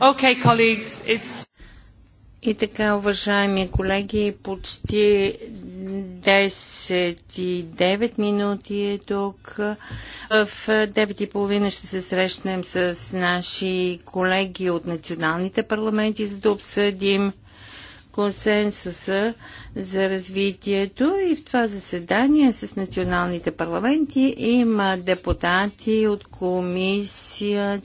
Okay, colleagues, it's... И така, уважаеми колеги, почти 10.09 минути е тук. В 9.30 ще се срещнем с наши колеги от националните парламенти, за да обсъдим консенсуса за развитието и в това заседание с националните парламенти има депутати от комисията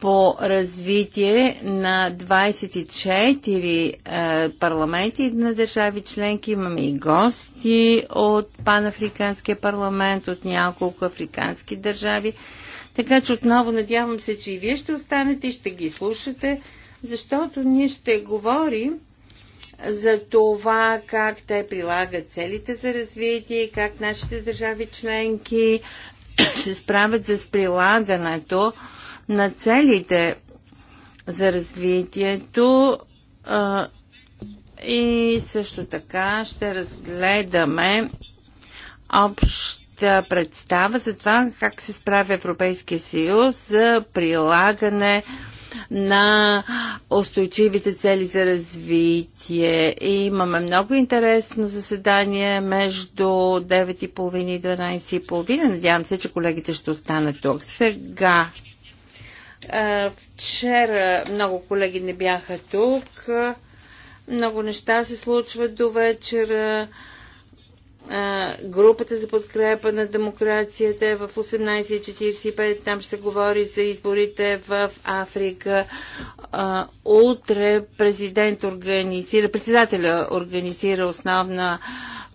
по развитие на 24 е, парламенти на държави членки. Имаме и гости от Панафриканския парламент, от няколко африкански държави. Така че отново надявам се, че и вие ще останете и ще ги слушате, защото ние ще говорим за това как те прилагат целите за развитие, как нашите държави членки се справят с прилагането на целите за развитието и също така ще разгледаме обща представа за това как се справя Европейския съюз за прилагане на устойчивите цели за развитие. И имаме много интересно заседание между 9.30 и 12.30. Надявам се, че колегите ще останат тук. Сега Вчера много колеги не бяха тук. Много неща се случват до вечера. Групата за подкрепа на демокрацията е в 18.45. Там ще се говори за изборите в Африка. Утре президент организира, председателя организира основна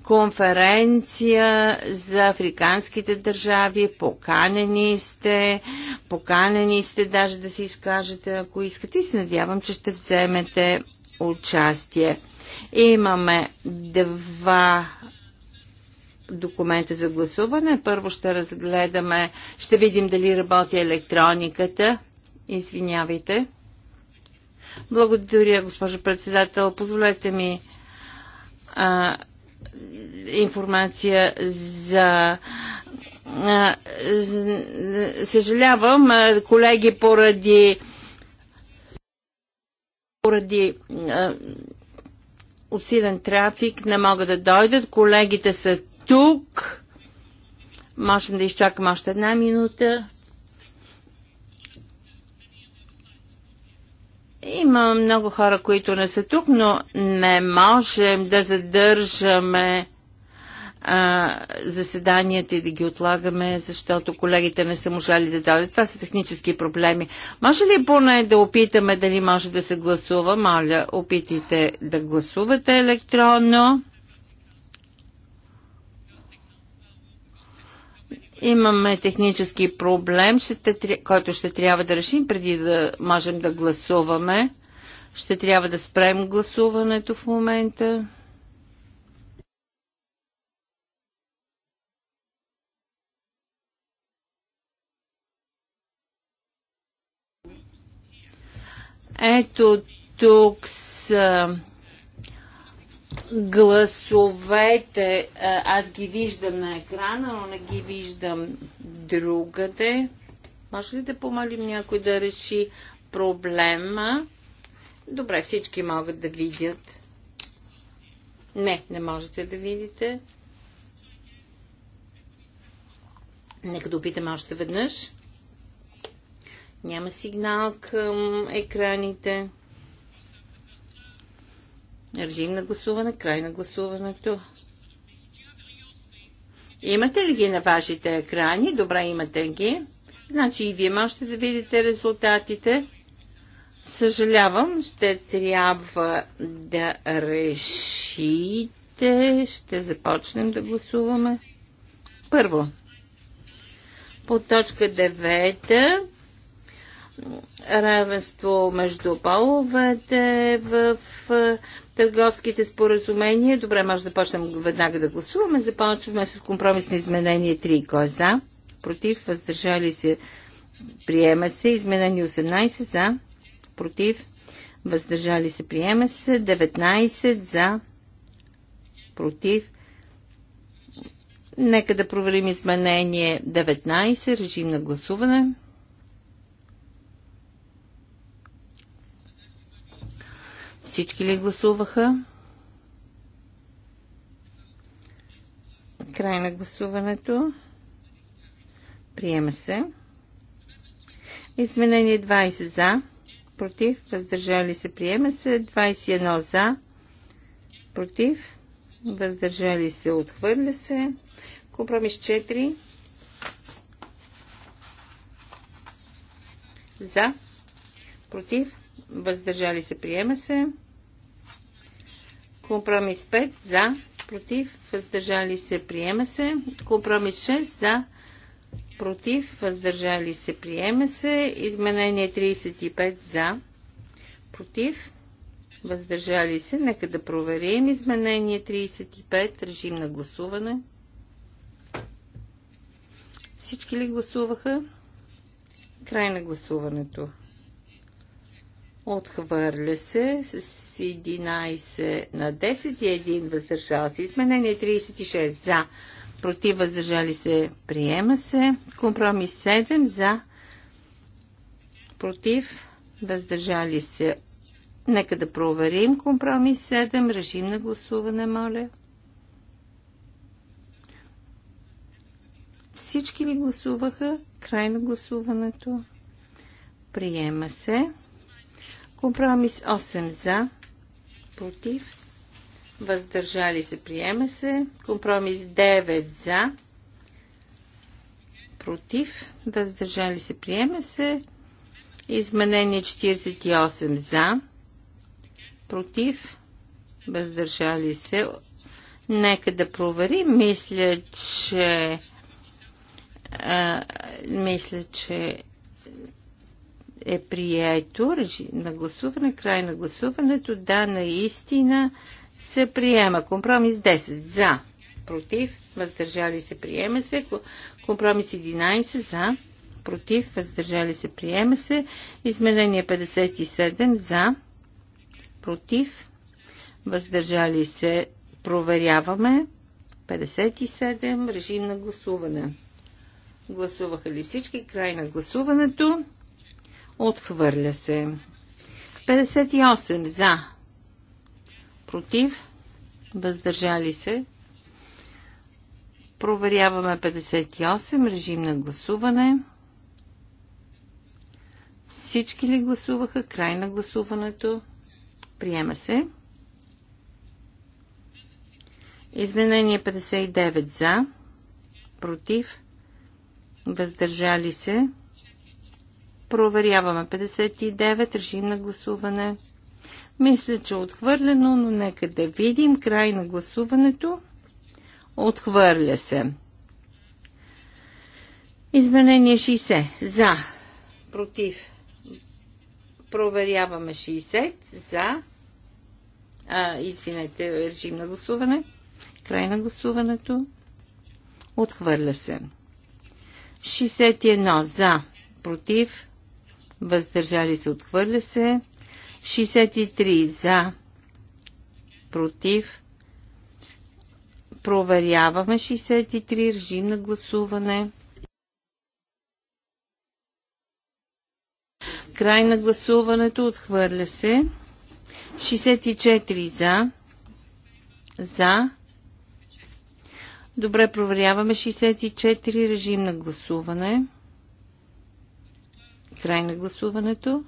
конференция за африканските държави. Поканени сте, поканени сте даже да се изкажете, ако искате и се надявам, че ще вземете участие. Имаме два документа за гласуване. Първо ще разгледаме, ще видим дали работи електрониката. Извинявайте. Благодаря, госпожо председател. Позволете ми а, информация за съжалявам, колеги, поради поради усилен трафик не могат да дойдат. Колегите са тук. Можем да изчакам още една минута. Има много хора, които не са тук, но не можем да задържаме а, заседанията и да ги отлагаме, защото колегите не са можали да дойдат. Това са технически проблеми. Може ли поне да опитаме дали може да се гласува? Моля, опитайте да гласувате електронно. Имаме технически проблем, ще, който ще трябва да решим преди да можем да гласуваме. Ще трябва да спрем гласуването в момента. Ето тук са гласовете. Аз ги виждам на екрана, но не ги виждам другаде. Може ли да помолим някой да реши проблема? Добре, всички могат да видят. Не, не можете да видите. Нека да опитам още веднъж. Няма сигнал към екраните. Режим на гласуване, край на гласуването. Имате ли ги на вашите екрани? Добре, имате ги. Значи и вие можете да видите резултатите. Съжалявам, ще трябва да решите. Ще започнем да гласуваме. Първо, по точка 9 равенство между половете в търговските споразумения. Добре, може да почнем веднага да гласуваме. Започваме с компромисно изменение 3. Кой е за? Против? Въздържали се? Приема се. Изменение 18 за? Против? Въздържали се? Приема се. 19 за? Против? Нека да проверим изменение 19. Режим на гласуване. Всички ли гласуваха? Край на гласуването. Приема се. Изменение 20 за, против, въздържали се, приема се. 21 за, против, въздържали се, отхвърля се. Компромис 4 за, против, въздържали се, приема се. Компромис 5 за, против, въздържали се, приема се. Компромис 6 за, против, въздържали се, приема се. Изменение 35 за, против, въздържали се. Нека да проверим изменение 35, режим на гласуване. Всички ли гласуваха? Край на гласуването. Отхвърля се с 11 на 10 и 1 въздържал се. Изменение 36 за. Против въздържали се. Приема се. Компромис 7 за. Против въздържали се. Нека да проверим компромис 7. Режим на гласуване, моля. Всички ли гласуваха? Край на гласуването. Приема се. Компромис 8 за, против, въздържали се, приема се. Компромис 9 за, против, въздържали се, приема се. Изменение 48 за, против, въздържали се. Нека да проверим. Мисля, че а, мисля, че е прието на гласуване, край на гласуването. Да, наистина се приема. Компромис 10 за, против, въздържали се, приема се. Компромис 11 за, против, въздържали се, приема се. Изменение 57 за, против, въздържали се, проверяваме. 57, режим на гласуване. Гласуваха ли всички? Край на гласуването. Отхвърля се. 58 за. Против. Въздържали се. Проверяваме 58. Режим на гласуване. Всички ли гласуваха? Край на гласуването. Приема се. Изменение 59 за. Против. Въздържали се. Проверяваме 59, режим на гласуване. Мисля, че е отхвърлено, но нека да видим край на гласуването. Отхвърля се. Изменение 60. За. Против. Проверяваме 60. За. А, извинете, режим на гласуване. Край на гласуването. Отхвърля се. 61. За. Против въздържали се, отхвърля се. 63 за, против. Проверяваме 63, режим на гласуване. Край на гласуването, отхвърля се. 64 за, за. Добре, проверяваме 64, режим на гласуване. Край на гласуването.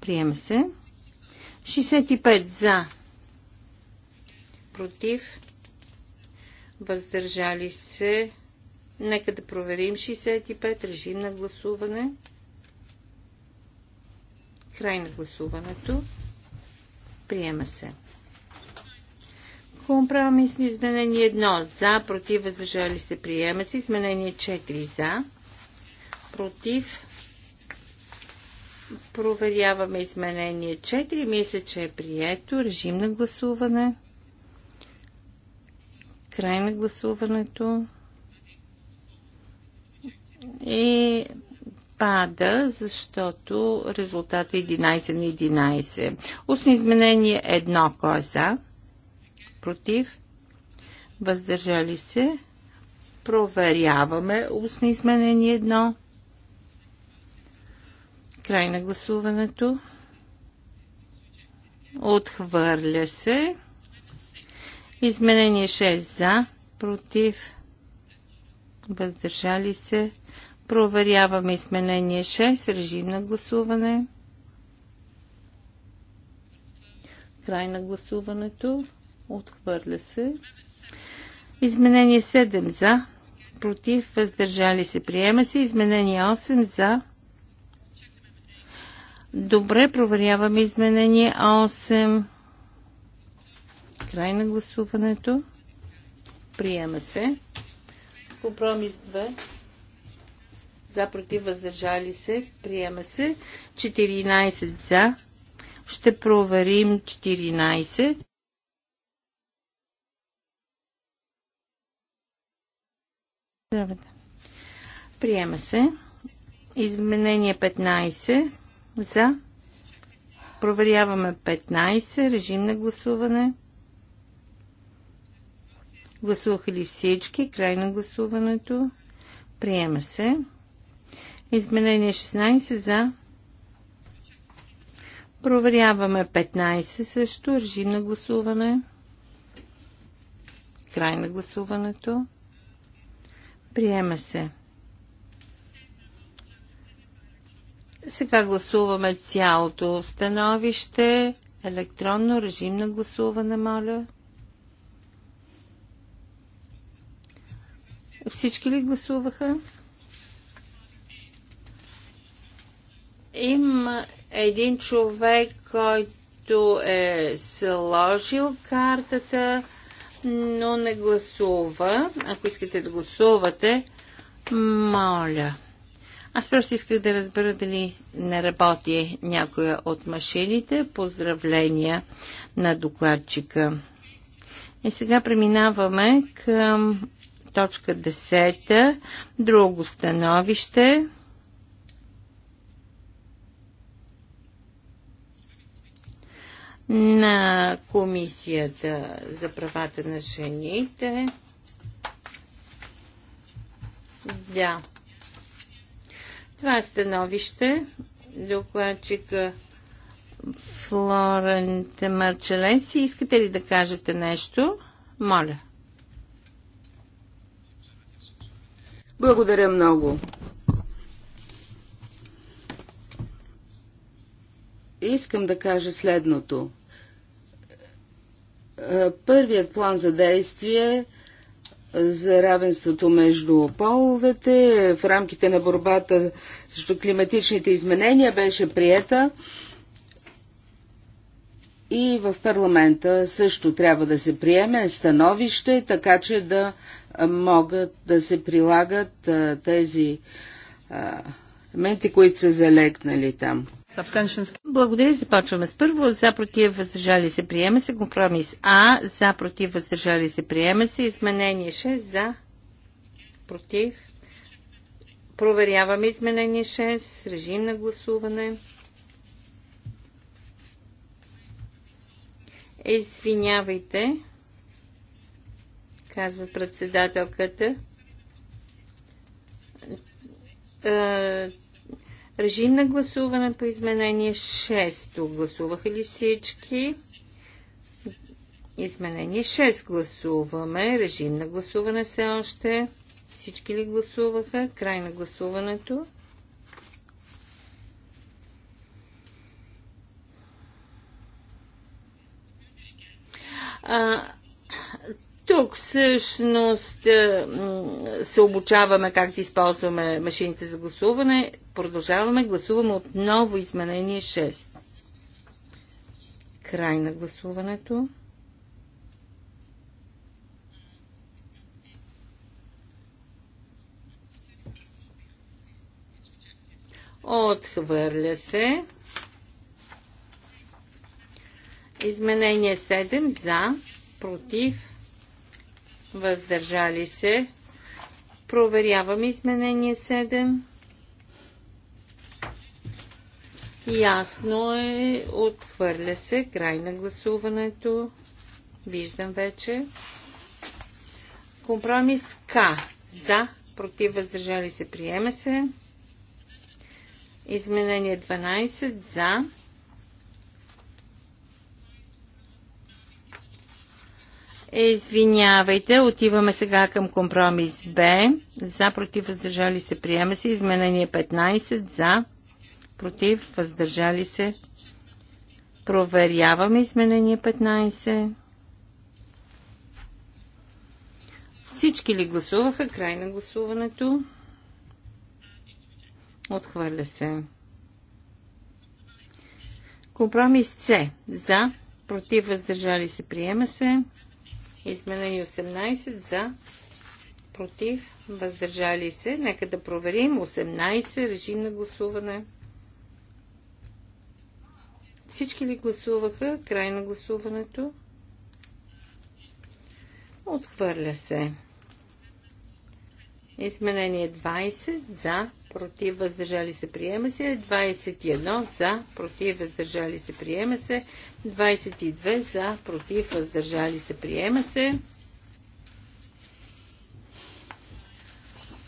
Приема се. 65 за. Против. Въздържали се. Нека да проверим 65. Режим на гласуване. Край на гласуването. Приема се. Компромисно изменение 1 за, против, въздържали се, приема се. Изменение 4 за, против, Проверяваме изменение 4. Мисля, че е прието. Режим на гласуване. Край на гласуването. И пада, защото резултат е 11 на 11. Устно изменение 1. Кой е за? Против? Въздържали се? Проверяваме устно изменение 1. Край на гласуването. Отхвърля се. Изменение 6 за, против, въздържали се. Проверяваме изменение 6, режим на гласуване. Край на гласуването. Отхвърля се. Изменение 7 за, против, въздържали се. Приема се. Изменение 8 за, Добре, проверяваме изменение 8. Край на гласуването. Приема се. Компромис 2. За против въздържали се. Приема се. 14 за. Ще проверим 14. Приема се. Изменение 15. За. Проверяваме 15. Режим на гласуване. Гласуваха ли всички? Край на гласуването. Приема се. Изменение 16 за. Проверяваме 15 също. Режим на гласуване. Край на гласуването. Приема се. Сега гласуваме цялото становище. Електронно режим на гласуване, моля. Всички ли гласуваха? Има един човек, който е сложил картата, но не гласува. Ако искате да гласувате, моля. Аз просто исках да разбера дали не работи някоя от машините. Поздравления на докладчика. И сега преминаваме към точка 10. Друго становище. на Комисията за правата на жените. Да. Това е становище. Докладчика Флорента Марчеленси. Искате ли да кажете нещо? Моля. Благодаря много. Искам да кажа следното. Първият план за действие – за равенството между половете в рамките на борбата срещу климатичните изменения беше приета и в парламента също трябва да се приеме становище, така че да могат да се прилагат тези елементи, които са залегнали там. Благодаря. Започваме с първо. За против въздържали се приема се. Компромис А. За против въздържали се приема се. Изменение 6. За против. Проверяваме изменение 6. Режим на гласуване. Извинявайте, казва председателката е, Режим на гласуване по изменение 6. Гласуваха ли всички? Изменение 6 гласуваме. Режим на гласуване все още. Всички ли гласуваха? Край на гласуването. А, тук всъщност е, се обучаваме как да използваме машините за гласуване. Продължаваме, гласуваме отново изменение 6. Край на гласуването. Отхвърля се. Изменение 7 за, против въздържали се. Проверяваме изменение 7. Ясно е, отхвърля се, край на гласуването. Виждам вече. Компромис К. За, против, въздържали се, приема се. Изменение 12. За, Извинявайте, отиваме сега към компромис Б. За, против, въздържали се, приема се. Изменение 15. За, против, въздържали се. Проверяваме изменение 15. Всички ли гласуваха? Край на гласуването. Отхвърля се. Компромис С. За, против, въздържали се, приема се. Изменени 18 за, против, въздържали се. Нека да проверим. 18, режим на гласуване. Всички ли гласуваха? Край на гласуването. Отхвърля се. Изменение 20 за, против, въздържали се, приема се. 21 за, против, въздържали се, приема се. 22 за, против, въздържали се, приема се.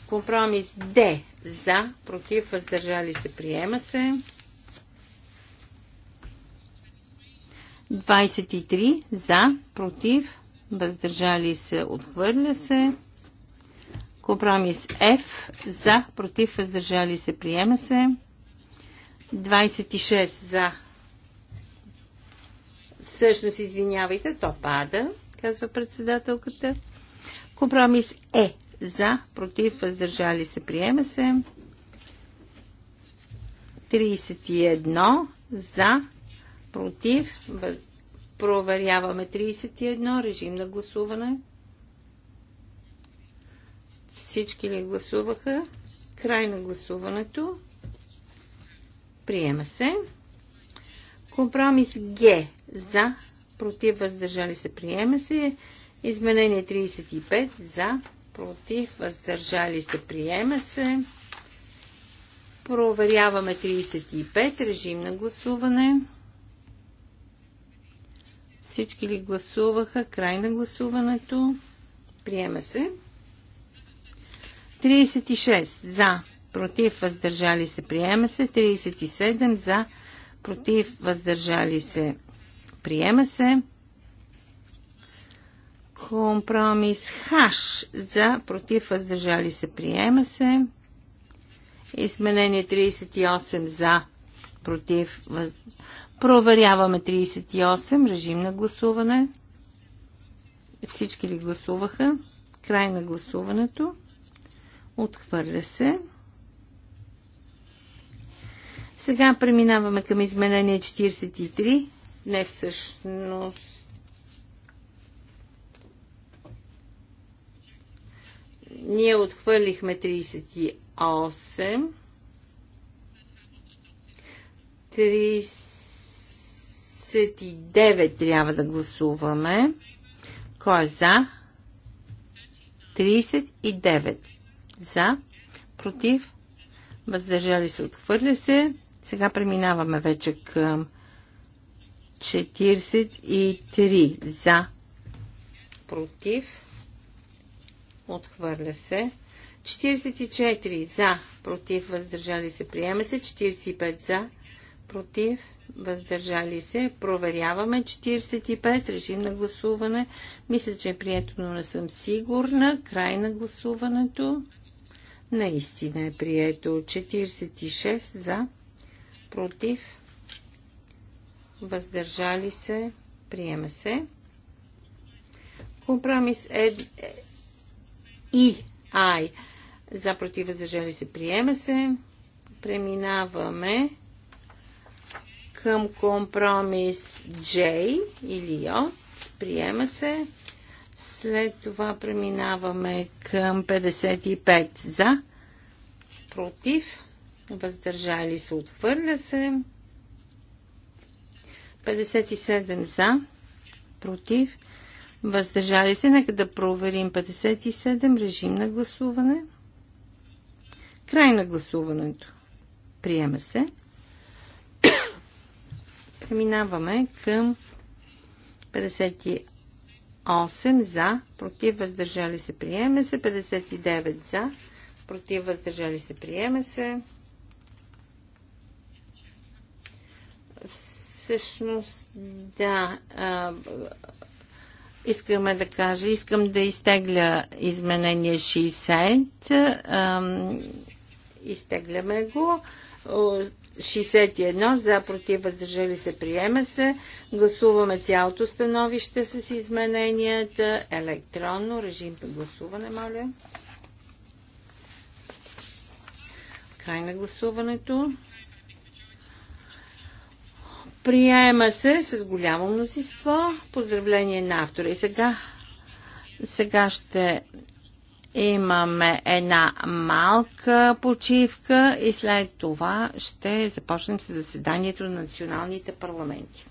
Компромис Д за, против, въздържали се, приема се. 23 за, против, въздържали се, отхвърля се. Компромис F за, против, въздържали се, приема се. 26 за. Всъщност, извинявайте, то пада, казва председателката. Компромис Е за, против, въздържали се, приема се. 31 за, против, проверяваме 31, режим на гласуване. Всички ли гласуваха? Край на гласуването. Приема се. Компромис Г за, против, въздържали се, приема се. Изменение 35 за, против, въздържали се, приема се. Проверяваме 35, режим на гласуване. Всички ли гласуваха? Край на гласуването. Приема се. 36 за, против, въздържали се, приема се. 37 за, против, въздържали се, приема се. Компромис ХАШ за, против, въздържали се, приема се. Изменение 38 за, против, въз... проверяваме 38, режим на гласуване. Всички ли гласуваха? Край на гласуването. Отхвърля се. Сега преминаваме към изменение 43. Не всъщност. Ние отхвърлихме 38. 39 трябва да гласуваме. Кой е за? 39 за, против, въздържали се, отхвърля се. Сега преминаваме вече към 43 за, против, отхвърля се. 44 за, против, въздържали се, приема се. 45 за, против, въздържали се. Проверяваме 45, режим на гласуване. Мисля, че е прието, но не съм сигурна. Край на гласуването. Наистина е прието. 46 за, против, въздържали се, приема се. Компромис е, е и ай. За против въздържали се, приема се. Преминаваме към компромис J или J. Приема се. След това преминаваме към 55 за, против, въздържали се, отвърля се. 57 за, против, въздържали се. Нека да проверим 57, режим на гласуване. Край на гласуването. Приема се. Преминаваме към 58 8 за, против въздържали се, приема се. 59 за, против въздържали се, приема се. Всъщност, да, а, искаме да кажа, искам да изтегля изменение 60. А, изтегляме го. 61 за против въздържали се приема се. Гласуваме цялото становище с измененията. Електронно режим на гласуване, моля. Край на гласуването. Приема се с голямо мнозинство. Поздравление на автора. И сега, сега ще Имаме една малка почивка и след това ще започнем с заседанието на националните парламенти.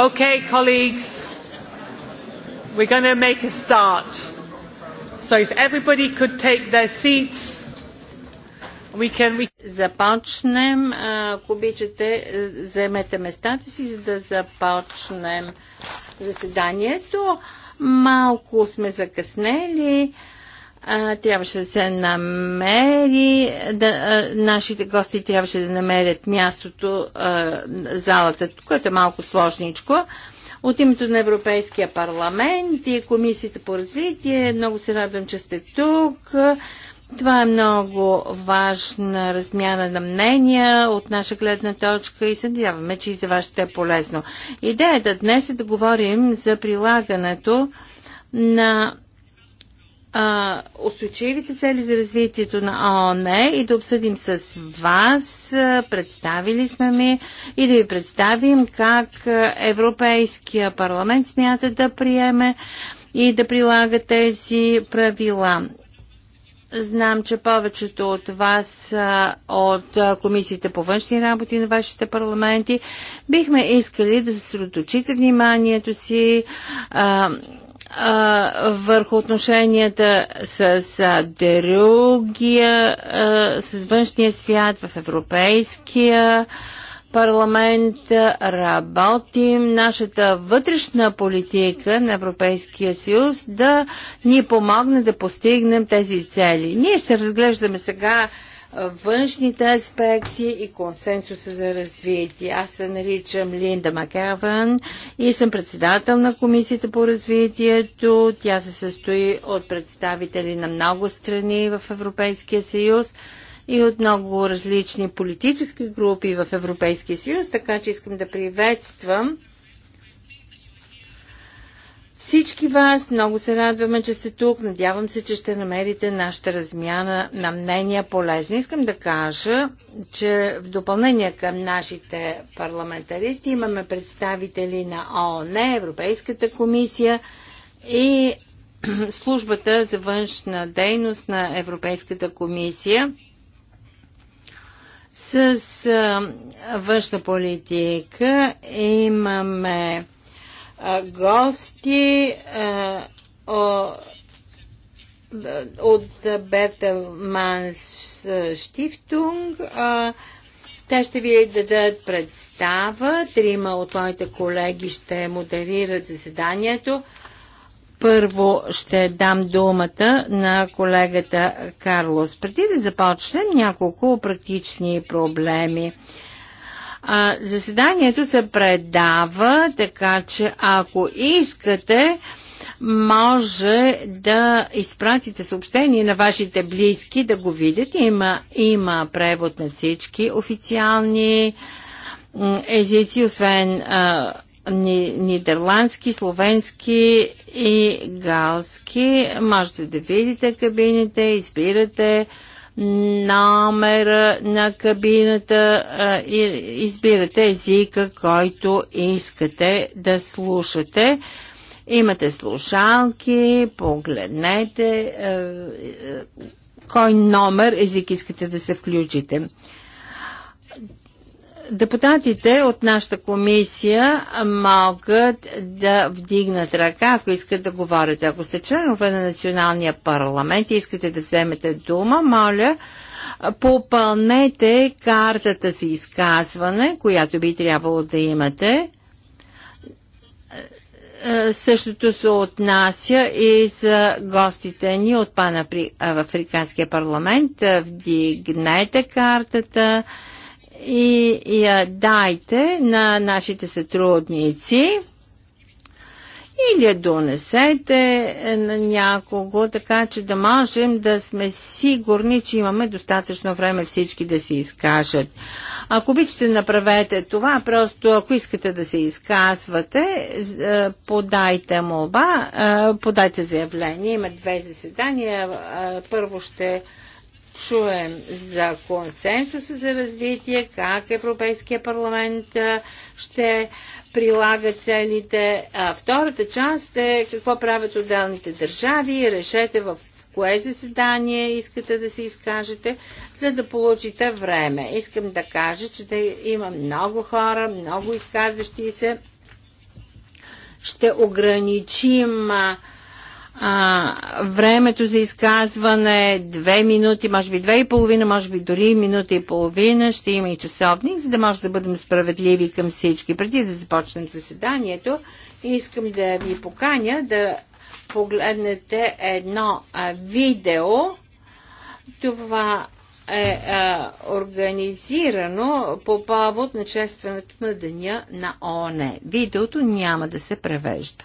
Okay, colleagues, we're going to make a start. So if everybody could take their seats, we can... We... Започнем, ако обичате, вземете местата си, за да започнем заседанието. Малко сме закъснели а, трябваше да се намери, да, а, нашите гости трябваше да намерят мястото, а, залата, което е малко сложничко. От името на Европейския парламент и Комисията по развитие, много се радвам, че сте тук. Това е много важна размяна на мнения от наша гледна точка и се надяваме, че и за вас ще е полезно. Идеята днес е да говорим за прилагането на а, устойчивите цели за развитието на ООН и да обсъдим с вас, представили сме ми и да ви представим как Европейския парламент смята да приеме и да прилага тези правила. Знам, че повечето от вас от комисиите по външни работи на вашите парламенти бихме искали да съсредоточите вниманието си а, а, върху отношенията с, с другия, а, с външния свят в Европейския парламент. Работим нашата вътрешна политика на Европейския съюз да ни помогне да постигнем тези цели. Ние ще разглеждаме сега външните аспекти и консенсуса за развитие. Аз се наричам Линда Макеван и съм председател на Комисията по развитието. Тя се състои от представители на много страни в Европейския съюз и от много различни политически групи в Европейския съюз, така че искам да приветствам всички вас. Много се радваме, че сте тук. Надявам се, че ще намерите нашата размяна на мнения полезна. Искам да кажа, че в допълнение към нашите парламентаристи имаме представители на ООН, Европейската комисия и службата за външна дейност на Европейската комисия с външна политика имаме гости от Манс Штифтунг. Те ще ви дадат представа. Трима от моите колеги ще модерират заседанието. Първо ще дам думата на колегата Карлос. Преди да започнем няколко практични проблеми. А, заседанието се предава, така че ако искате, може да изпратите съобщение на вашите близки да го видят. Има, има превод на всички официални езици, освен а, нидерландски, словенски и галски. Можете да видите кабините, избирате номера на кабината и избирате езика, който искате да слушате. Имате слушалки, погледнете кой номер език искате да се включите. Депутатите от нашата комисия могат да вдигнат ръка, ако искат да говорите. Ако сте членове на националния парламент и искате да вземете дума, моля, попълнете картата за изказване, която би трябвало да имате. Е, същото се отнася и за гостите ни от Пана в Африканския парламент. Вдигнете картата и я дайте на нашите сътрудници или я донесете на някого, така че да можем да сме сигурни, че имаме достатъчно време всички да се изкажат. Ако обичате, направете това, просто ако искате да се изказвате, е, подайте молба, е, подайте заявление. Има две заседания. Е, първо ще чуем за консенсуса за развитие, как Европейския парламент ще прилага целите. А втората част е какво правят отделните държави. Решете в кое заседание искате да се изкажете, за да получите време. Искам да кажа, че да има много хора, много изказващи се. Ще ограничим а, а, времето за изказване, две минути, може би две и половина, може би дори минута и половина, ще има и часовник, за да може да бъдем справедливи към всички. Преди да започнем заседанието, искам да ви поканя да погледнете едно а, видео. Това е а, организирано по повод на честването на Деня на ОНЕ. Видеото няма да се превежда.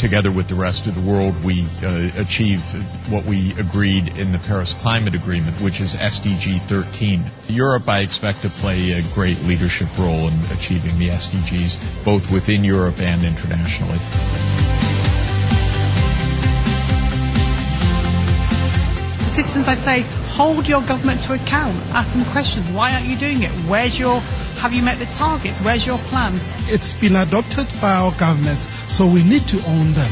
together with the rest of the world, we uh, achieve what we agreed in the Paris Climate Agreement, which is SDG 13. Europe, I expect to play a great leadership role in achieving the SDGs, both within Europe and internationally. Citizens, I say, hold your government to account. Ask them questions. Why aren't you doing it? Where's your Have you met the targets? Where's your plan? It's been adopted by our governments, so we need to own them.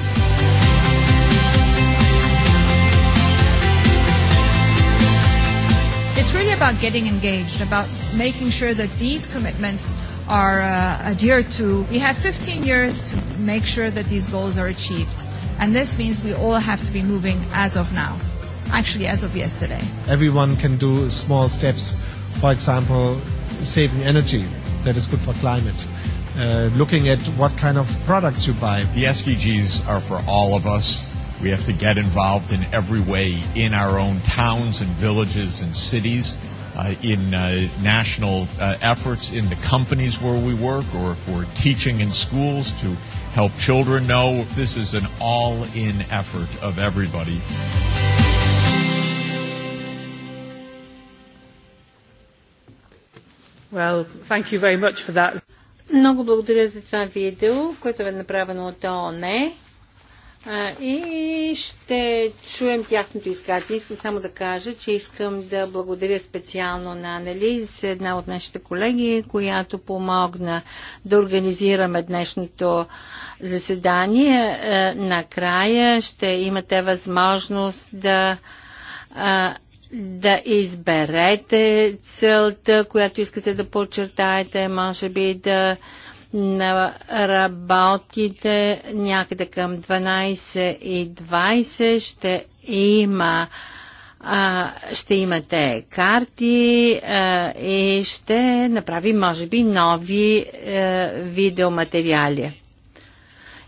It's really about getting engaged, about making sure that these commitments are uh, adhered to. We have 15 years to make sure that these goals are achieved. And this means we all have to be moving as of now, actually, as of yesterday. Everyone can do small steps. For example, saving energy that is good for climate. Uh, looking at what kind of products you buy. The SDGs are for all of us. We have to get involved in every way in our own towns and villages and cities, uh, in uh, national uh, efforts in the companies where we work, or if we're teaching in schools to help children know this is an all in effort of everybody. Well, thank you very much for that. Много благодаря за това видео, което е направено от ООН. И ще чуем тяхното изказване. Искам само да кажа, че искам да благодаря специално на Анализ, една от нашите колеги, която помогна да организираме днешното заседание. Накрая ще имате възможност да да изберете целта, която искате да подчертаете, може би да работите някъде към 12 и 20 ще има а, ще имате карти а, и ще направим, може би, нови а, е, видеоматериали.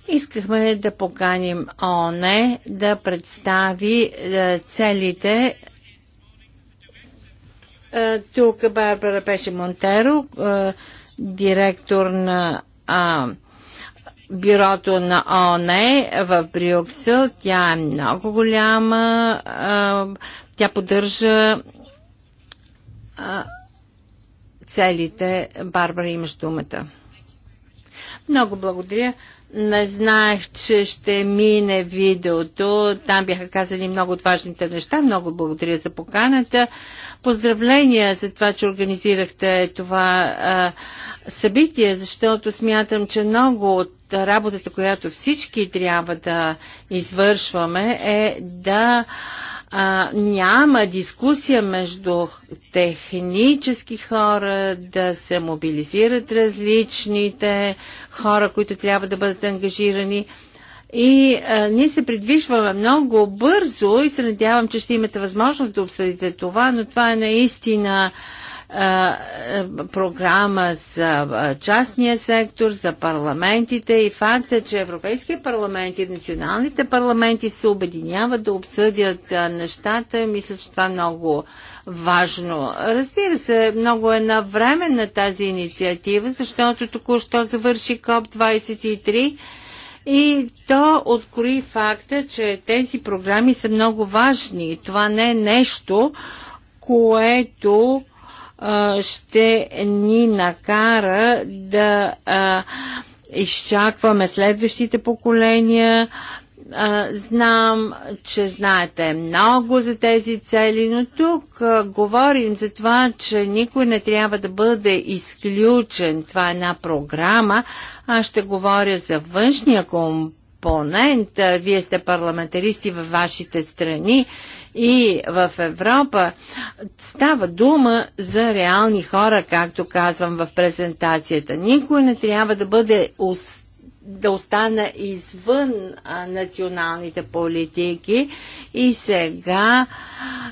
Искахме да поканим ОНЕ да представи а, е, целите е, тук Барбара Пеше Монтеро, е, директор на бюрото на ООН в Брюксел. Тя е много голяма. Е, тя поддържа целите. Барбара, имаш думата. Много благодаря. Не знаех, че ще мине видеото. Там бяха казани много от важните неща. Много благодаря за поканата. Поздравления за това, че организирахте това а, събитие, защото смятам, че много от работата, която всички трябва да извършваме, е да а, няма дискусия между технически хора, да се мобилизират различните хора, които трябва да бъдат ангажирани и а, ние се придвижваме много бързо и се надявам, че ще имате възможност да обсъдите това, но това е наистина а, програма за частния сектор, за парламентите и факта, че Европейския парламент и националните парламенти се обединяват да обсъдят нещата, мисля, че това е много важно. Разбира се, много е време на тази инициатива, защото току-що завърши КОП 23 и то открои факта, че тези програми са много важни. Това не е нещо, което а, ще ни накара да а, изчакваме следващите поколения, знам, че знаете много за тези цели, но тук а, говорим за това, че никой не трябва да бъде изключен. Това е една програма. Аз ще говоря за външния компонент. вие сте парламентаристи във вашите страни и в Европа. Става дума за реални хора, както казвам в презентацията. Никой не трябва да бъде оставен да остана извън а, националните политики и сега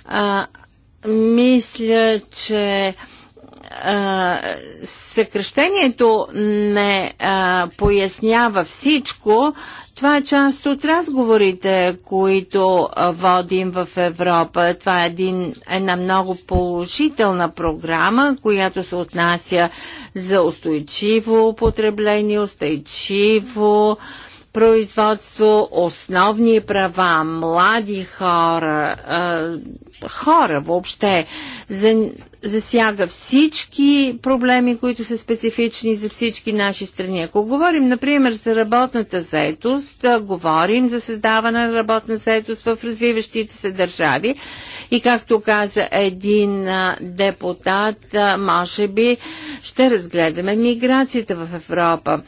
а, мисля, че а, съкръщението не а, пояснява всичко, това е част от разговорите, които водим в Европа. Това е един, една много положителна програма, която се отнася за устойчиво употребление, устойчиво производство, основни права, млади хора, хора въобще. За засяга всички проблеми, които са специфични за всички наши страни. Ако говорим, например, за работната заетост, говорим за създаване на работна заетост в развиващите се държави и, както каза един депутат, може би ще разгледаме миграцията в Европа.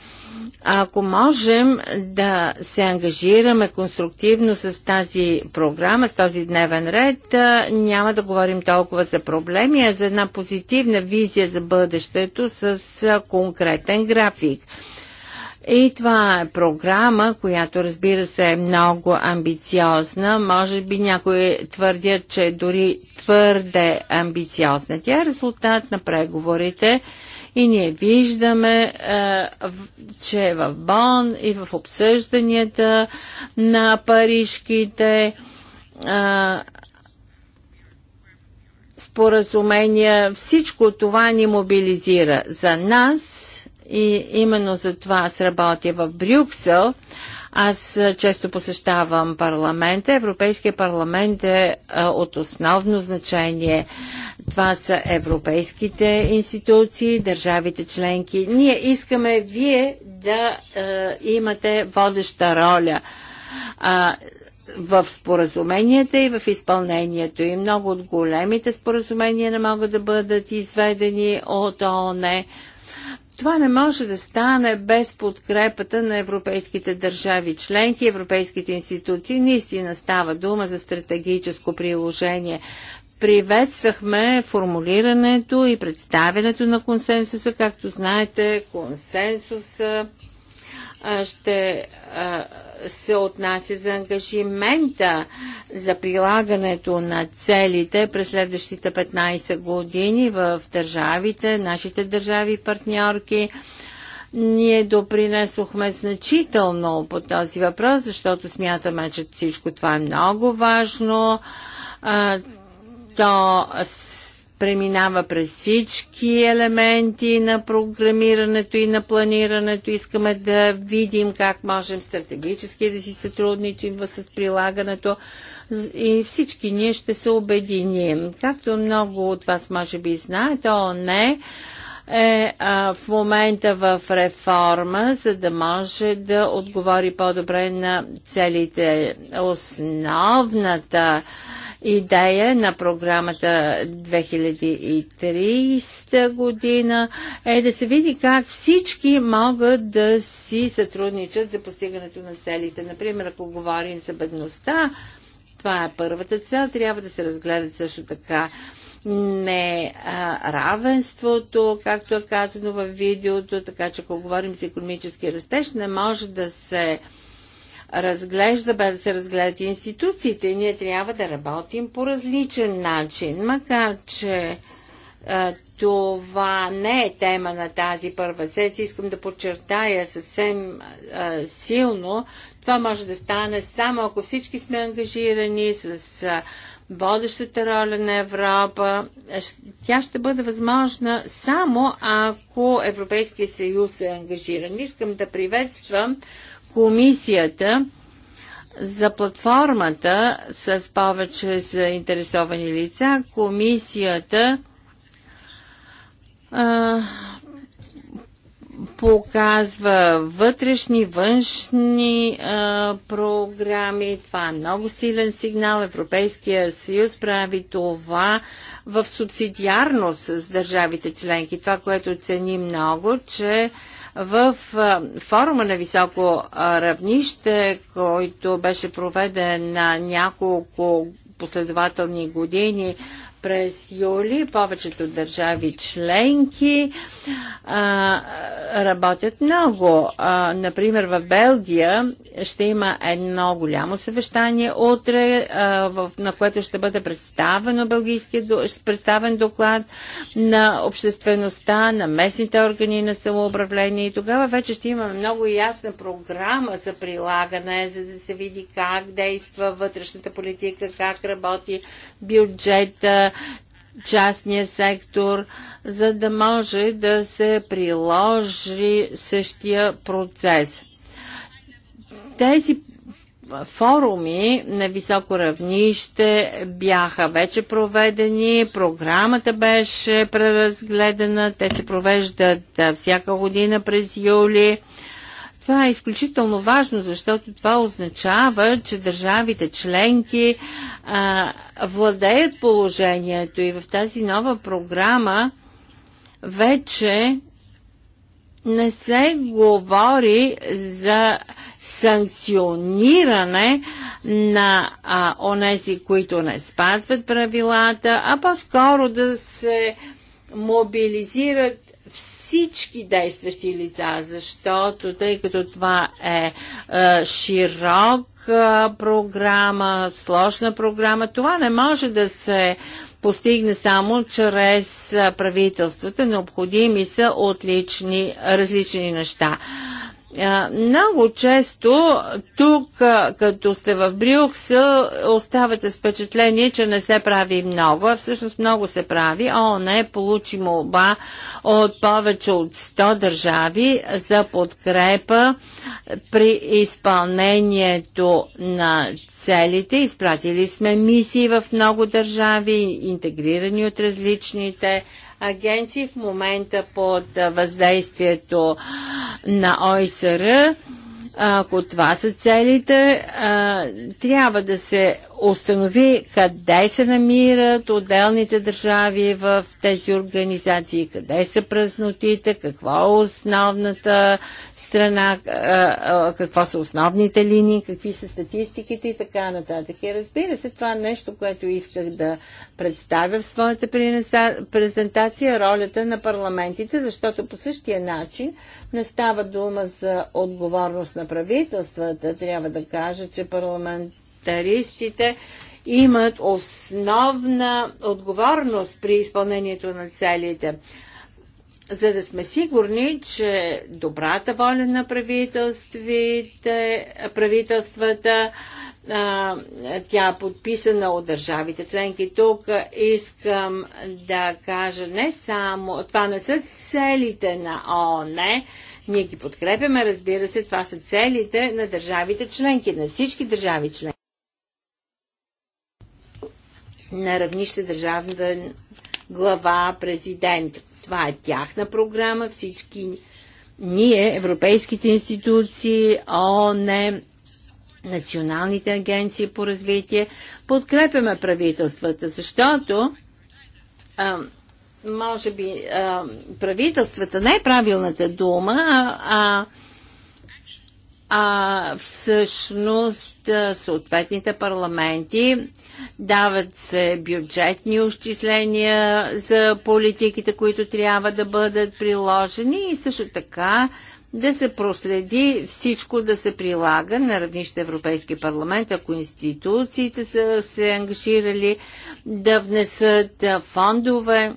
Ако можем да се ангажираме конструктивно с тази програма, с този дневен ред, няма да говорим толкова за проблеми, а за една позитивна визия за бъдещето с конкретен график. И това е програма, която разбира се е много амбициозна. Може би някои твърдят, че е дори твърде амбициозна. Тя е резултат на преговорите и ние виждаме, е, че е в Бон и в обсъжданията на парижките е, споразумения, всичко това ни мобилизира. За нас и именно за това аз работя в Брюксел. Аз често посещавам парламента. Европейския парламент е от основно значение. Това са европейските институции, държавите членки. Ние искаме вие да е, имате водеща роля. А, в споразуменията и в изпълнението. И много от големите споразумения не могат да бъдат изведени от ООН това не може да стане без подкрепата на европейските държави членки, европейските институции. Наистина става дума за стратегическо приложение. Приветствахме формулирането и представянето на консенсуса. Както знаете, консенсуса ще се отнася за ангажимента за прилагането на целите през следващите 15 години в държавите, нашите държави партньорки. Ние допринесохме значително по този въпрос, защото смятаме, че всичко това е много важно. То преминава през всички елементи на програмирането и на планирането. Искаме да видим как можем стратегически да си сътрудничим с прилагането и всички ние ще се обединим. Както много от вас може би знаят, о не е а, в момента в реформа, за да може да отговори по-добре на целите. Основната а, идея на програмата 2030 година е да се види как всички могат да си сътрудничат за постигането на целите. Например, ако говорим за бедността, това е първата цел, трябва да се разгледат също така не а, равенството, както е казано във видеото, така че ако говорим за економически растеж, не може да се а, разглежда, без да се разгледат институциите. ние трябва да работим по различен начин, макар че това не е тема на тази първа сесия. Искам да подчертая съвсем а, силно. Това може да стане само ако всички сме ангажирани с а, водещата роля на Европа. Тя ще бъде възможна само ако Европейския съюз е ангажиран. Искам да приветствам комисията за платформата с повече заинтересовани лица. Комисията а, показва вътрешни, външни а, програми. Това е много силен сигнал. Европейския съюз прави това в субсидиарност с държавите членки. Това, което цени много, че а, в форума на високо равнище, който беше проведен на няколко последователни години през юли повечето държави членки а, работят много. А, например, в Белгия ще има едно голямо съвещание утре, а, в, на което ще бъде представено представен доклад на обществеността, на местните органи на самоуправление и тогава вече ще имаме много ясна програма за прилагане, за да се види как действа вътрешната политика, как работи бюджета, частния сектор, за да може да се приложи същия процес. Тези форуми на високо равнище бяха вече проведени, програмата беше преразгледана, те се провеждат всяка година през юли. Това е изключително важно, защото това означава, че държавите членки а, владеят положението и в тази нова програма вече не се говори за санкциониране на а, онези, които не спазват правилата, а по-скоро да се мобилизират всички действащи лица, защото тъй като това е, е широка е, програма, сложна програма, това не може да се постигне само чрез правителствата. Необходими са отлични, различни неща. Много често тук, като сте в Брюксел, оставате с впечатление, че не се прави много, а всъщност много се прави. О, не, получи молба от повече от 100 държави за подкрепа при изпълнението на целите. Изпратили сме мисии в много държави, интегрирани от различните агенции. В момента под въздействието на ОИСР ако това са целите, трябва да се установи къде се намират отделните държави в тези организации, къде са празнотите, каква е основната страна, какво са основните линии, какви са статистиките и така нататък. И разбира се, това е нещо, което исках да представя в своята презентация, ролята на парламентите, защото по същия начин не става дума за отговорност на правителствата. Трябва да кажа, че парламент парламентаристите имат основна отговорност при изпълнението на целите. За да сме сигурни, че добрата воля на правителствата, тя е подписана от държавите членки. Тук искам да кажа не само, това не са целите на ООН, ние ги подкрепяме, разбира се, това са целите на държавите членки, на всички държави членки на равнище държавна глава, президент. Това е тяхна програма. Всички ние, европейските институции, ООН, националните агенции по развитие, подкрепяме правителствата, защото а, може би а, правителствата не е правилната дума, а, а а, всъщност съответните парламенти дават се бюджетни изчисления за политиките, които трябва да бъдат приложени и също така да се проследи всичко да се прилага на равнище Европейски парламент, ако институциите са се ангажирали да внесат фондове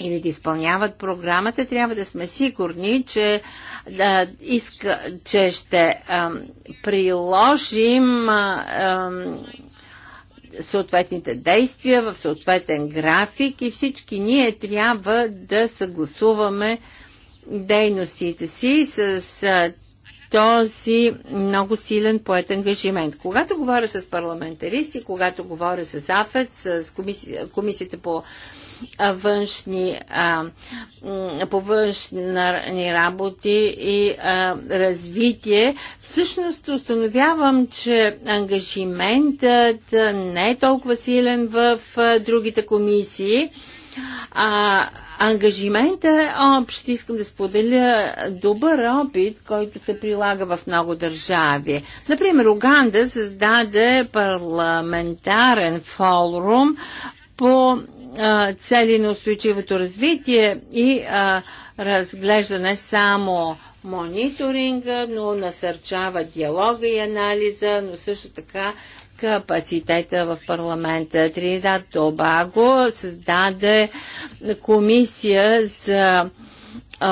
и да ги изпълняват програмата, трябва да сме сигурни, че, да, иска, че ще ам, приложим ам, съответните действия в съответен график и всички ние трябва да съгласуваме дейностите си с, а, този много силен поет ангажимент. Когато говоря с парламентаристи, когато говоря с АФЕД, с комисията по външни, а, по външни работи и а, развитие, всъщност установявам, че ангажиментът не е толкова силен в другите комисии. А, ангажимент е общ. Искам да споделя добър опит, който се прилага в много държави. Например, Уганда създаде парламентарен форум по цели на устойчивото развитие и а, разглежда не само мониторинга, но насърчава диалога и анализа, но също така капацитета в парламента. Тринидад Тобаго създаде комисия за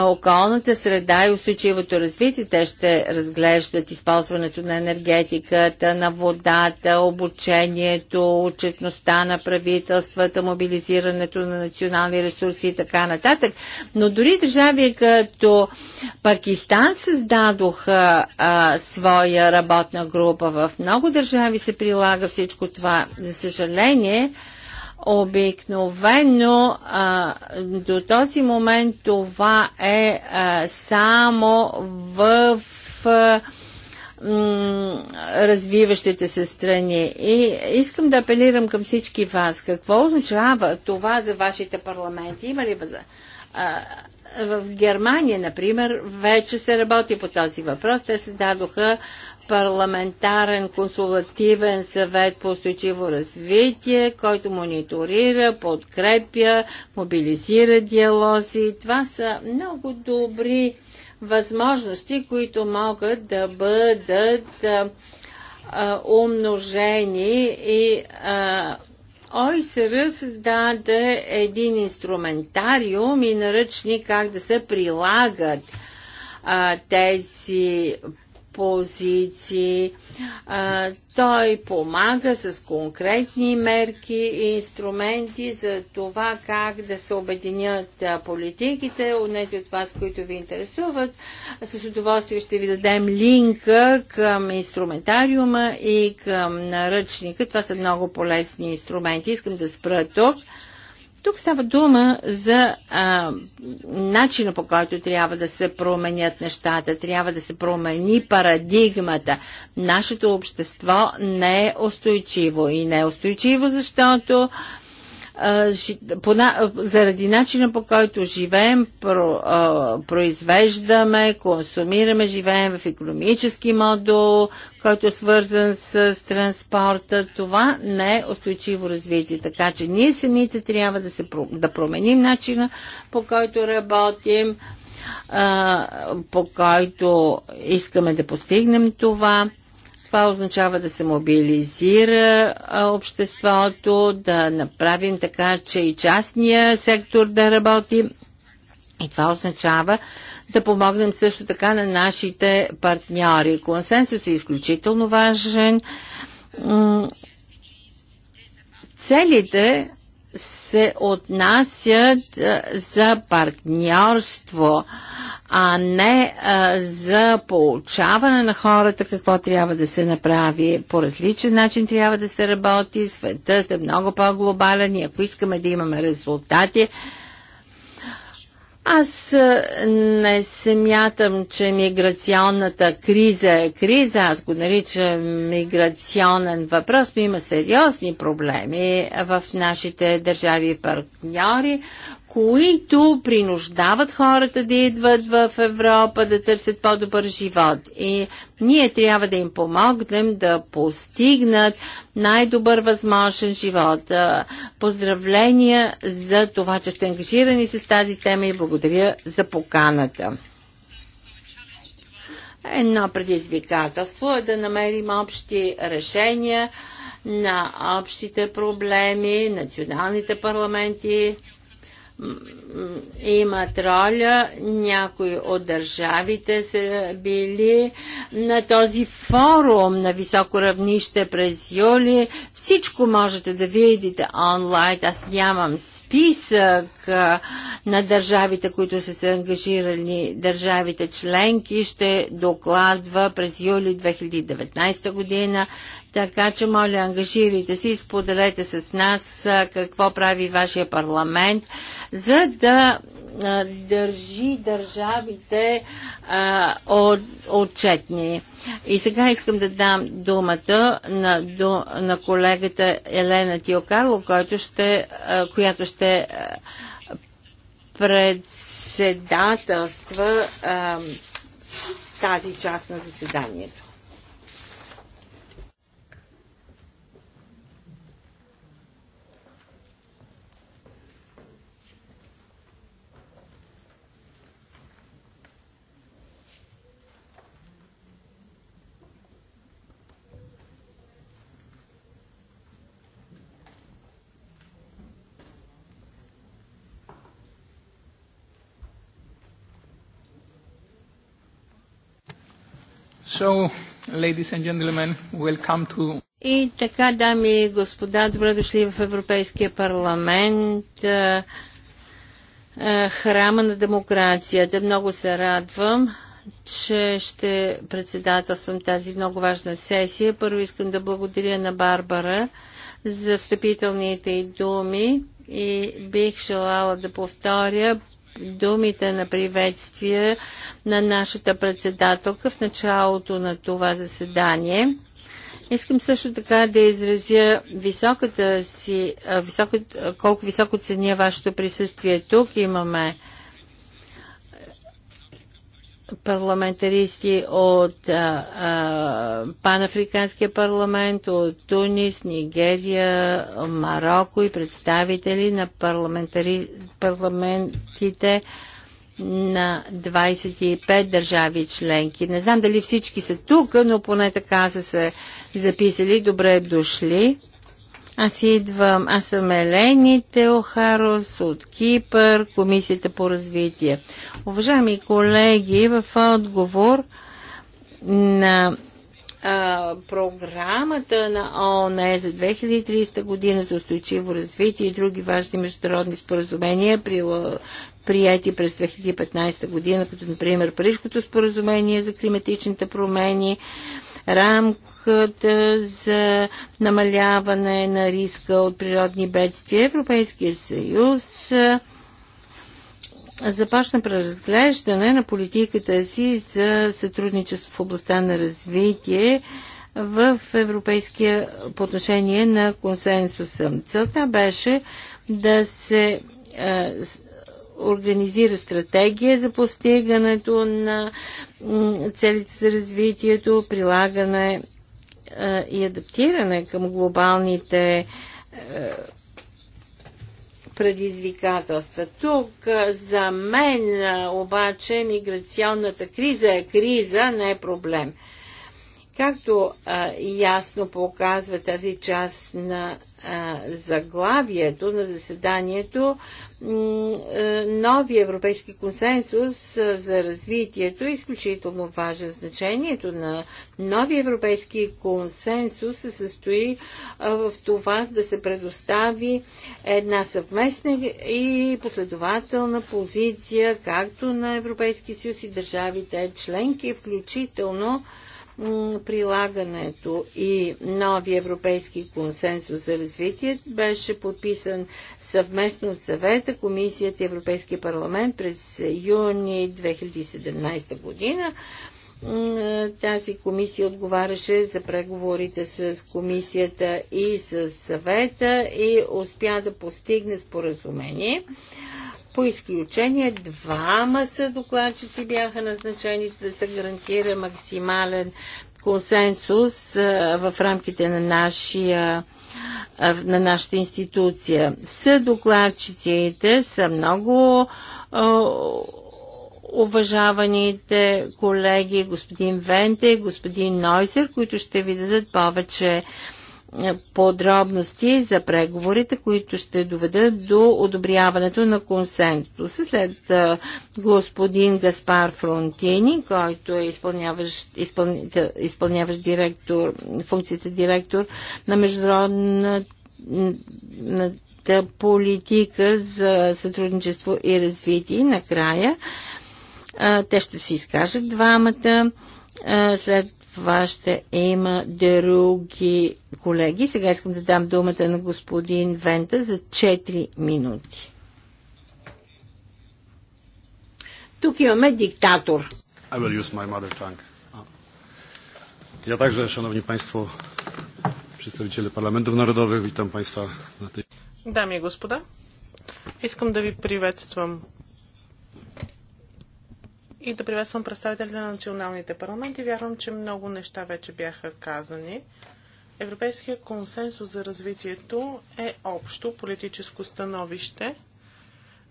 околната среда и устойчивото развитие. Те ще разглеждат използването на енергетиката, на водата, обучението, отчетността на правителствата, мобилизирането на национални ресурси и така нататък. Но дори държави като Пакистан създадоха а, своя работна група. В много държави се прилага всичко това. За съжаление, Обикновено а, до този момент това е а, само в а, развиващите се страни. И искам да апелирам към всички вас. Какво означава това за вашите парламенти? Има ли база? в Германия, например, вече се работи по този въпрос. Те създадоха парламентарен консулативен съвет по устойчиво развитие, който мониторира, подкрепя, мобилизира диалози. Това са много добри възможности, които могат да бъдат а, умножени и а, ОИСР създаде един инструментариум и наръчни как да се прилагат а, тези позиции. А, той помага с конкретни мерки и инструменти за това как да се обединят политиките, тези от вас, които ви интересуват. С удоволствие ще ви дадем линка към инструментариума и към наръчника. Това са много полезни инструменти. Искам да спра тук. Тук става дума за а, начина по който трябва да се променят нещата, трябва да се промени парадигмата. Нашето общество не е устойчиво и не е устойчиво, защото заради начина по който живеем, произвеждаме, консумираме, живеем в економически модул, който е свързан с транспорта. Това не е устойчиво развитие. Така че ние самите трябва да, се, да променим начина по който работим, по който искаме да постигнем това. Това означава да се мобилизира обществото, да направим така, че и частния сектор да работи. И това означава да помогнем също така на нашите партньори. Консенсус е изключително важен. Целите се отнасят за партньорство, а не а, за получаване на хората какво трябва да се направи. По различен начин трябва да се работи. Светът е много по-глобален и ако искаме да имаме резултати, аз не смятам, че миграционната криза е криза, аз го наричам миграционен въпрос, но има сериозни проблеми в нашите държави партньори, които принуждават хората да идват в Европа, да търсят по-добър живот. И ние трябва да им помогнем да постигнат най-добър възможен живот. Поздравления за това, че сте ангажирани с тази тема и благодаря за поканата. Едно предизвикателство е да намерим общи решения на общите проблеми, националните парламенти, имат роля. Някои от държавите са били на този форум на високо равнище през юли. Всичко можете да видите онлайн. Аз нямам списък на държавите, които са се ангажирали. Държавите членки ще докладва през юли 2019 година така че, моля, ангажирайте си и споделете с нас какво прави вашия парламент, за да държи държавите а, от, отчетни. И сега искам да дам думата на, до, на колегата Елена Тиокарло, която ще, а, която ще а, председателства а, тази част на заседанието. So, ladies and gentlemen, welcome to... И така, дами и господа, добре дошли в Европейския парламент, храма на демокрацията. Много се радвам, че ще председателствам тази много важна сесия. Първо искам да благодаря на Барбара за встъпителните й думи и бих желала да повторя думите на приветствие на нашата председателка в началото на това заседание. Искам също така да изразя високата си, колко високо ценя вашето присъствие тук. Имаме парламентаристи от Панафриканския парламент, от Тунис, Нигерия, Марокко и представители на парламентари... парламентите на 25 държави членки. Не знам дали всички са тук, но поне така са се записали. Добре дошли. Аз идвам, аз съм Елени Теохарос от Кипър, Комисията по развитие. Уважаеми колеги, в отговор на а, програмата на ООН за 2030 година за устойчиво развитие и други важни международни споразумения, при, прияти през 2015 година, като например Парижкото споразумение за климатичните промени, рамката за намаляване на риска от природни бедствия. Европейския съюз започна преразглеждане на политиката си за сътрудничество в областта на развитие в европейския по отношение на консенсуса. Целта беше да се организира стратегия за постигането на целите за развитието, прилагане е, и адаптиране към глобалните е, предизвикателства. Тук е, за мен обаче миграционната криза е криза, не е проблем. Както а, ясно показва тази част на заглавието на заседанието нови европейски консенсус за развитието е изключително важен. Значението на нови европейски консенсус се състои в това да се предостави една съвместна и последователна позиция както на Европейски съюз и държавите членки, включително прилагането и нови европейски консенсус за развитие беше подписан съвместно от съвета, комисията и Европейския парламент през юни 2017 година. Тази комисия отговаряше за преговорите с комисията и с съвета и успя да постигне споразумение. По изключение двама са докладчици бяха назначени, за да се гарантира максимален консенсус в рамките на нашия на нашата институция. Съдокладчиците са много уважаваните колеги господин Венте и господин Нойсер, които ще ви дадат повече подробности за преговорите, които ще доведат до одобряването на консенсуса. След господин Гаспар Фронтини, който е изпълняващ, изпълня, изпълняващ директор, функцията директор на международната политика за сътрудничество и развитие. накрая те ще си изкажат двамата след това ще има други колеги. Сега искам да дам думата на господин Вента за 4 минути. Тук имаме диктатор. I will use my mother tongue. Ja także, szanowni państwo, przedstawiciele parlamentów narodowych, witam państwa na tej... Dami i господа, искам да ви приветствам и да приветствам представителите на националните парламенти. Вярвам, че много неща вече бяха казани. Европейският консенсус за развитието е общо политическо становище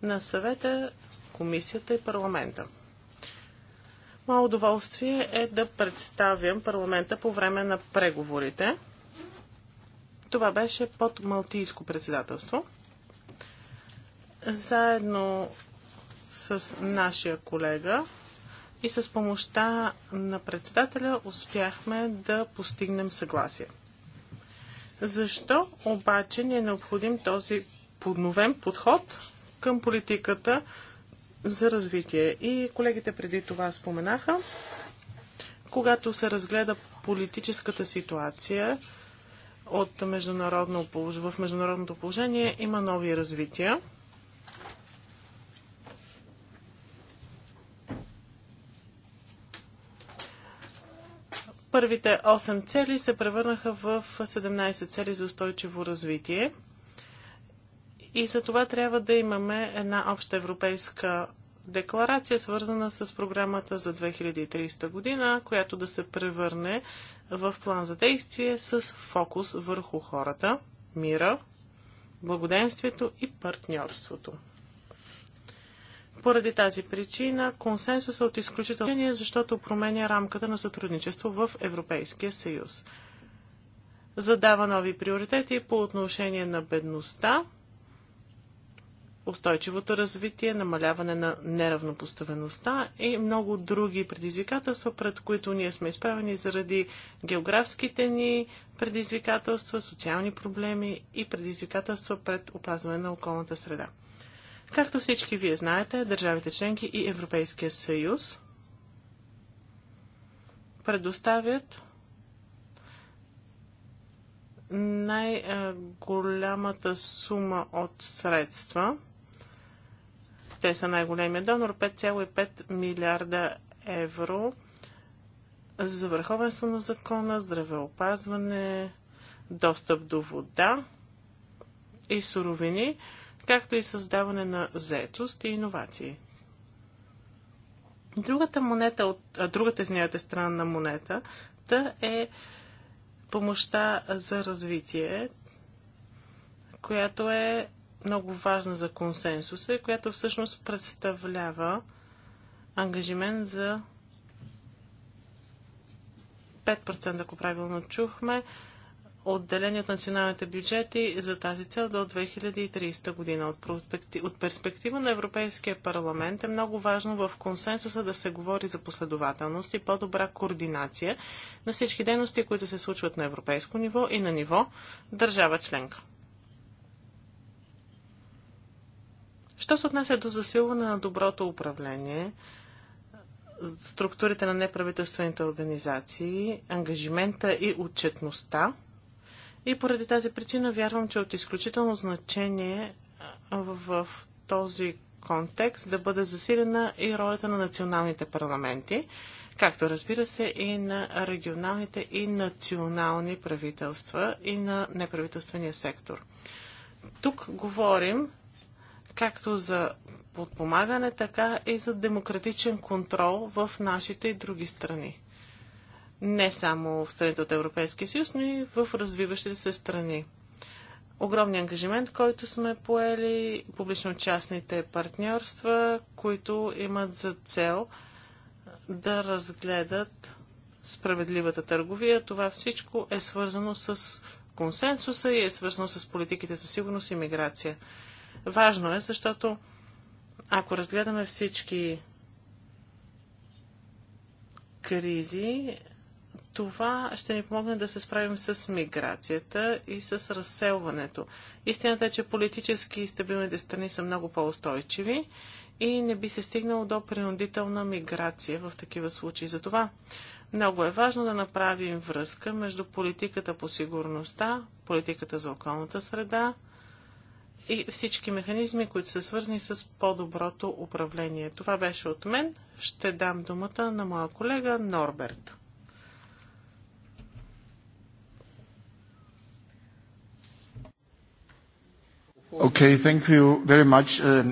на съвета, комисията и парламента. Мое удоволствие е да представям парламента по време на преговорите. Това беше под Малтийско председателство. Заедно с нашия колега и с помощта на председателя успяхме да постигнем съгласие. Защо обаче ни е необходим този подновен подход към политиката за развитие? И колегите преди това споменаха, когато се разгледа политическата ситуация от международно, в международното положение, има нови развития. Първите 8 цели се превърнаха в 17 цели за устойчиво развитие. И за това трябва да имаме една обща европейска декларация, свързана с програмата за 2030 година, която да се превърне в план за действие с фокус върху хората, мира, благоденствието и партньорството. Поради тази причина консенсус е от изключително защото променя рамката на сътрудничество в Европейския съюз. Задава нови приоритети по отношение на бедността, устойчивото развитие, намаляване на неравнопоставеността и много други предизвикателства, пред които ние сме изправени заради географските ни предизвикателства, социални проблеми и предизвикателства пред опазване на околната среда. Както всички вие знаете, държавите членки и Европейския съюз предоставят най-голямата сума от средства. Те са най-големия донор 5,5 милиарда евро за върховенство на закона, здравеопазване, достъп до вода и суровини както и създаване на заетост и иновации. Другата монета, от, а, другата извинявайте, страна на монета да е помощта за развитие, която е много важна за консенсуса и която всъщност представлява ангажимент за 5%, ако правилно чухме, отделени от националните бюджети за тази цел до 2030 година. От, перспектива на Европейския парламент е много важно в консенсуса да се говори за последователност и по-добра координация на всички дейности, които се случват на европейско ниво и на ниво държава членка. Що се отнася до засилване на доброто управление, структурите на неправителствените организации, ангажимента и отчетността – и поради тази причина вярвам, че е от изключително значение в, в този контекст да бъде засилена и ролята на националните парламенти, както разбира се и на регионалните и национални правителства и на неправителствения сектор. Тук говорим както за подпомагане, така и за демократичен контрол в нашите и други страни не само в страните от Европейския съюз, но и в развиващите се страни. Огромният ангажимент, който сме поели, публично-частните партньорства, които имат за цел да разгледат справедливата търговия. Това всичко е свързано с консенсуса и е свързано с политиките за сигурност и миграция. Важно е, защото ако разгледаме всички кризи, това ще ни помогне да се справим с миграцията и с разселването. Истината е, че политически стабилните страни са много по-устойчиви и не би се стигнало до принудителна миграция в такива случаи. Затова много е важно да направим връзка между политиката по сигурността, политиката за околната среда и всички механизми, които са свързани с по-доброто управление. Това беше от мен. Ще дам думата на моя колега Норберт. Okay, thank you very much, uh,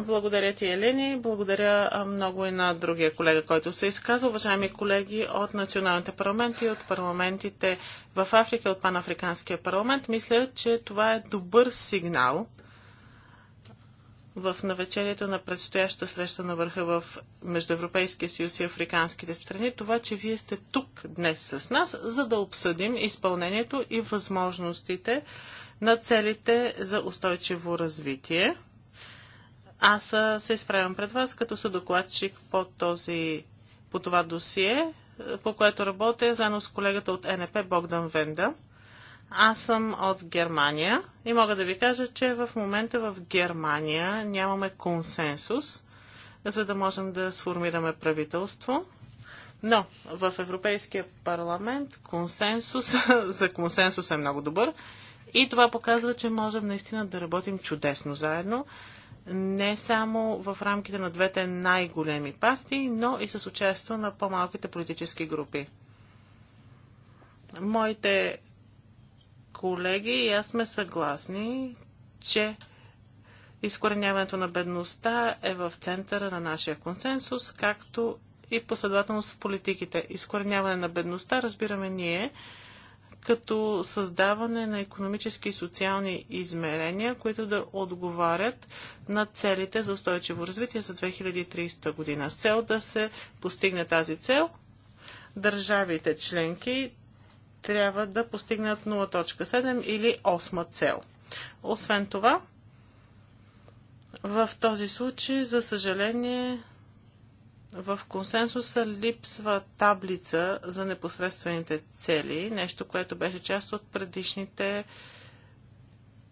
Благодаря ти, Елени. Благодаря много и на другия колега, който се изказа. Уважаеми колеги от националните парламенти, от парламентите в Африка, от Панафриканския парламент, мисля, че това е добър сигнал в навечерието на предстояща среща на върха в между Европейския съюз и африканските страни, това, че вие сте тук днес с нас, за да обсъдим изпълнението и възможностите на целите за устойчиво развитие. Аз се изправям пред вас като съдокладчик по, този, по това досие, по което работя заедно с колегата от НП Богдан Венда. Аз съм от Германия и мога да ви кажа, че в момента в Германия нямаме консенсус, за да можем да сформираме правителство. Но в Европейския парламент консенсус, за консенсус е много добър и това показва, че можем наистина да работим чудесно заедно, не само в рамките на двете най-големи партии, но и с участието на по-малките политически групи. Моите колеги и аз сме съгласни, че изкореняването на бедността е в центъра на нашия консенсус, както и последователност в политиките. Изкореняване на бедността разбираме ние като създаване на економически и социални измерения, които да отговарят на целите за устойчиво развитие за 2030 година. С цел да се постигне тази цел, държавите членки трябва да постигнат 0.7 или 8 цел. Освен това, в този случай, за съжаление, в консенсуса липсва таблица за непосредствените цели, нещо, което беше част от предишните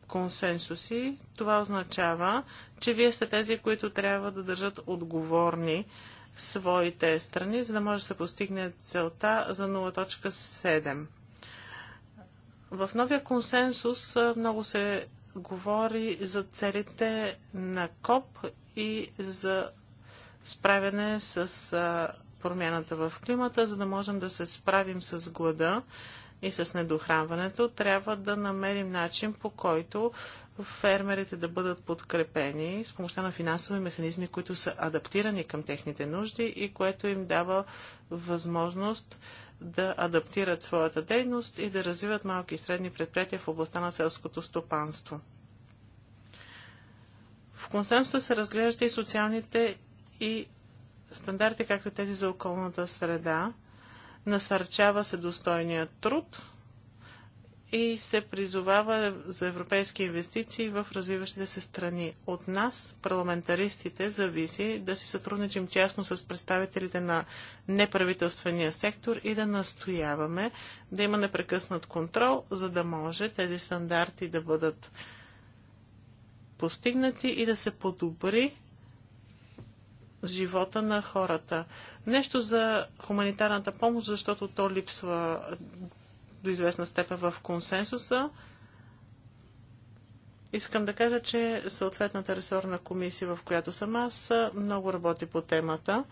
консенсуси. Това означава, че вие сте тези, които трябва да държат отговорни своите страни, за да може да се постигне целта за 0.7. В новия консенсус много се говори за целите на КОП и за справяне с промяната в климата, за да можем да се справим с глада и с недохранването, трябва да намерим начин по който фермерите да бъдат подкрепени с помощта на финансови механизми, които са адаптирани към техните нужди и което им дава възможност да адаптират своята дейност и да развиват малки и средни предприятия в областта на селското стопанство. В консенсуса се разглежда и социалните и стандарти, както тези за околната среда. Насърчава се достойният труд и се призовава за европейски инвестиции в развиващите се страни. От нас, парламентаристите, зависи да си сътрудничим тясно с представителите на неправителствения сектор и да настояваме да има непрекъснат контрол, за да може тези стандарти да бъдат постигнати и да се подобри живота на хората. Нещо за хуманитарната помощ, защото то липсва до известна степен в консенсуса. Искам да кажа, че съответната ресорна комисия, в която съм аз, много работи по темата.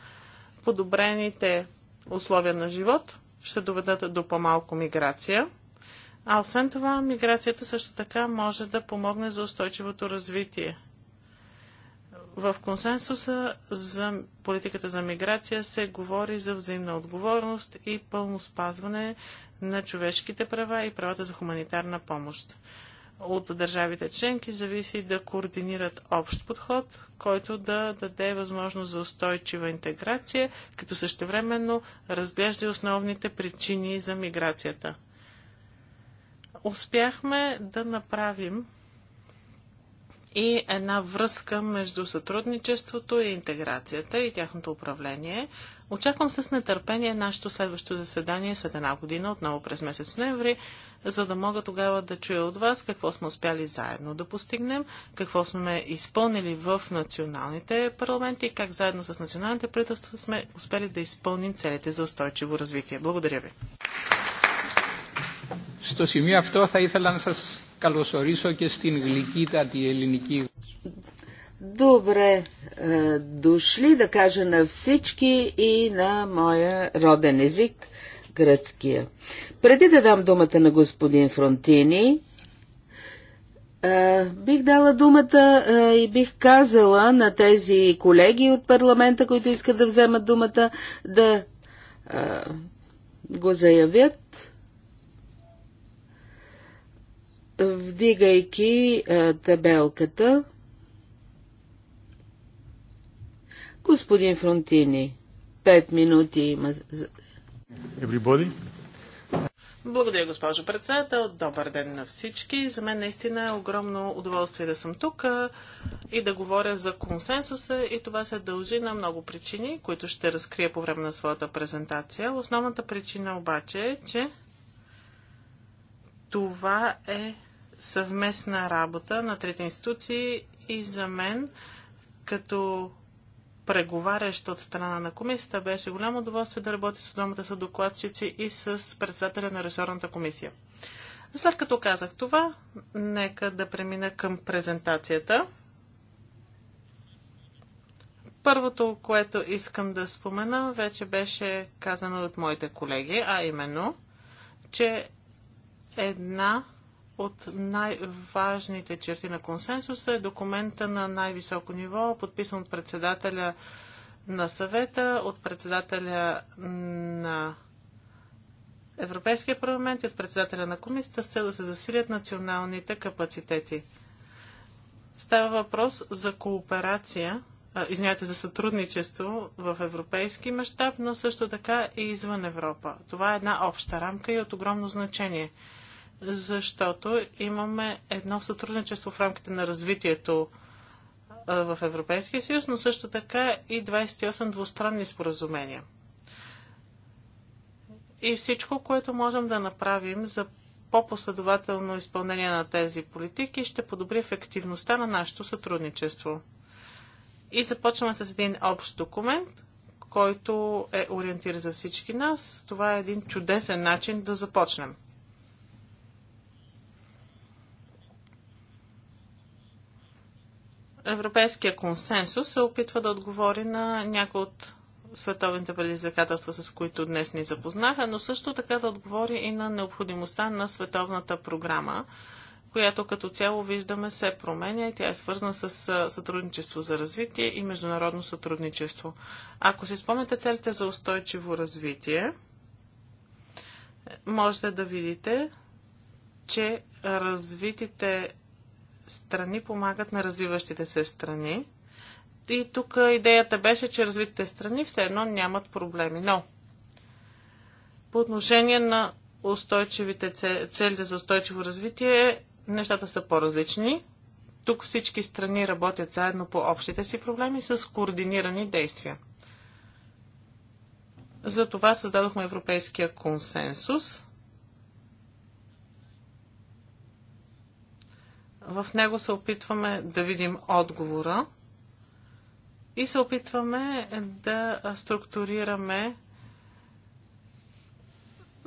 Подобрените условия на живот ще доведат до по-малко миграция. А освен това, миграцията също така може да помогне за устойчивото развитие в консенсуса за политиката за миграция се говори за взаимна отговорност и пълно спазване на човешките права и правата за хуманитарна помощ. От държавите членки зависи да координират общ подход, който да даде възможност за устойчива интеграция, като същевременно разглежда основните причини за миграцията. Успяхме да направим и една връзка между сътрудничеството и интеграцията и тяхното управление. Очаквам с нетърпение нашето следващо заседание след една година, отново през месец ноември, за да мога тогава да чуя от вас какво сме успяли заедно да постигнем, какво сме изпълнили в националните парламенти и как заедно с националните правителства сме успели да изпълним целите за устойчиво развитие. Благодаря ви. Στο σημείο αυτό θα ήθελα να σας καλωσορίσω και στην τη ελληνική Добре е, дошли да кажа на всички и на моя роден език, гръцкия. Преди да дам думата на господин Фронтини, е, бих дала думата е, и бих казала на тези колеги от парламента, които искат да вземат думата, да го заявят. вдигайки е, табелката. Господин Фронтини, пет минути има. Everybody. Благодаря, госпожо председател. Добър ден на всички. За мен наистина е огромно удоволствие да съм тук и да говоря за консенсуса и това се дължи на много причини, които ще разкрия по време на своята презентация. Основната причина обаче е, че това е съвместна работа на трите институции и за мен като преговарящ от страна на комисията беше голямо удоволствие да работя с двамата са докладчици и с председателя на ресорната комисия. След като казах това, нека да премина към презентацията. Първото, което искам да спомена, вече беше казано от моите колеги, а именно, че една от най-важните черти на консенсуса е документа на най-високо ниво, подписан от председателя на съвета, от председателя на Европейския парламент и от председателя на комисията с цел да се засилят националните капацитети. Става въпрос за кооперация, извинявайте, за сътрудничество в европейски мащаб, но също така и извън Европа. Това е една обща рамка и от огромно значение – защото имаме едно сътрудничество в рамките на развитието в Европейския съюз, но също така и 28 двустранни споразумения. И всичко, което можем да направим за по-последователно изпълнение на тези политики, ще подобри ефективността на нашето сътрудничество. И започваме с един общ документ, който е ориентир за всички нас. Това е един чудесен начин да започнем. Европейския консенсус се опитва да отговори на някои от световните предизвикателства, с които днес ни запознаха, но също така да отговори и на необходимостта на световната програма, която като цяло виждаме се променя и тя е свързана с сътрудничество за развитие и международно сътрудничество. Ако си спомняте целите за устойчиво развитие, можете да видите, че развитите страни помагат на развиващите се страни. И тук идеята беше, че развитите страни все едно нямат проблеми. Но по отношение на устойчивите цели за устойчиво развитие, нещата са по-различни. Тук всички страни работят заедно по общите си проблеми с координирани действия. За това създадохме европейския консенсус – В него се опитваме да видим отговора и се опитваме да структурираме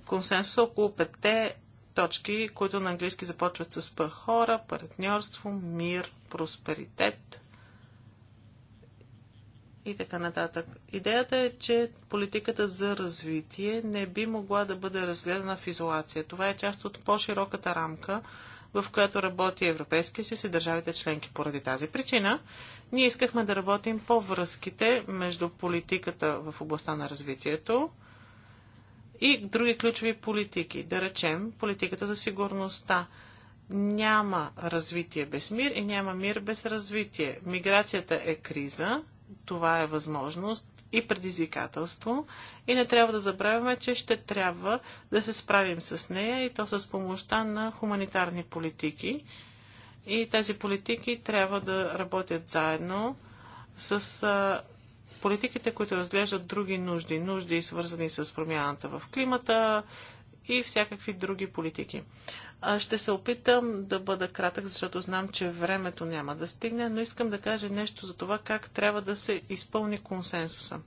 консенсуса около петте точки, които на английски започват с П. Хора, партньорство, мир, просперитет и така нататък. Идеята е, че политиката за развитие не би могла да бъде разгледана в изолация. Това е част от по-широката рамка, в която работи Европейския съюз и държавите членки. Поради тази причина ние искахме да работим по връзките между политиката в областта на развитието и други ключови политики. Да речем, политиката за сигурността. Няма развитие без мир и няма мир без развитие. Миграцията е криза, това е възможност и предизвикателство и не трябва да забравяме, че ще трябва да се справим с нея и то с помощта на хуманитарни политики. И тези политики трябва да работят заедно с а, политиките, които разглеждат други нужди. Нужди, свързани с промяната в климата, и всякакви други политики. Ще се опитам да бъда кратък, защото знам, че времето няма да стигне, но искам да кажа нещо за това как трябва да се изпълни консенсуса.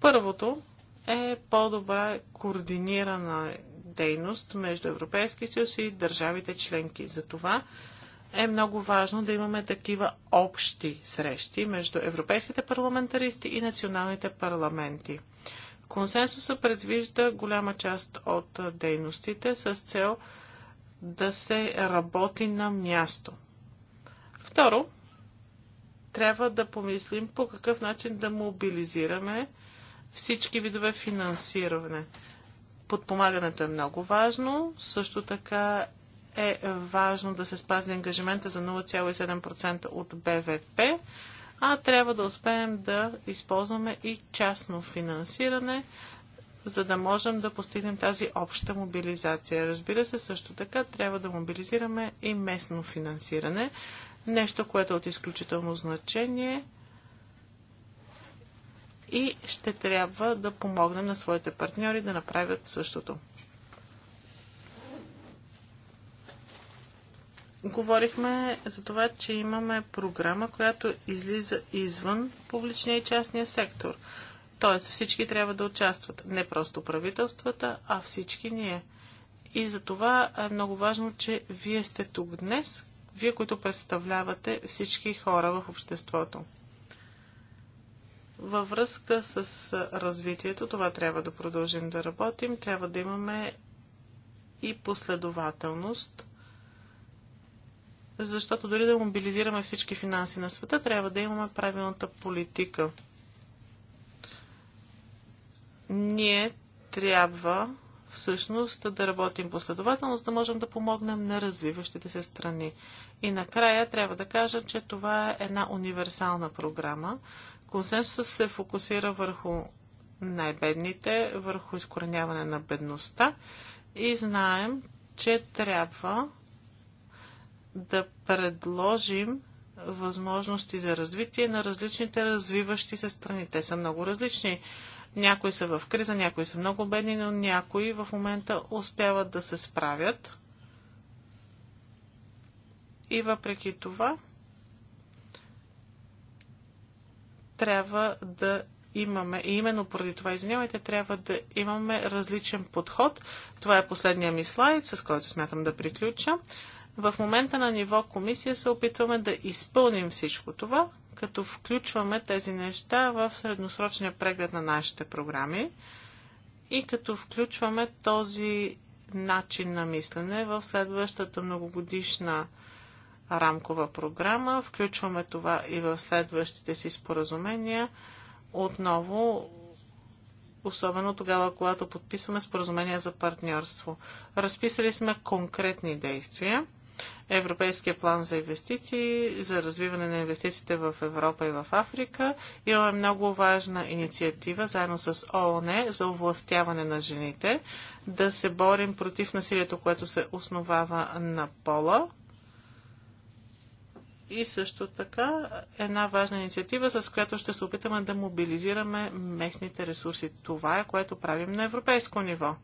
Първото е по-добра координирана дейност между Европейски съюз и държавите членки. За това е много важно да имаме такива общи срещи между европейските парламентаристи и националните парламенти. Консенсуса предвижда голяма част от дейностите с цел да се работи на място. Второ, трябва да помислим по какъв начин да мобилизираме всички видове финансиране. Подпомагането е много важно, също така е важно да се спази ангажимента за 0,7% от БВП а трябва да успеем да използваме и частно финансиране, за да можем да постигнем тази обща мобилизация. Разбира се, също така трябва да мобилизираме и местно финансиране, нещо, което е от изключително значение и ще трябва да помогнем на своите партньори да направят същото. говорихме за това, че имаме програма, която излиза извън публичния и частния сектор. Тоест всички трябва да участват. Не просто правителствата, а всички ние. И за това е много важно, че вие сте тук днес, вие, които представлявате всички хора в обществото. Във връзка с развитието, това трябва да продължим да работим, трябва да имаме и последователност – защото дори да мобилизираме всички финанси на света, трябва да имаме правилната политика. Ние трябва всъщност да работим последователно, за да можем да помогнем на развиващите се страни. И накрая трябва да кажа, че това е една универсална програма. Консенсусът се фокусира върху най-бедните, върху изкореняване на бедността и знаем, че трябва да предложим възможности за развитие на различните развиващи се страни. Те са много различни. Някои са в криза, някои са много бедни, но някои в момента успяват да се справят. И въпреки това, трябва да имаме, и именно поради това, извинявайте, трябва да имаме различен подход. Това е последния ми слайд, с който смятам да приключа. В момента на ниво комисия се опитваме да изпълним всичко това, като включваме тези неща в средносрочния преглед на нашите програми и като включваме този начин на мислене в следващата многогодишна рамкова програма. Включваме това и в следващите си споразумения. Отново, особено тогава, когато подписваме споразумения за партньорство. Разписали сме конкретни действия Европейския план за инвестиции, за развиване на инвестициите в Европа и в Африка. Имаме много важна инициатива, заедно с ООН, за овластяване на жените, да се борим против насилието, което се основава на пола. И също така една важна инициатива, с която ще се опитаме да мобилизираме местните ресурси. Това е което правим на европейско ниво.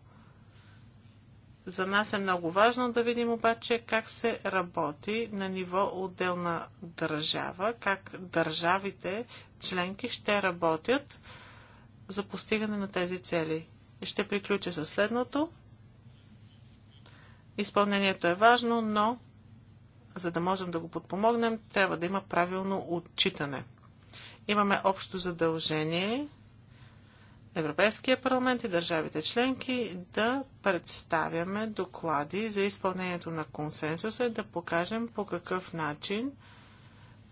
За нас е много важно да видим обаче как се работи на ниво отделна държава, как държавите членки ще работят за постигане на тези цели. Ще приключа със следното. Изпълнението е важно, но за да можем да го подпомогнем, трябва да има правилно отчитане. Имаме общо задължение Европейския парламент и държавите членки да представяме доклади за изпълнението на консенсуса и да покажем по какъв начин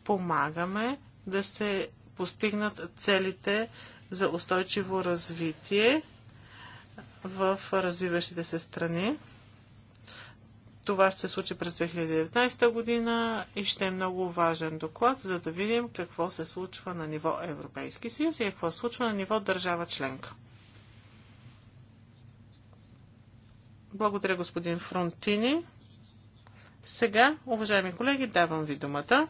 помагаме да се постигнат целите за устойчиво развитие в развиващите се страни. Това ще се случи през 2019 година и ще е много важен доклад, за да видим какво се случва на ниво Европейски съюз и какво се случва на ниво държава членка. Благодаря, господин Фронтини. Сега, уважаеми колеги, давам ви думата.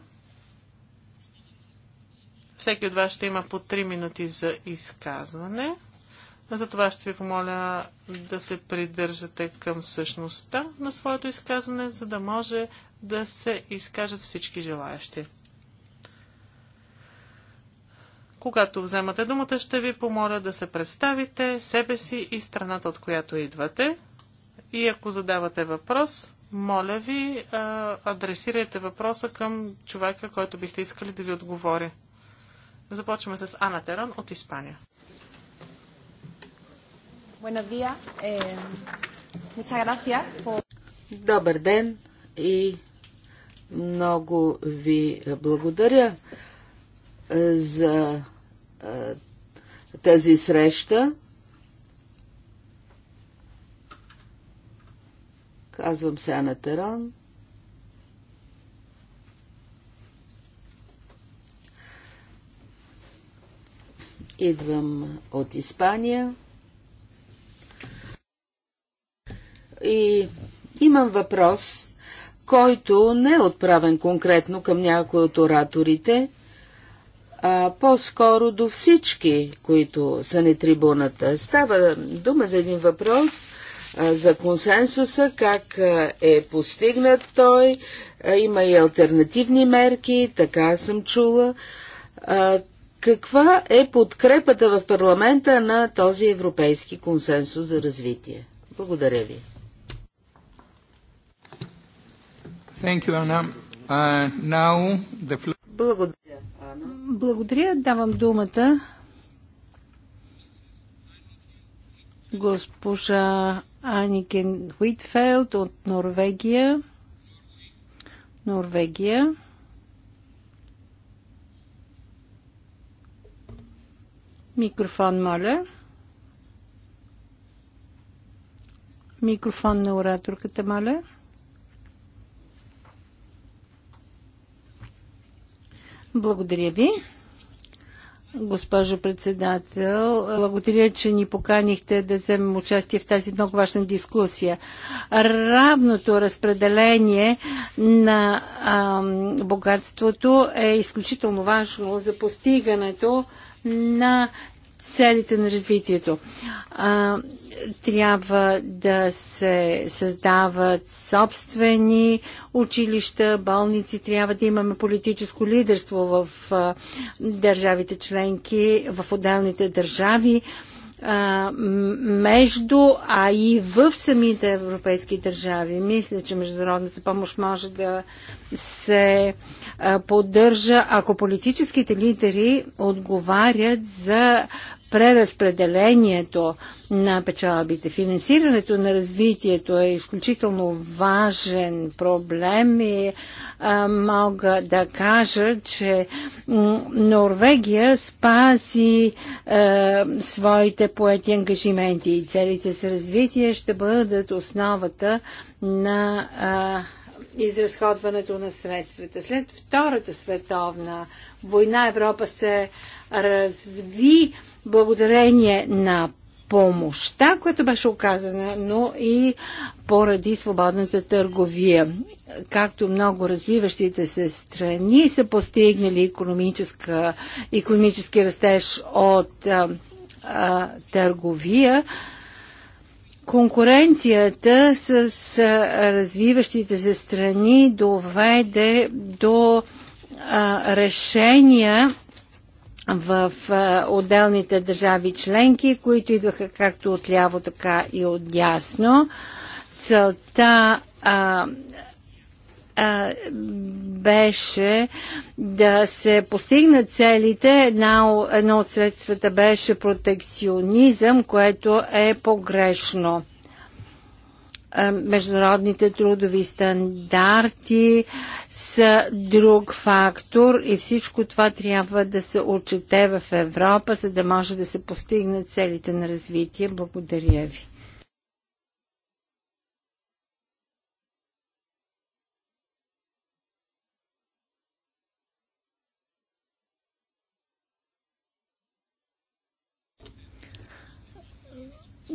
Всеки от вас ще има по 3 минути за изказване. Затова ще ви помоля да се придържате към същността на своето изказване, за да може да се изкажат всички желаящи. Когато вземате думата, ще ви помоля да се представите себе си и страната, от която идвате. И ако задавате въпрос, моля ви, адресирайте въпроса към човека, който бихте искали да ви отговори. Започваме с Ана Терон от Испания. Buenos días. Eh, gracias Добър ден и много ви благодаря е, за е, тази среща. Казвам се Ана Терон. Идвам от Испания. И имам въпрос, който не е отправен конкретно към някой от ораторите, а по-скоро до всички, които са на трибуната. Става дума за един въпрос за консенсуса, как е постигнат той, има и альтернативни мерки, така съм чула. Каква е подкрепата в парламента на този европейски консенсус за развитие? Благодаря ви. Thank you, Anna. Uh, now the Благодаря, Благодаря. Давам думата госпожа Аникен Уитфелд от Норвегия. Норвегия. Микрофон, моля. Микрофон на ораторката, моля. Благодаря ви. Госпожо председател, благодаря, че ни поканихте да вземем участие в тази много важна дискусия. Равното разпределение на ам, богатството е изключително важно за постигането на целите на развитието. А, трябва да се създават собствени училища, болници, трябва да имаме политическо лидерство в а, държавите членки, в отделните държави. А, а, между, а и в самите европейски държави. Мисля, че международната помощ може да се а, поддържа, ако политическите лидери отговарят за преразпределението на печалбите. Финансирането на развитието е изключително важен проблем и а, мога да кажа, че Норвегия спази а, своите поети ангажименти и целите с развитие ще бъдат основата на а, изразходването на средствата. След Втората световна война Европа се разви благодарение на помощта, която беше оказана, но и поради свободната търговия. Както много развиващите се страни са постигнали економически растеж от а, а, търговия, конкуренцията с а, развиващите се страни доведе до а, решения в отделните държави членки, които идваха както от ляво, така и от дясно. Целта а, а, беше да се постигнат целите. Една, едно от средствата беше протекционизъм, което е погрешно. Е, международните трудови стандарти са друг фактор и всичко това трябва да се отчете в Европа, за да може да се постигнат целите на развитие. Благодаря ви.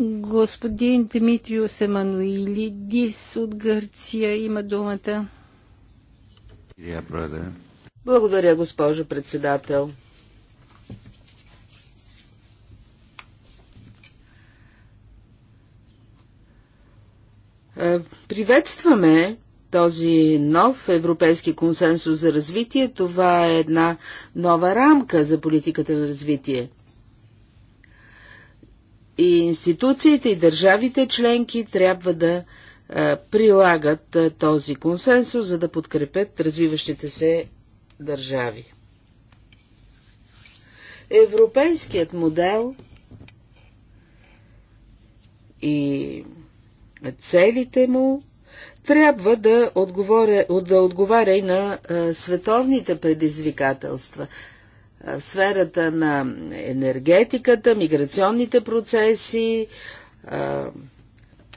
Господин Димитриус Емануилидис от Гърция има думата. Благодаря, госпожо председател. Е, приветстваме този нов европейски консенсус за развитие. Това е една нова рамка за политиката на развитие. И институциите и държавите членки трябва да прилагат този консенсус, за да подкрепят развиващите се държави. Европейският модел и целите му трябва да, отговаря, да отговаря и на а, световните предизвикателства сферата на енергетиката, миграционните процеси,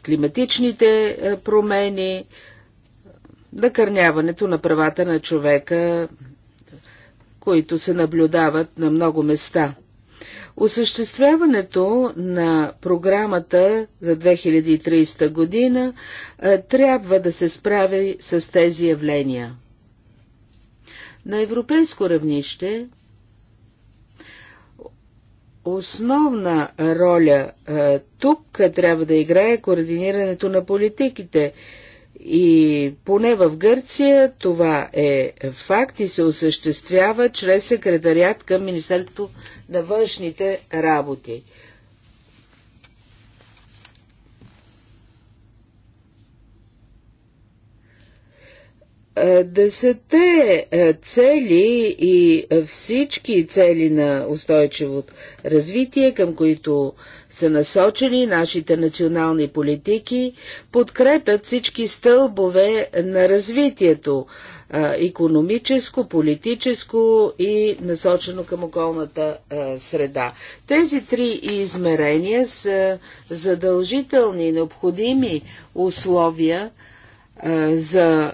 климатичните промени, накърняването на правата на човека, които се наблюдават на много места. Осъществяването на програмата за 2030 година трябва да се справи с тези явления. На европейско равнище Основна роля тук трябва да играе координирането на политиките. И поне в Гърция това е факт и се осъществява чрез секретарият към Министерството на външните работи. Е, десете е, цели и е, всички цели на устойчиво развитие, към които са насочени нашите национални политики, подкрепят всички стълбове на развитието економическо, политическо и насочено към околната среда. Тези три измерения са задължителни и необходими условия за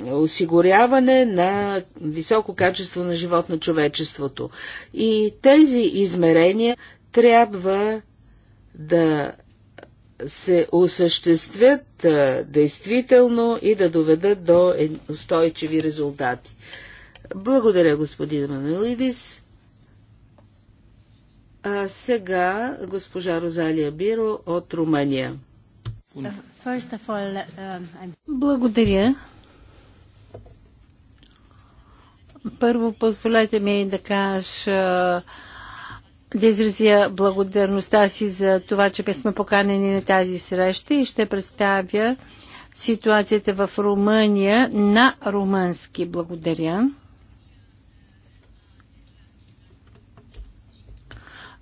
осигуряване на високо качество на живот на човечеството. И тези измерения трябва да се осъществят а, действително и да доведат до устойчиви резултати. Благодаря, господин Манелидис. А сега госпожа Розалия Биро от Румъния. Благодаря. Първо, позволете ми да кажа да изразя благодарността си за това, че сме поканени на тази среща и ще представя ситуацията в Румъния на румънски. Благодаря.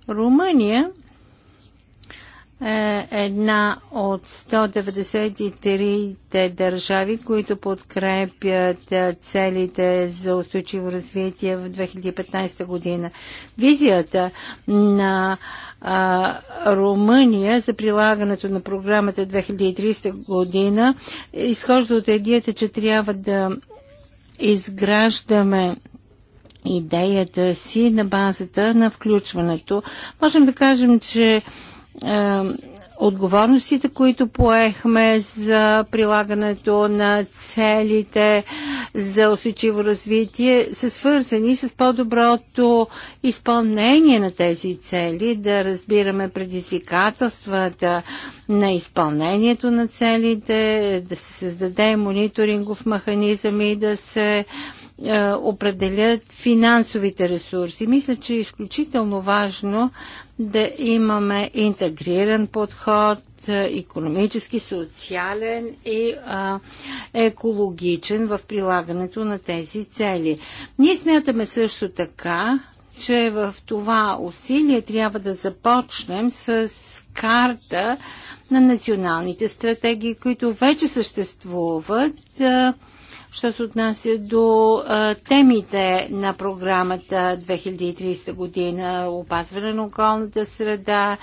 Румъния е, една от 193-те държави, които подкрепят е, целите за устойчиво развитие в 2015 година. Визията на а, Румъния за прилагането на програмата 2030 година изхожда от идеята, че трябва да изграждаме идеята си на базата на включването. Можем да кажем, че е, отговорностите, които поехме за прилагането на целите за усечиво развитие, са свързани с по-доброто изпълнение на тези цели, да разбираме предизвикателствата на изпълнението на целите, да се създаде мониторингов механизъм и да се е, определят финансовите ресурси. Мисля, че е изключително важно да имаме интегриран подход, економически, социален и а, екологичен в прилагането на тези цели. Ние смятаме също така, че в това усилие трябва да започнем с карта на националните стратегии, които вече съществуват. А, е, Що се отнася до а, темите на програмата 2030 година, опазване на околната среда,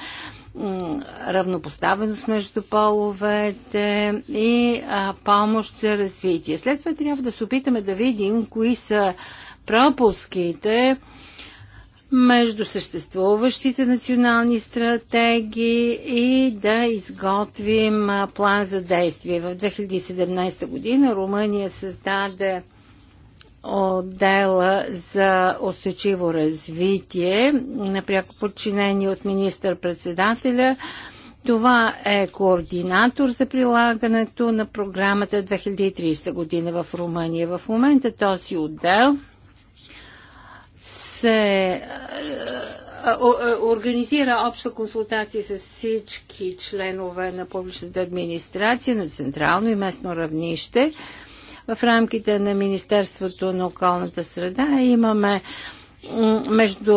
равнопоставеност между половете и а, помощ за развитие. След това трябва да се опитаме да видим кои са пропуските, между съществуващите национални стратегии и да изготвим план за действие. В 2017 година Румъния създаде отдела за устойчиво развитие, напряко подчинени от министър-председателя. Това е координатор за прилагането на програмата 2030 година в Румъния. В момента този отдел се организира обща консултация с всички членове на публичната администрация на централно и местно равнище. В рамките на Министерството на околната среда имаме между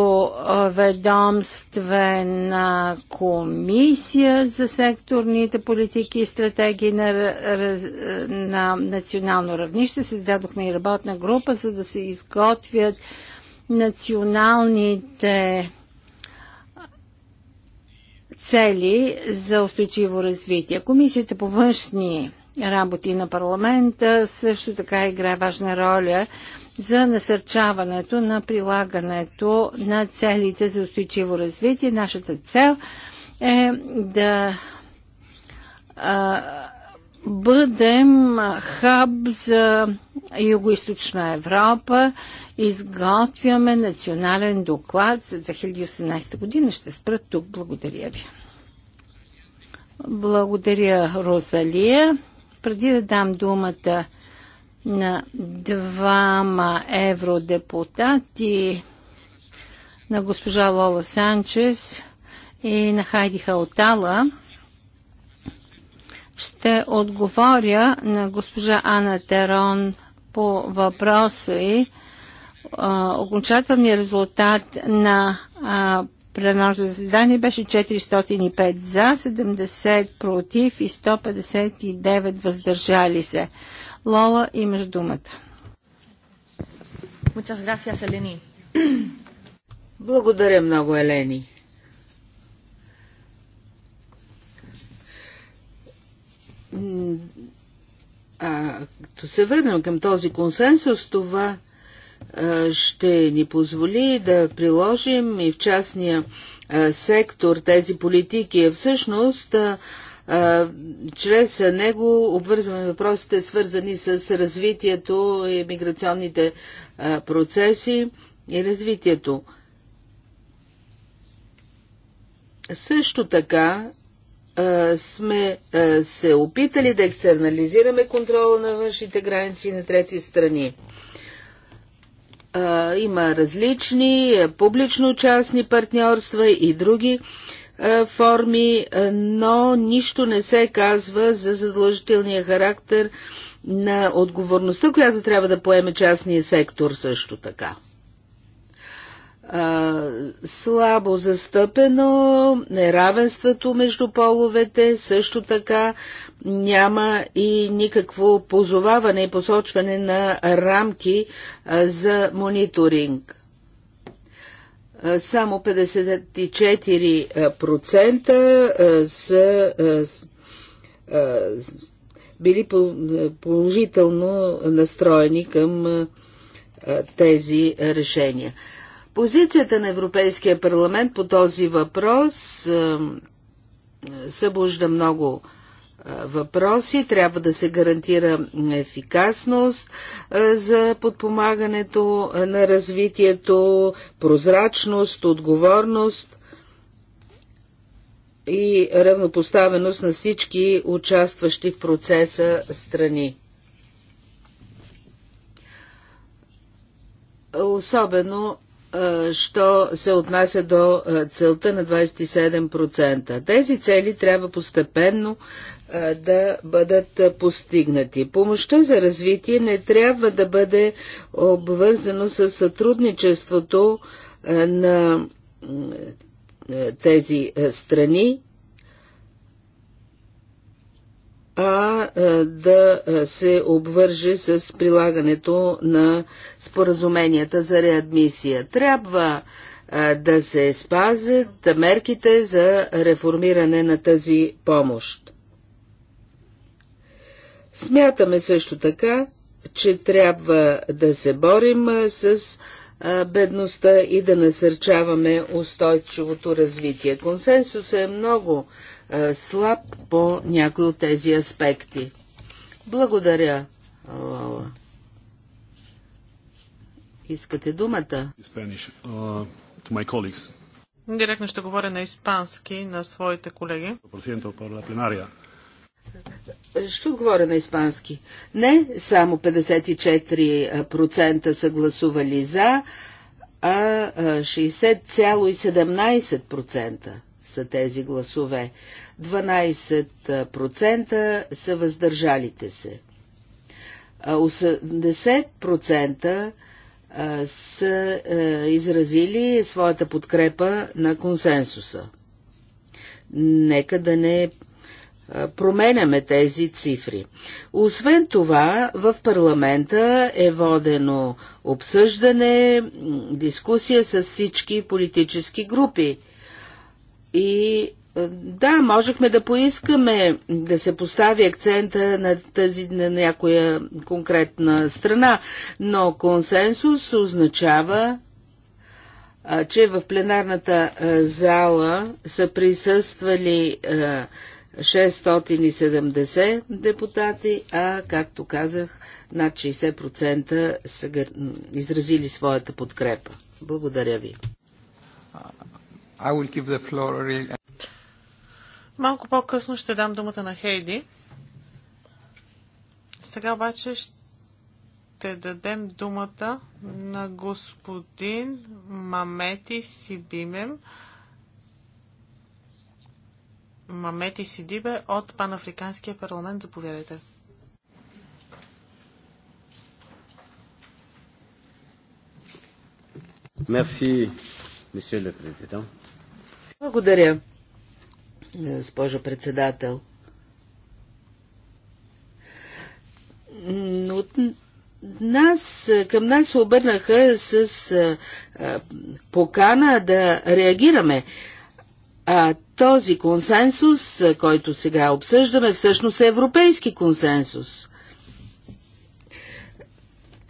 на комисия за секторните политики и стратегии на, на национално равнище. Създадохме и работна група, за да се изготвят националните цели за устойчиво развитие. Комисията по външни работи на парламента също така играе важна роля за насърчаването на прилагането на целите за устойчиво развитие. Нашата цел е да а, бъдем хаб за Юго-Источна Европа. Изготвяме национален доклад за 2018 година. Ще спра тук. Благодаря ви. Благодаря, Розалия. Преди да дам думата на двама евродепутати, на госпожа Лола Санчес и на Хайди Хаотала, ще отговоря на госпожа Ана Терон по въпроса и окончателният резултат на а, пленарното заседание беше 405 за, 70 против и 159 въздържали се. Лола, имаш думата. Благодаря много, Елени. А, като се върнем към този консенсус, това а, ще ни позволи да приложим и в частния а, сектор тези политики. Всъщност, а, чрез него обвързваме въпросите, свързани с развитието и миграционните процеси и развитието. Също така сме се опитали да екстернализираме контрола на външните граници на трети страни. Има различни публично-частни партньорства и други форми, но нищо не се казва за задължителния характер на отговорността, която трябва да поеме частния сектор също така а, слабо застъпено, неравенството между половете също така няма и никакво позоваване и посочване на рамки а, за мониторинг. само 54% са били положително настроени към тези решения. Позицията на Европейския парламент по този въпрос е, събужда много е, въпроси. Трябва да се гарантира ефикасност е, за подпомагането на развитието, прозрачност, отговорност и равнопоставеност на всички участващи в процеса страни. Особено що се отнася до целта на 27%. Тези цели трябва постепенно да бъдат постигнати. Помощта за развитие не трябва да бъде обвързано с сътрудничеството на тези страни а да се обвърже с прилагането на споразуменията за реадмисия. Трябва да се спазят мерките за реформиране на тази помощ. Смятаме също така, че трябва да се борим с бедността и да насърчаваме устойчивото развитие. Консенсус е много е, слаб по някои от тези аспекти. Благодаря, Лола. Искате думата? Uh, Директно ще говоря на испански на своите колеги. Ще говоря на испански. Не само 54% е, са гласували за, а 60,17%. Е, са тези гласове. 12% са въздържалите се. 80% са изразили своята подкрепа на консенсуса. Нека да не променяме тези цифри. Освен това, в парламента е водено обсъждане, дискусия с всички политически групи. И е, да, можехме да поискаме да се постави акцента на тази на някоя конкретна страна, но консенсус означава, че в пленарната е, зала са присъствали 670 е, депутати, а както казах, над 60% са изразили своята подкрепа. Благодаря ви. I will give the floor really... Малко по-късно ще дам думата на Хейди. Сега обаче ще дадем думата на господин Мамети Сибимем. Мамети Сидибе от Панафриканския парламент. Заповядайте. Мерси, месье ле президент. Благодаря, е, госпожо председател. От нас, е, към нас се обърнаха с а, е, покана да реагираме. А този консенсус, който сега обсъждаме, всъщност е европейски консенсус.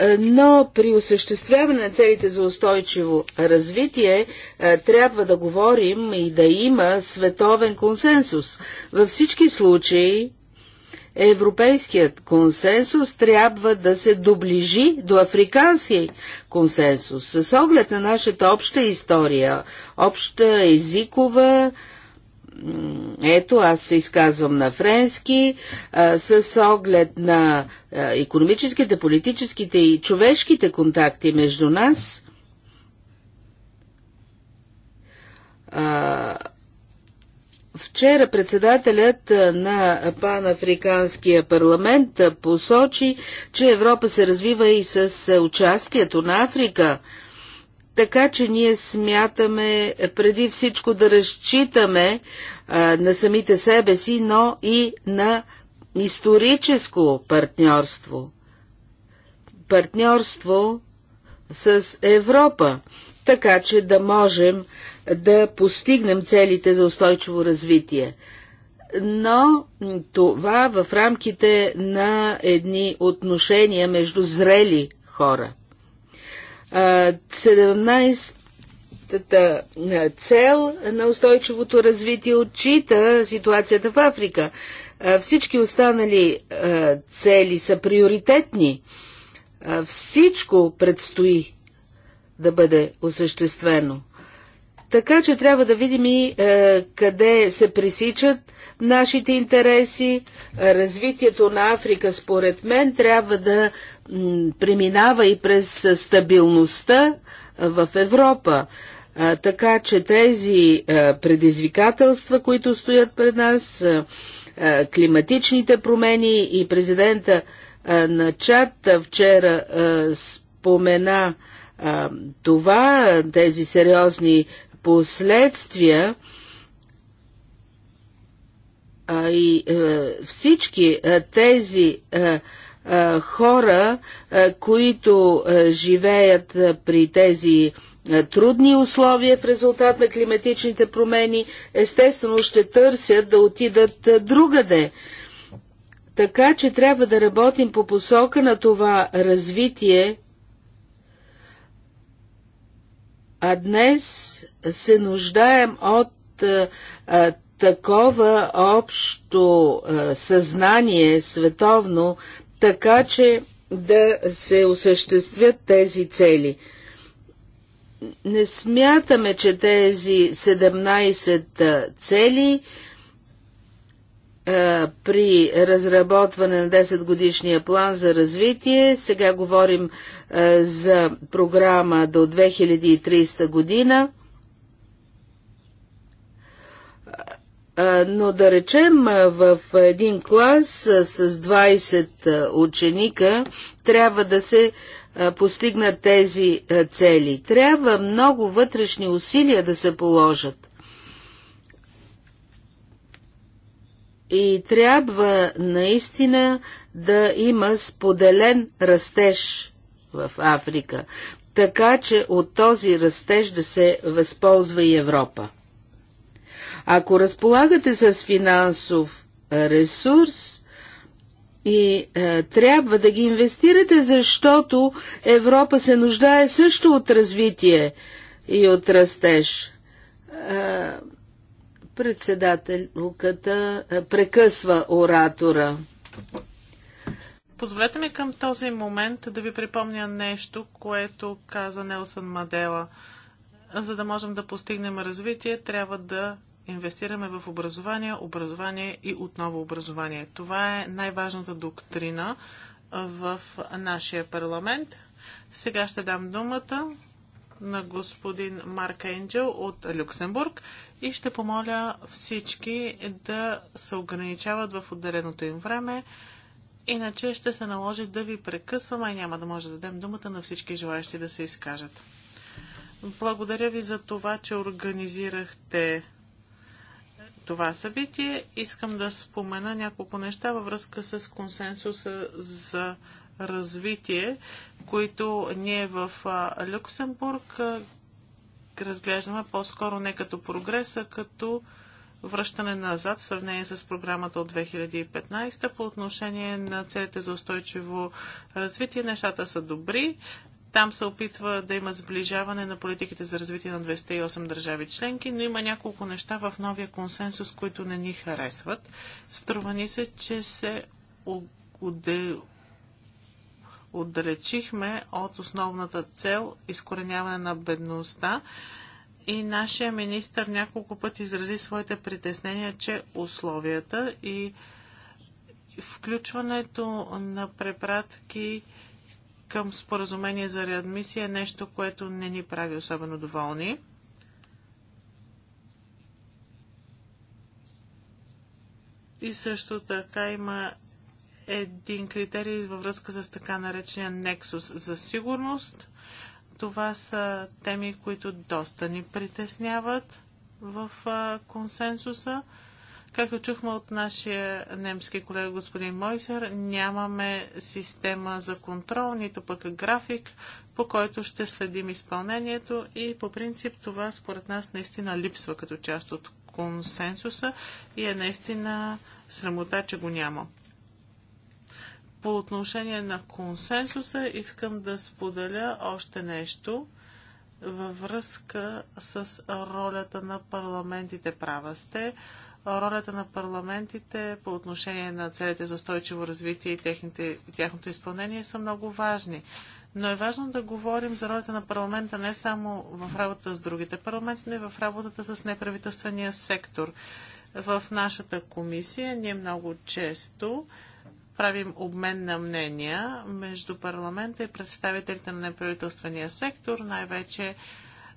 Е, но при осъществяване на целите за устойчиво развитие е, трябва да говорим и да има световен консенсус. Във всички случаи европейският консенсус трябва да се доближи до африканския консенсус с оглед на нашата обща история, обща езикова, ето, аз се изказвам на френски, а, с оглед на а, економическите, политическите и човешките контакти между нас, а, Вчера председателят на Панафриканския парламент посочи, че Европа се развива и с участието на Африка – така че ние смятаме преди всичко да разчитаме а, на самите себе си, но и на историческо партньорство. Партньорство с Европа, така че да можем да постигнем целите за устойчиво развитие. Но това в рамките на едни отношения между зрели хора. 17-та цел на устойчивото развитие отчита ситуацията в Африка. Всички останали цели са приоритетни. Всичко предстои да бъде осъществено. Така че трябва да видим и е, къде се пресичат нашите интереси. Развитието на Африка, според мен, трябва да преминава и през стабилността в Европа. Така че тези предизвикателства, които стоят пред нас, климатичните промени и президента на Чад вчера спомена това, тези сериозни последствия и всички тези е, хора, е, които е, живеят при тези трудни условия в резултат на климатичните промени, естествено ще търсят да отидат другаде. Така че трябва да работим по посока на това развитие, а днес се нуждаем от а, такова общо а, съзнание световно така че да се осъществят тези цели. Не смятаме, че тези 17 цели при разработване на 10 годишния план за развитие. Сега говорим за програма до 2300 година. Но да речем в един клас с 20 ученика трябва да се постигнат тези цели. Трябва много вътрешни усилия да се положат. И трябва наистина да има споделен растеж в Африка, така че от този растеж да се възползва и Европа. Ако разполагате с финансов ресурс и е, трябва да ги инвестирате, защото Европа се нуждае също от развитие и от растеж. Е, председателката прекъсва оратора. Позволете ми към този момент да ви припомня нещо, което каза Нелсън Мадела. За да можем да постигнем развитие, трябва да инвестираме в образование, образование и отново образование. Това е най-важната доктрина в нашия парламент. Сега ще дам думата на господин Марк Енджел от Люксембург и ще помоля всички да се ограничават в отделеното им време, иначе ще се наложи да ви прекъсваме и няма да може да дадем думата на всички желаящи да се изкажат. Благодаря ви за това, че организирахте това събитие. Искам да спомена няколко неща във връзка с консенсуса за развитие, които ние в Люксембург разглеждаме по-скоро не като прогрес, а като връщане назад в сравнение с програмата от 2015 по отношение на целите за устойчиво развитие. Нещата са добри, там се опитва да има сближаване на политиките за развитие на 208 държави членки, но има няколко неща в новия консенсус, които не ни харесват. Струва ни се, че се отдалечихме от основната цел изкореняване на бедността и нашия министр няколко пъти изрази своите притеснения, че условията и включването на препратки към споразумение за реадмисия е нещо, което не ни прави особено доволни. И също така има един критерий във връзка с така наречения нексус за сигурност. Това са теми, които доста ни притесняват в консенсуса. Както чухме от нашия немски колега господин Мойсер, нямаме система за контрол, нито пък график, по който ще следим изпълнението и по принцип това според нас наистина липсва като част от консенсуса и е наистина срамота, че го няма. По отношение на консенсуса искам да споделя още нещо във връзка с ролята на парламентите. Права сте ролята на парламентите по отношение на целите за устойчиво развитие и техните, тяхното изпълнение са много важни. Но е важно да говорим за ролята на парламента не само в работа с другите парламенти, но и в работата с неправителствения сектор. В нашата комисия ние много често правим обмен на мнения между парламента и представителите на неправителствения сектор, най-вече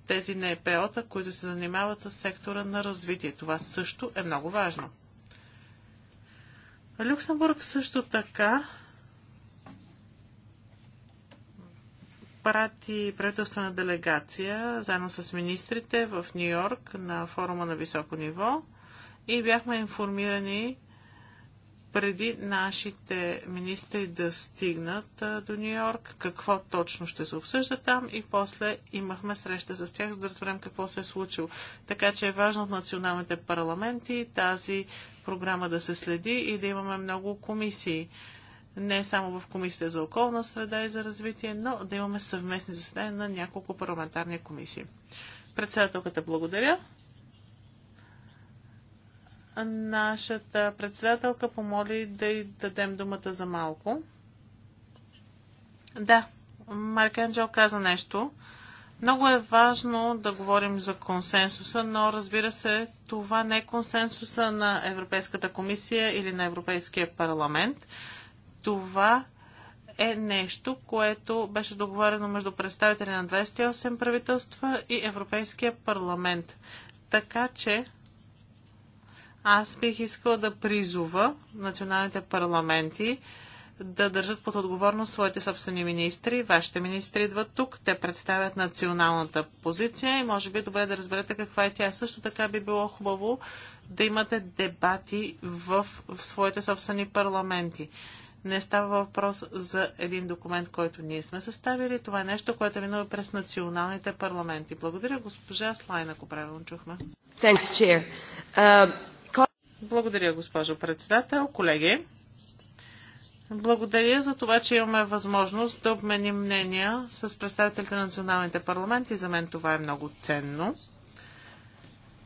тези НПО-та, които се занимават с сектора на развитие. Това също е много важно. Люксембург също така прати правителствена делегация заедно с министрите в Нью Йорк на форума на високо ниво и бяхме информирани преди нашите министри да стигнат а, до Нью Йорк, какво точно ще се обсъжда там и после имахме среща с тях, за да разберем какво се е случило. Така че е важно от националните парламенти тази програма да се следи и да имаме много комисии. Не само в комисията за околна среда и за развитие, но да имаме съвместни заседания на няколко парламентарни комисии. Председателката благодаря. Нашата председателка помоли да й дадем думата за малко. Да, Марк Анджел каза нещо. Много е важно да говорим за консенсуса, но разбира се, това не е консенсуса на Европейската комисия или на Европейския парламент. Това е нещо, което беше договорено между представители на 28 правителства и Европейския парламент. Така че аз бих искала да призова националните парламенти да държат под отговорност своите собствени министри. Вашите министри идват тук, те представят националната позиция и може би е добре да разберете каква е тя. Също така би било хубаво да имате дебати в, в своите собствени парламенти. Не става въпрос за един документ, който ние сме съставили. Това е нещо, което е минува през националните парламенти. Благодаря, госпожа Слайн, ако правилно чухме. Thanks, uh, благодаря, госпожо председател. Колеги, благодаря за това, че имаме възможност да обменим мнения с представителите на националните парламенти. За мен това е много ценно.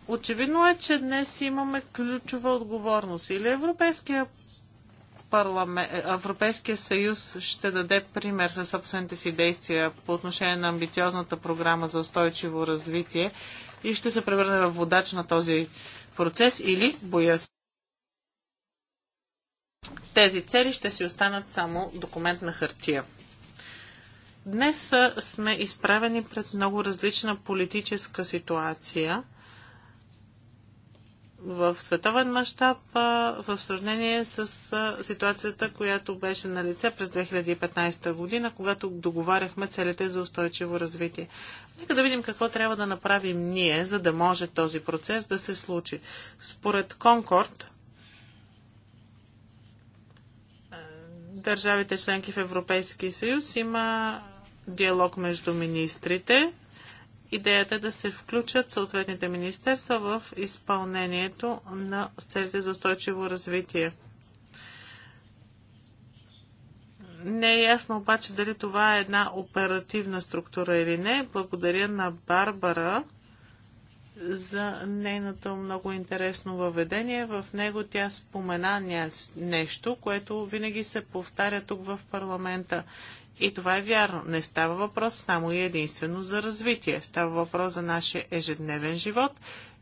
Очевидно е, че днес имаме ключова отговорност. Или Европейския, парламент, Европейския съюз ще даде пример със собствените си действия по отношение на амбициозната програма за устойчиво развитие и ще се превърне в водач на този процес или боя тези цели ще си останат само документ на хартия. Днес сме изправени пред много различна политическа ситуация – в световен мащаб в сравнение с ситуацията, която беше на лице през 2015 година, когато договаряхме целите за устойчиво развитие. Нека да видим какво трябва да направим ние, за да може този процес да се случи. Според Конкорд, държавите членки в Европейския съюз има диалог между министрите Идеята е да се включат съответните министерства в изпълнението на целите за устойчиво развитие. Не е ясно обаче дали това е една оперативна структура или не. Благодаря на Барбара за нейното много интересно въведение. В него тя спомена нещо, което винаги се повтаря тук в парламента. И това е вярно. Не става въпрос само и единствено за развитие. Става въпрос за нашия ежедневен живот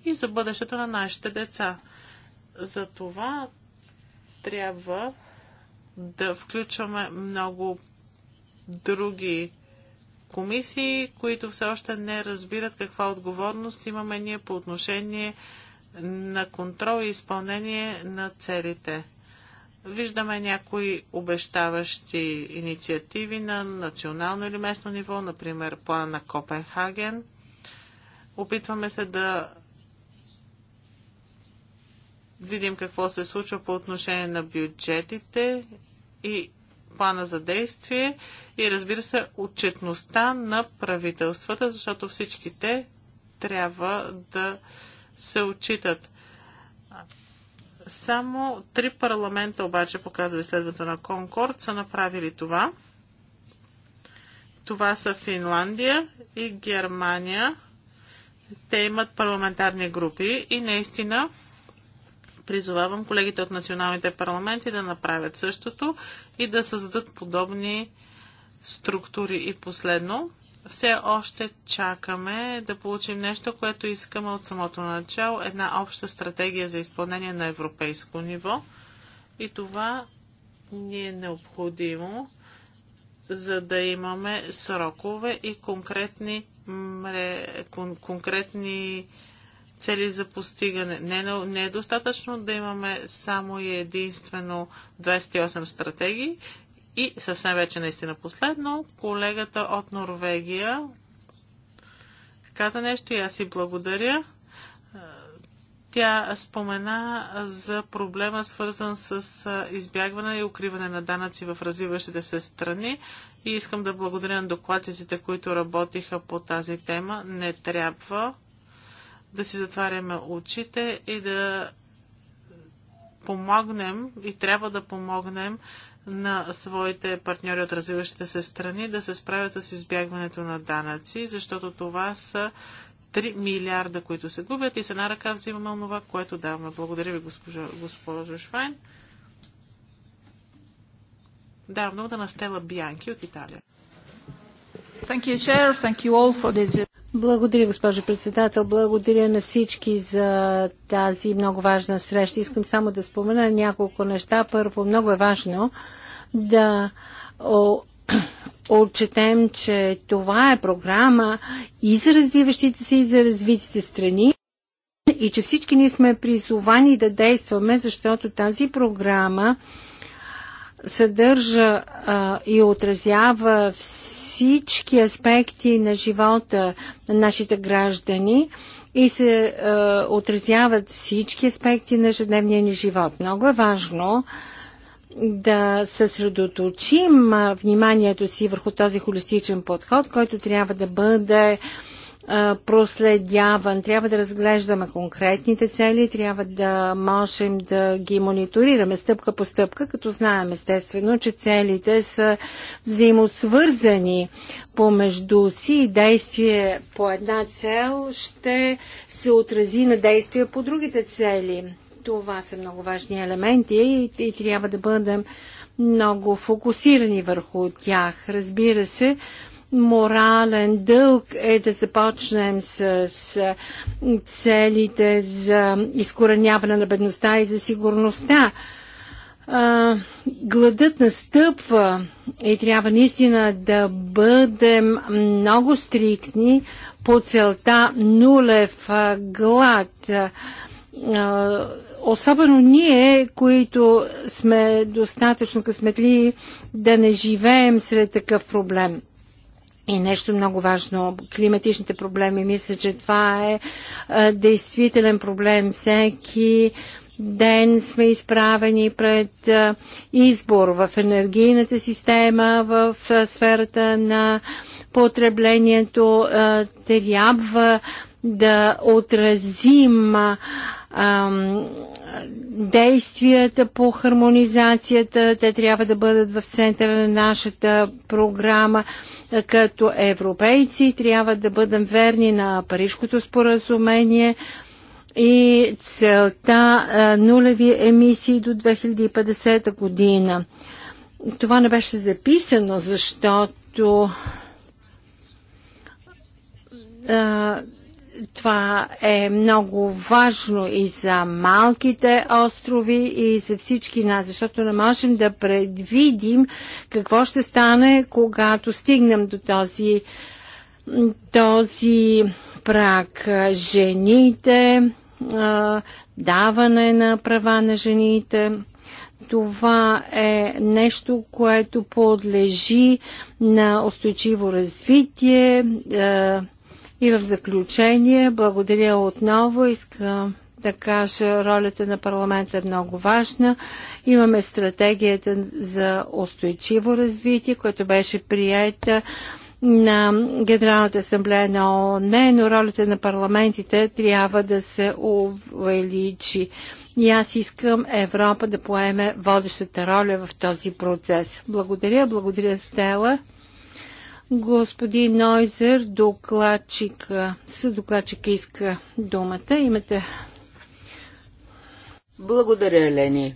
и за бъдещето на нашите деца. За това трябва да включваме много други комисии, които все още не разбират каква отговорност имаме ние по отношение на контрол и изпълнение на целите. Виждаме някои обещаващи инициативи на национално или местно ниво, например плана на Копенхаген. Опитваме се да видим какво се случва по отношение на бюджетите и плана за действие и разбира се отчетността на правителствата, защото всички те трябва да се отчитат. Само три парламента обаче, показва изследването на Конкорд, са направили това. Това са Финландия и Германия. Те имат парламентарни групи и наистина призовавам колегите от националните парламенти да направят същото и да създадат подобни структури. И последно, все още чакаме да получим нещо, което искаме от самото начало, една обща стратегия за изпълнение на европейско ниво. И това ни е необходимо, за да имаме срокове и конкретни, мре, кон, конкретни цели за постигане. Не, не е достатъчно да имаме само и единствено 28 стратегии. И съвсем вече наистина последно, колегата от Норвегия каза нещо и аз си благодаря. Е, тя спомена за проблема, свързан с е, избягване и укриване на данъци в развиващите се страни. И искам да благодаря на докладчиците, които работиха по тази тема. Не трябва да си затваряме очите и да помогнем и трябва да помогнем на своите партньори от развиващите се страни да се справят с избягването на данъци, защото това са 3 милиарда, които се губят и с една ръка взимаме това, което даваме. Благодаря ви, госпожо, госпожа Швайн. Да, много да настела Бианки от Италия. Thank you, Chair. Thank you all for this. Благодаря, госпожо председател. Благодаря на всички за тази много важна среща. Искам само да спомена няколко неща. Първо, много е важно да отчетем, че това е програма и за развиващите се, и за развитите страни и че всички ние сме призовани да действаме, защото тази програма съдържа а, и отразява всички аспекти на живота на нашите граждани и се а, отразяват всички аспекти на ежедневния ни живот. Много е важно да съсредоточим вниманието си върху този холистичен подход, който трябва да бъде а, проследяван. Трябва да разглеждаме конкретните цели, трябва да можем да ги мониторираме стъпка по стъпка, като знаем естествено, че целите са взаимосвързани помежду си и действие по една цел ще се отрази на действие по другите цели. Това са много важни елементи и, и трябва да бъдем много фокусирани върху тях. Разбира се, морален дълг е да започнем с, с целите за изкореняване на бедността и за сигурността. А, гладът настъпва и трябва наистина да бъдем много стриктни по целта нулев глад. А, особено ние, които сме достатъчно късметли да не живеем сред такъв проблем и нещо много важно. Климатичните проблеми. Мисля, че това е а, действителен проблем. Всеки ден сме изправени пред а, избор в енергийната система, в а, сферата на потреблението. А, трябва да отразим а, ам, действията по хармонизацията, те трябва да бъдат в центъра на нашата програма. Като европейци трябва да бъдем верни на Парижкото споразумение и целта а, нулеви емисии до 2050 година. Това не беше записано, защото а, това е много важно и за малките острови и за всички нас, защото не можем да предвидим какво ще стане, когато стигнем до този, този прак. Жените, даване на права на жените, това е нещо, което подлежи на устойчиво развитие, и в заключение, благодаря отново. Искам да кажа, ролята на парламента е много важна. Имаме стратегията за устойчиво развитие, което беше приета на Генералната асамблея на ООН, но ролята на парламентите трябва да се увеличи. И аз искам Европа да поеме водещата роля в този процес. Благодаря, благодаря Стела. Господин Нойзер, докладчик, съдокладчик иска думата. Имате. Благодаря, Лени.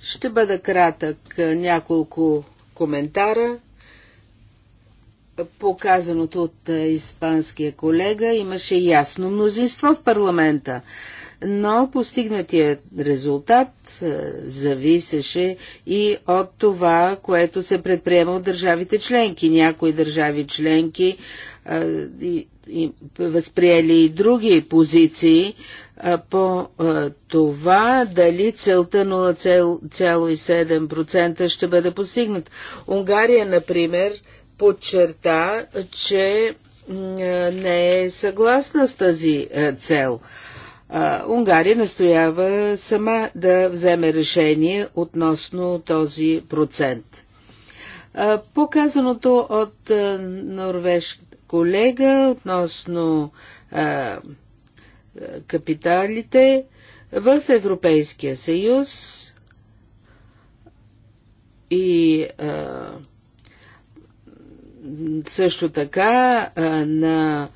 Ще бъда кратък. Няколко коментара. Показаното от испанския колега имаше ясно мнозинство в парламента но постигнатият резултат е, зависеше и от това, което се предприема от държавите членки. Някои държави членки а, е, и, и възприели и други позиции а, е, по а, това дали целта 0,7% ще бъде постигнат. Унгария, например, подчерта, че не е съгласна с тази цел – Унгария настоява сама да вземе решение относно този процент. показаното от норвежк колега относно капиталите в Европейския съюз и също така на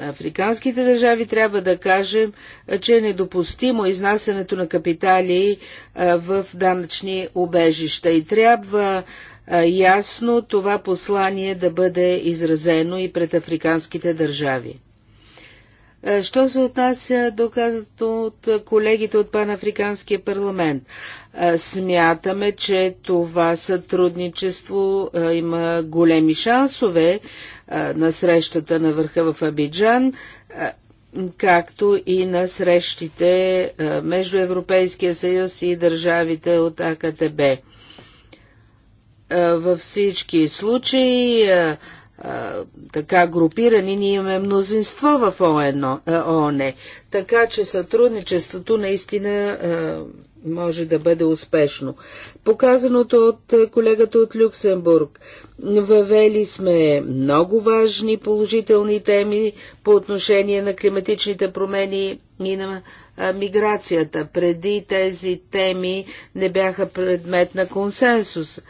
африканските държави, трябва да кажем, че е недопустимо изнасянето на капитали в данъчни убежища и трябва ясно това послание да бъде изразено и пред африканските държави. Е, що се отнася до казато от колегите от Панафриканския парламент? Е, смятаме, че това сътрудничество е, има големи шансове на срещата на върха в Абиджан, както и на срещите между Европейския съюз и държавите от АКТБ. Във всички случаи така групирани, ние имаме мнозинство в ООН, така че сътрудничеството наистина може да бъде успешно. Показаното от колегата от Люксембург. Въвели сме много важни положителни теми по отношение на климатичните промени и на миграцията. Преди тези теми не бяха предмет на консенсус.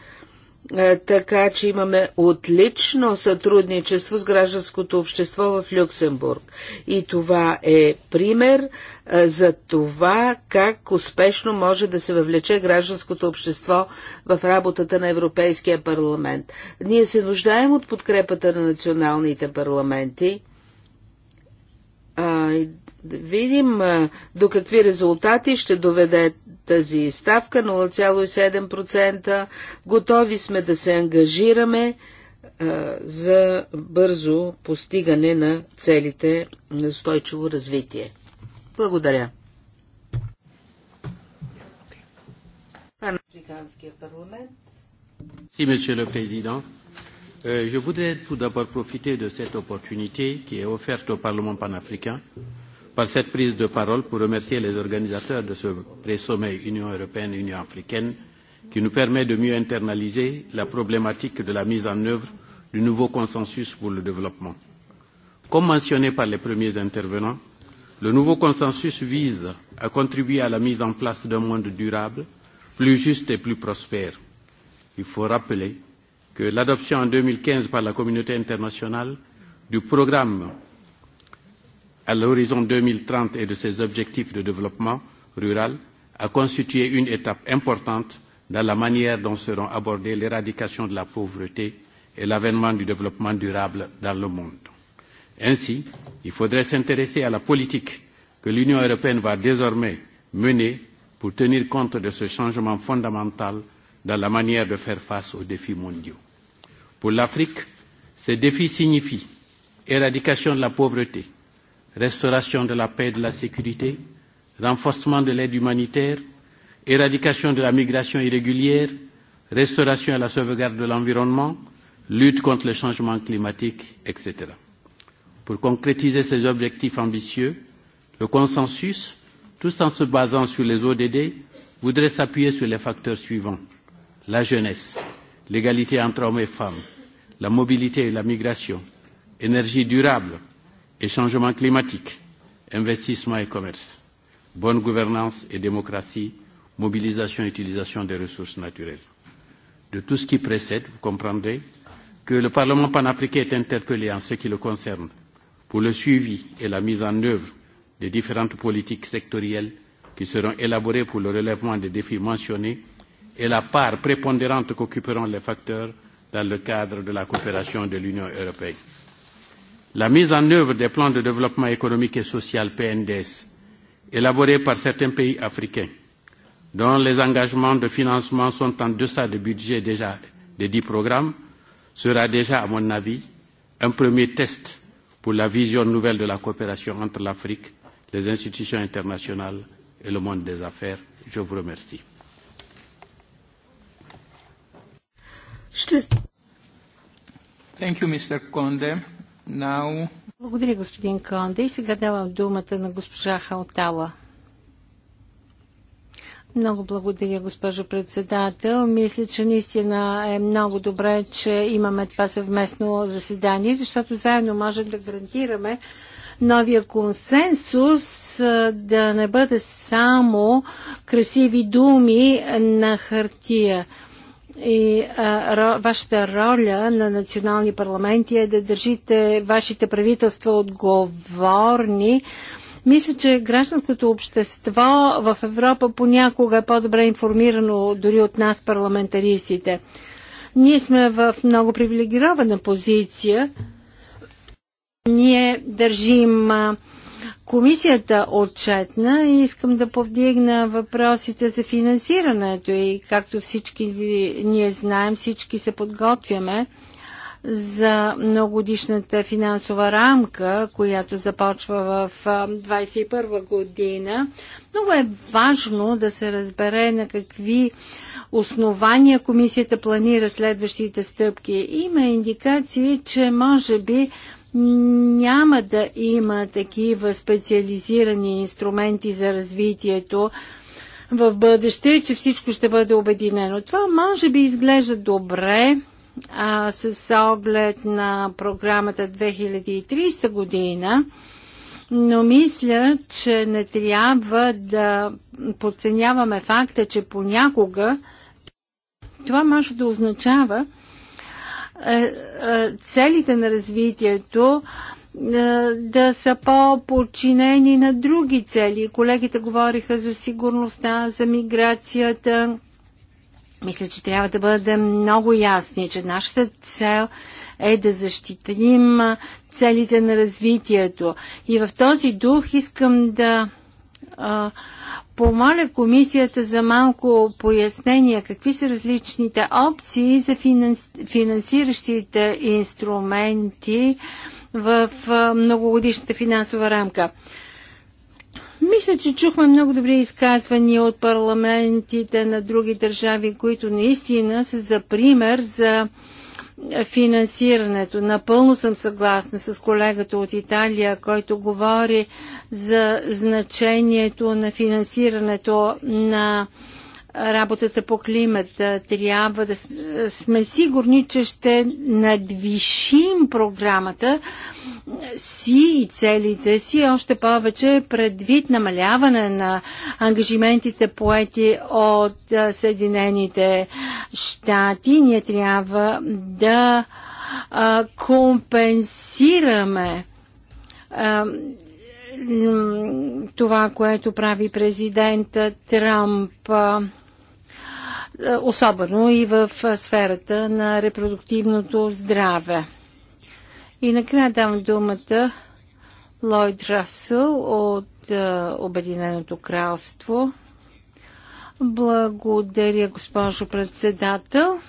Е, така че имаме отлично сътрудничество с гражданското общество в Люксембург. И това е пример е, за това как успешно може да се въвлече гражданското общество в работата на Европейския парламент. Ние се нуждаем от подкрепата на националните парламенти. видим е, до какви резултати ще доведе тази ставка 0,7%. Готови сме да се ангажираме а, за бързо постигане на целите на устойчиво развитие. Благодаря. Африканския парламент. Си, месье президент. Je voudrais tout d'abord profiter de cette opportunité qui est offerte au Parlement panafricain par cette prise de parole pour remercier les organisateurs de ce pré-sommet Union européenne-Union africaine qui nous permet de mieux internaliser la problématique de la mise en œuvre du nouveau consensus pour le développement. Comme mentionné par les premiers intervenants, le nouveau consensus vise à contribuer à la mise en place d'un monde durable, plus juste et plus prospère. Il faut rappeler que l'adoption en deux mille quinze par la communauté internationale du programme à l'horizon 2030 et de ses objectifs de développement rural a constitué une étape importante dans la manière dont seront abordées l'éradication de la pauvreté et l'avènement du développement durable dans le monde. Ainsi, il faudrait s'intéresser à la politique que l'Union européenne va désormais mener pour tenir compte de ce changement fondamental dans la manière de faire face aux défis mondiaux. Pour l'Afrique, ces défis signifient éradication de la pauvreté, restauration de la paix et de la sécurité, renforcement de l'aide humanitaire, éradication de la migration irrégulière, restauration et la sauvegarde de l'environnement, lutte contre le changement climatique, etc. Pour concrétiser ces objectifs ambitieux, le consensus, tout en se basant sur les ODD, voudrait s'appuyer sur les facteurs suivants la jeunesse, l'égalité entre hommes et femmes, la mobilité et la migration, énergie durable, et changement climatique, investissement et commerce, bonne gouvernance et démocratie, mobilisation et utilisation des ressources naturelles. De tout ce qui précède, vous comprendrez que le Parlement panafricain est interpellé en ce qui le concerne pour le suivi et la mise en œuvre des différentes politiques sectorielles qui seront élaborées pour le relèvement des défis mentionnés et la part prépondérante qu'occuperont les facteurs dans le cadre de la coopération de l'Union européenne. La mise en œuvre des plans de développement économique et social PNDS élaborés par certains pays africains, dont les engagements de financement sont en deçà du budget déjà des dix programmes, sera déjà, à mon avis, un premier test pour la vision nouvelle de la coopération entre l'Afrique, les institutions internationales et le monde des affaires. Je vous remercie. Thank you, Mr. Conde. Благодаря, господин Конде. И сега давам думата на госпожа Халтала. Много благодаря, госпожо председател. Мисля, че наистина е много добре, че имаме това съвместно заседание, защото заедно можем да гарантираме новия консенсус да не бъде само красиви думи на хартия и а, вашата роля на национални парламенти е да държите вашите правителства отговорни. Мисля, че гражданското общество в Европа понякога е по-добре информирано дори от нас, парламентаристите. Ние сме в много привилегирована позиция. Ние държим а, комисията отчетна и искам да повдигна въпросите за финансирането и както всички ние знаем, всички се подготвяме за многодишната финансова рамка, която започва в 2021 година. Много е важно да се разбере на какви основания комисията планира следващите стъпки. Има индикации, че може би няма да има такива специализирани инструменти за развитието в бъдеще, че всичко ще бъде обединено. Това може би изглежда добре а, с оглед на програмата 2030 година, но мисля, че не трябва да подценяваме факта, че понякога това може да означава, е, е, целите на развитието е, да са по-подчинени на други цели. Колегите говориха за сигурността, за миграцията. Мисля, че трябва да бъдем много ясни, че нашата цел е да защитим целите на развитието. И в този дух искам да а, помоля комисията за малко пояснение какви са различните опции за финанс... финансиращите инструменти в многогодишната финансова рамка. Мисля, че чухме много добри изказвания от парламентите на други държави, които наистина са за пример за финансирането. Напълно съм съгласна с колегата от Италия, който говори за значението на финансирането на работата по климата. Трябва да сме сигурни, че ще надвишим програмата си и целите си, още повече предвид намаляване на ангажиментите поети от Съединените щати. Ние трябва да компенсираме това, което прави президента Трамп. Е, особено и в е, сферата на репродуктивното здраве. И накрая давам думата Лойд Расъл от е, Обединеното кралство. Благодаря, госпожо председател.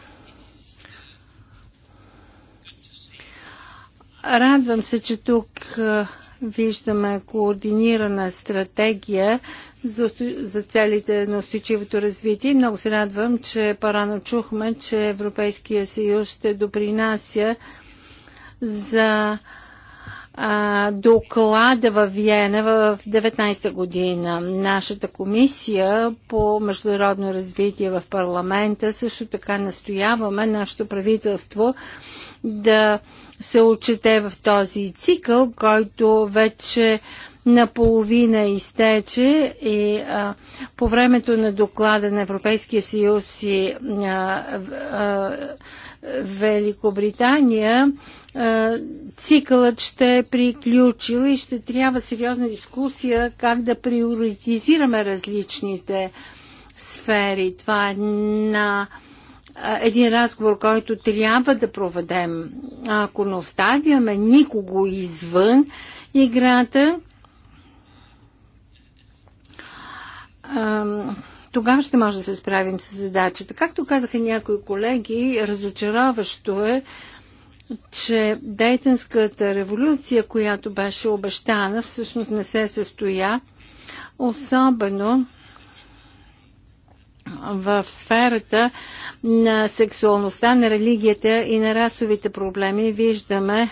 Радвам се, че тук виждаме координирана стратегия за, за целите на устойчивото развитие. Много се радвам, че парано чухме, че Европейския съюз ще допринася за а, доклада в Виена в 19-та година. Нашата комисия по международно развитие в парламента също така настояваме нашето правителство да се отчете в този цикъл, който вече наполовина изтече и а, по времето на доклада на Европейския съюз и а, а, Великобритания цикълът ще е приключил и ще трябва сериозна дискусия как да приоритизираме различните сфери. Това е на един разговор, който трябва да проведем. Ако не оставяме никого извън играта, тогава ще може да се справим с задачата. Както казаха някои колеги, разочароващо е, че Дейтенската революция, която беше обещана, всъщност не се състоя, особено в сферата на сексуалността, на религията и на расовите проблеми. Виждаме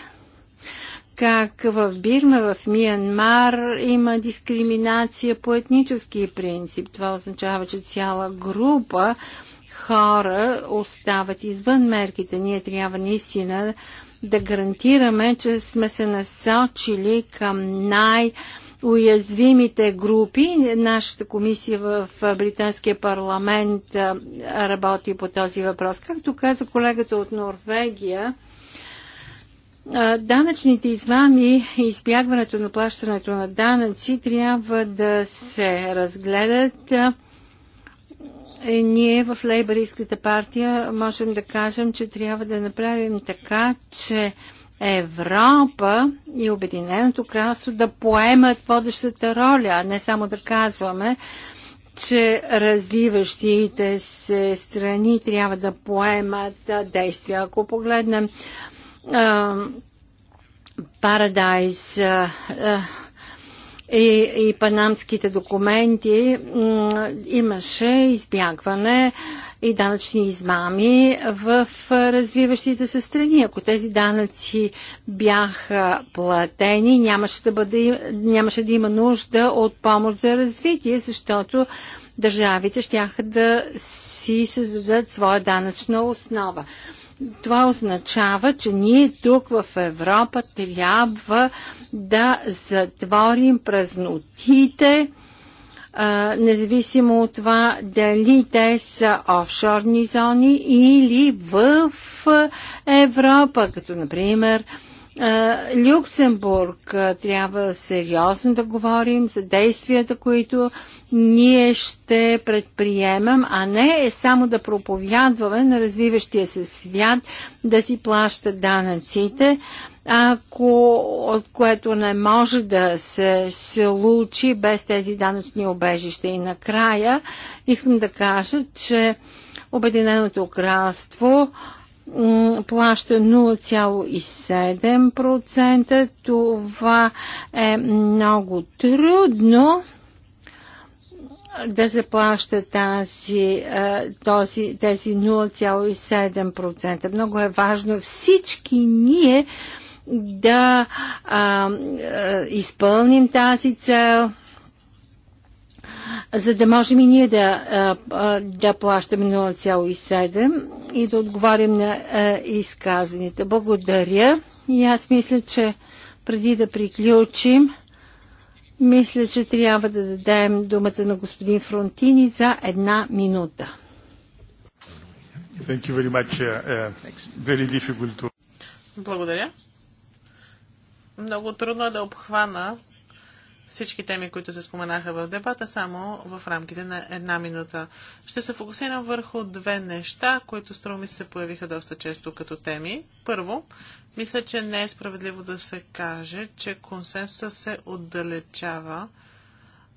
как в Бирма, в Миянмар има дискриминация по етнически принцип. Това означава, че цяла група хора остават извън мерките. Ние трябва наистина да гарантираме, че сме се насочили към най- уязвимите групи. Нашата комисия в Британския парламент работи по този въпрос. Както каза колегата от Норвегия, Данъчните измами и избягването на плащането на данъци трябва да се разгледат. Е, ние в Лейбористската партия можем да кажем, че трябва да направим така, че Европа и Обединеното кралство да поемат водещата роля, а не само да казваме, че развиващите се страни трябва да поемат действия. Ако погледнем Парадайз и, и панамските документи имаше избягване и данъчни измами в развиващите се страни. Ако тези данъци бяха платени, нямаше да, бъде, нямаше да има нужда от помощ за развитие, защото държавите ще да си създадат своя данъчна основа. Това означава, че ние тук в Европа трябва да затворим празнотите, независимо от това дали те са офшорни зони или в Европа, като например Люксембург трябва сериозно да говорим за действията, които ние ще предприемем, а не е само да проповядваме на развиващия се свят да си плаща данъците, ако от което не може да се случи без тези данъчни обежища. И накрая искам да кажа, че Обединеното кралство плаща 0,7%. Това е много трудно да се плаща тази, е, този, тези 0,7%. Много е важно всички ние да а, е, а, е, изпълним тази цел – за да можем и ние да, да плащаме 0,7 и да отговарим на изказаните. Благодаря. И аз мисля, че преди да приключим, мисля, че трябва да дадем думата на господин Фронтини за една минута. Uh, uh, Благодаря. Много трудно е да обхвана всички теми, които се споменаха в дебата, само в рамките на една минута. Ще се фокусирам върху две неща, които струва ми се появиха доста често като теми. Първо, мисля, че не е справедливо да се каже, че консенсуса се отдалечава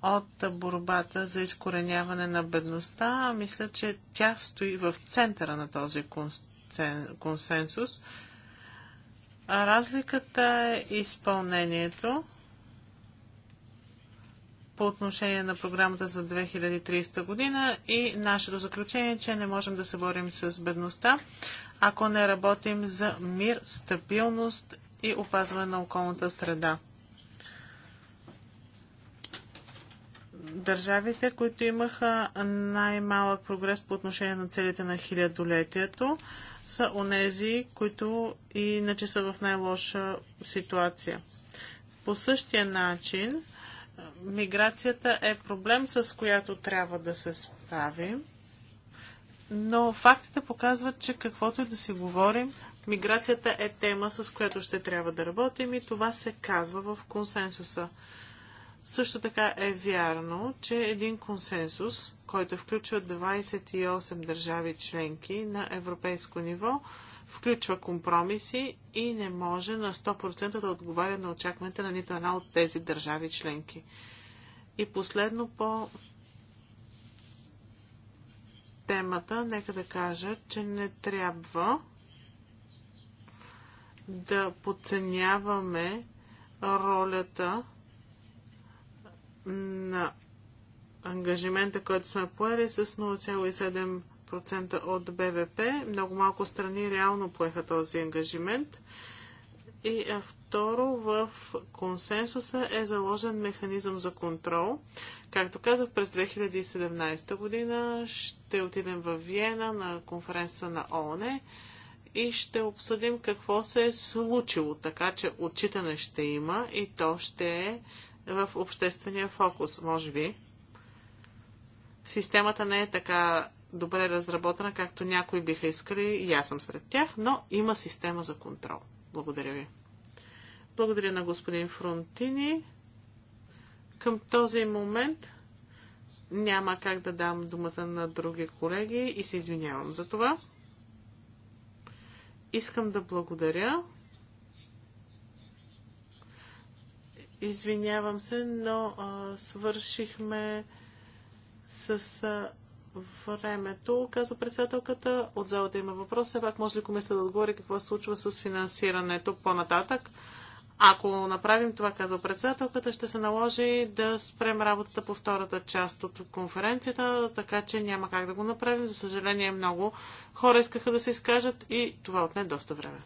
от борбата за изкореняване на бедността. Мисля, че тя стои в центъра на този консенсус. А разликата е изпълнението по отношение на програмата за 2030 година и нашето заключение е, че не можем да се борим с бедността, ако не работим за мир, стабилност и опазване на околната среда. Държавите, които имаха най-малък прогрес по отношение на целите на хилядолетието, са онези, които иначе са в най-лоша ситуация. По същия начин, миграцията е проблем, с която трябва да се справим, но фактите показват, че каквото и да си говорим, миграцията е тема, с която ще трябва да работим и това се казва в консенсуса. Също така е вярно, че един консенсус, който включва 28 държави членки на европейско ниво, включва компромиси и не може на 100% да отговаря на очакването на нито една от тези държави членки. И последно по темата, нека да кажа, че не трябва да подценяваме ролята на ангажимента, който сме поели с 0,7 2% от БВП. Много малко страни реално поеха този ангажимент. И второ, в консенсуса е заложен механизъм за контрол. Както казах, през 2017 година ще отидем в Виена на конференция на ООН и ще обсъдим какво се е случило, така че отчитане ще има и то ще е в обществения фокус, може би. Системата не е така добре разработена, както някои биха искали, и аз съм сред тях, но има система за контрол. Благодаря ви. Благодаря на господин Фронтини. Към този момент няма как да дам думата на други колеги и се извинявам за това. Искам да благодаря. Извинявам се, но а, свършихме с а, времето, каза председателката. От залата има въпрос. Все пак може ли комисията да отговори какво се случва с финансирането по-нататък? Ако направим това, казва председателката, ще се наложи да спрем работата по втората част от конференцията, така че няма как да го направим. За съжаление, много хора искаха да се изкажат и това отне доста време.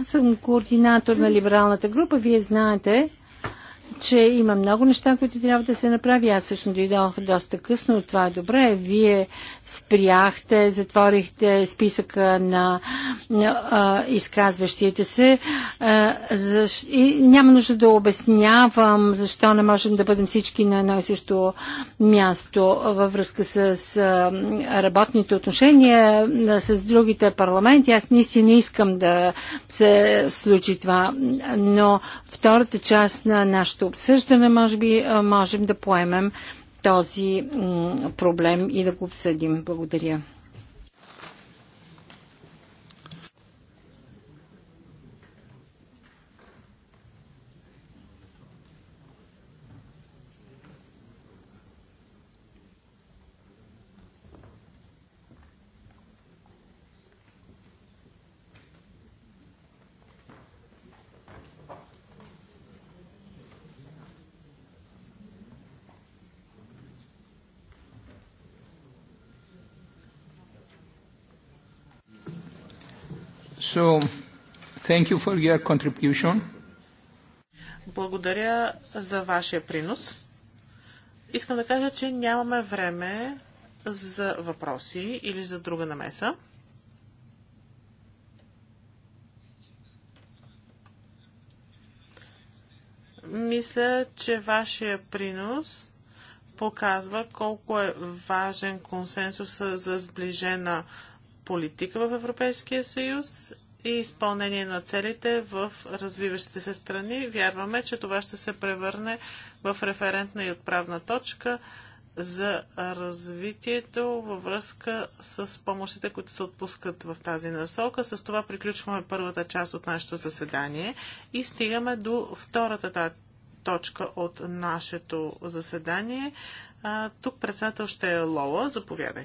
Аз съм координатор на либералната група. Вие знаете, че има много неща, които трябва да се направи. Аз също дойдох доста късно, това е добре. Вие спряхте, затворихте списъка на, на а, изказващите се. А, защ... и няма нужда да обяснявам защо не можем да бъдем всички на едно и също място във връзка с а, работните отношения а, с другите парламенти. Аз наистина искам да се случи това. Но втората част на нашата нашето обсъждане, може би можем да поемем този проблем и да го обсъдим. Благодаря. So, thank you for your contribution. Благодаря за вашия принос. Искам да кажа, че нямаме време за въпроси или за друга намеса. Мисля, че вашия принос показва колко е важен консенсус за сближена политика в Европейския съюз и изпълнение на целите в развиващите се страни. Вярваме, че това ще се превърне в референтна и отправна точка за развитието във връзка с помощите, които се отпускат в тази насока. С това приключваме първата част от нашето заседание и стигаме до втората точка от нашето заседание. тук председател ще е Лола. Заповядай.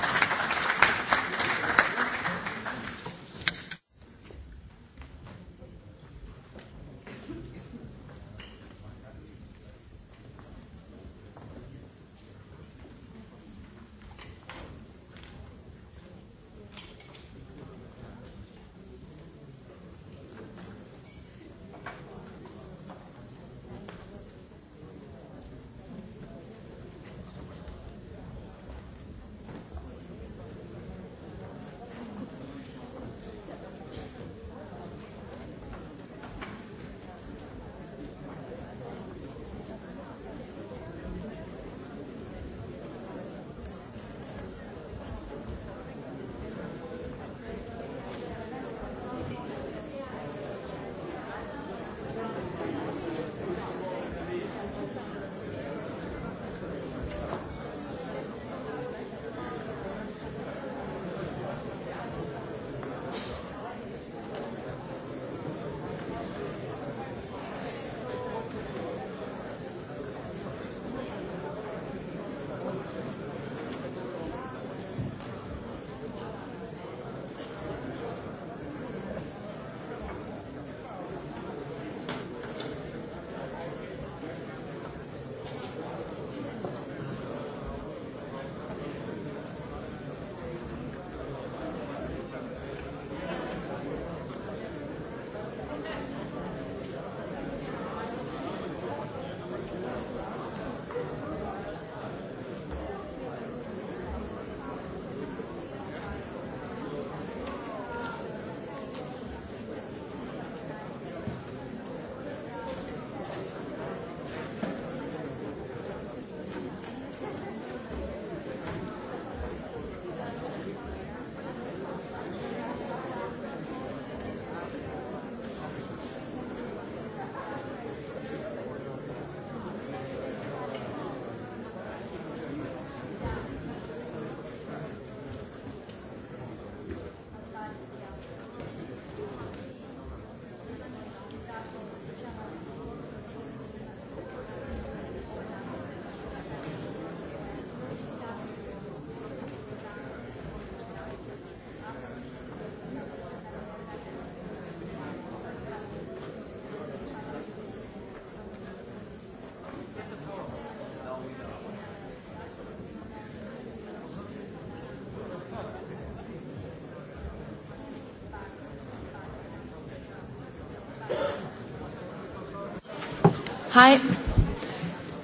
Hi.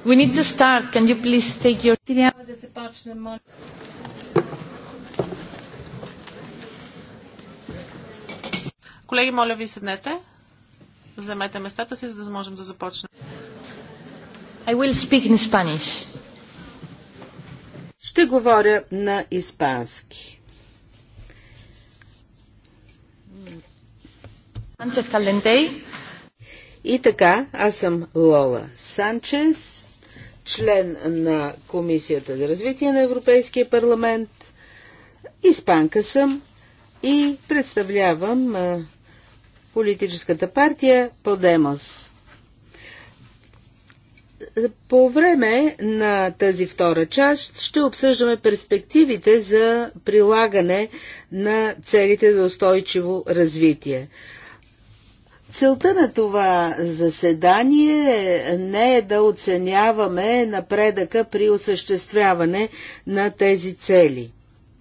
We need to start. Can you please take your... Колеги, моля ви седнете. Замете местата си, за да можем да започнем. I will speak in Spanish. Ще говоря на испански. Sánchez Caldentey и така, аз съм Лола Санчес, член на Комисията за развитие на Европейския парламент. Испанка съм и представлявам а, политическата партия Подемос. По време на тази втора част ще обсъждаме перспективите за прилагане на целите за устойчиво развитие. Целта на това заседание не е да оценяваме напредъка при осъществяване на тези цели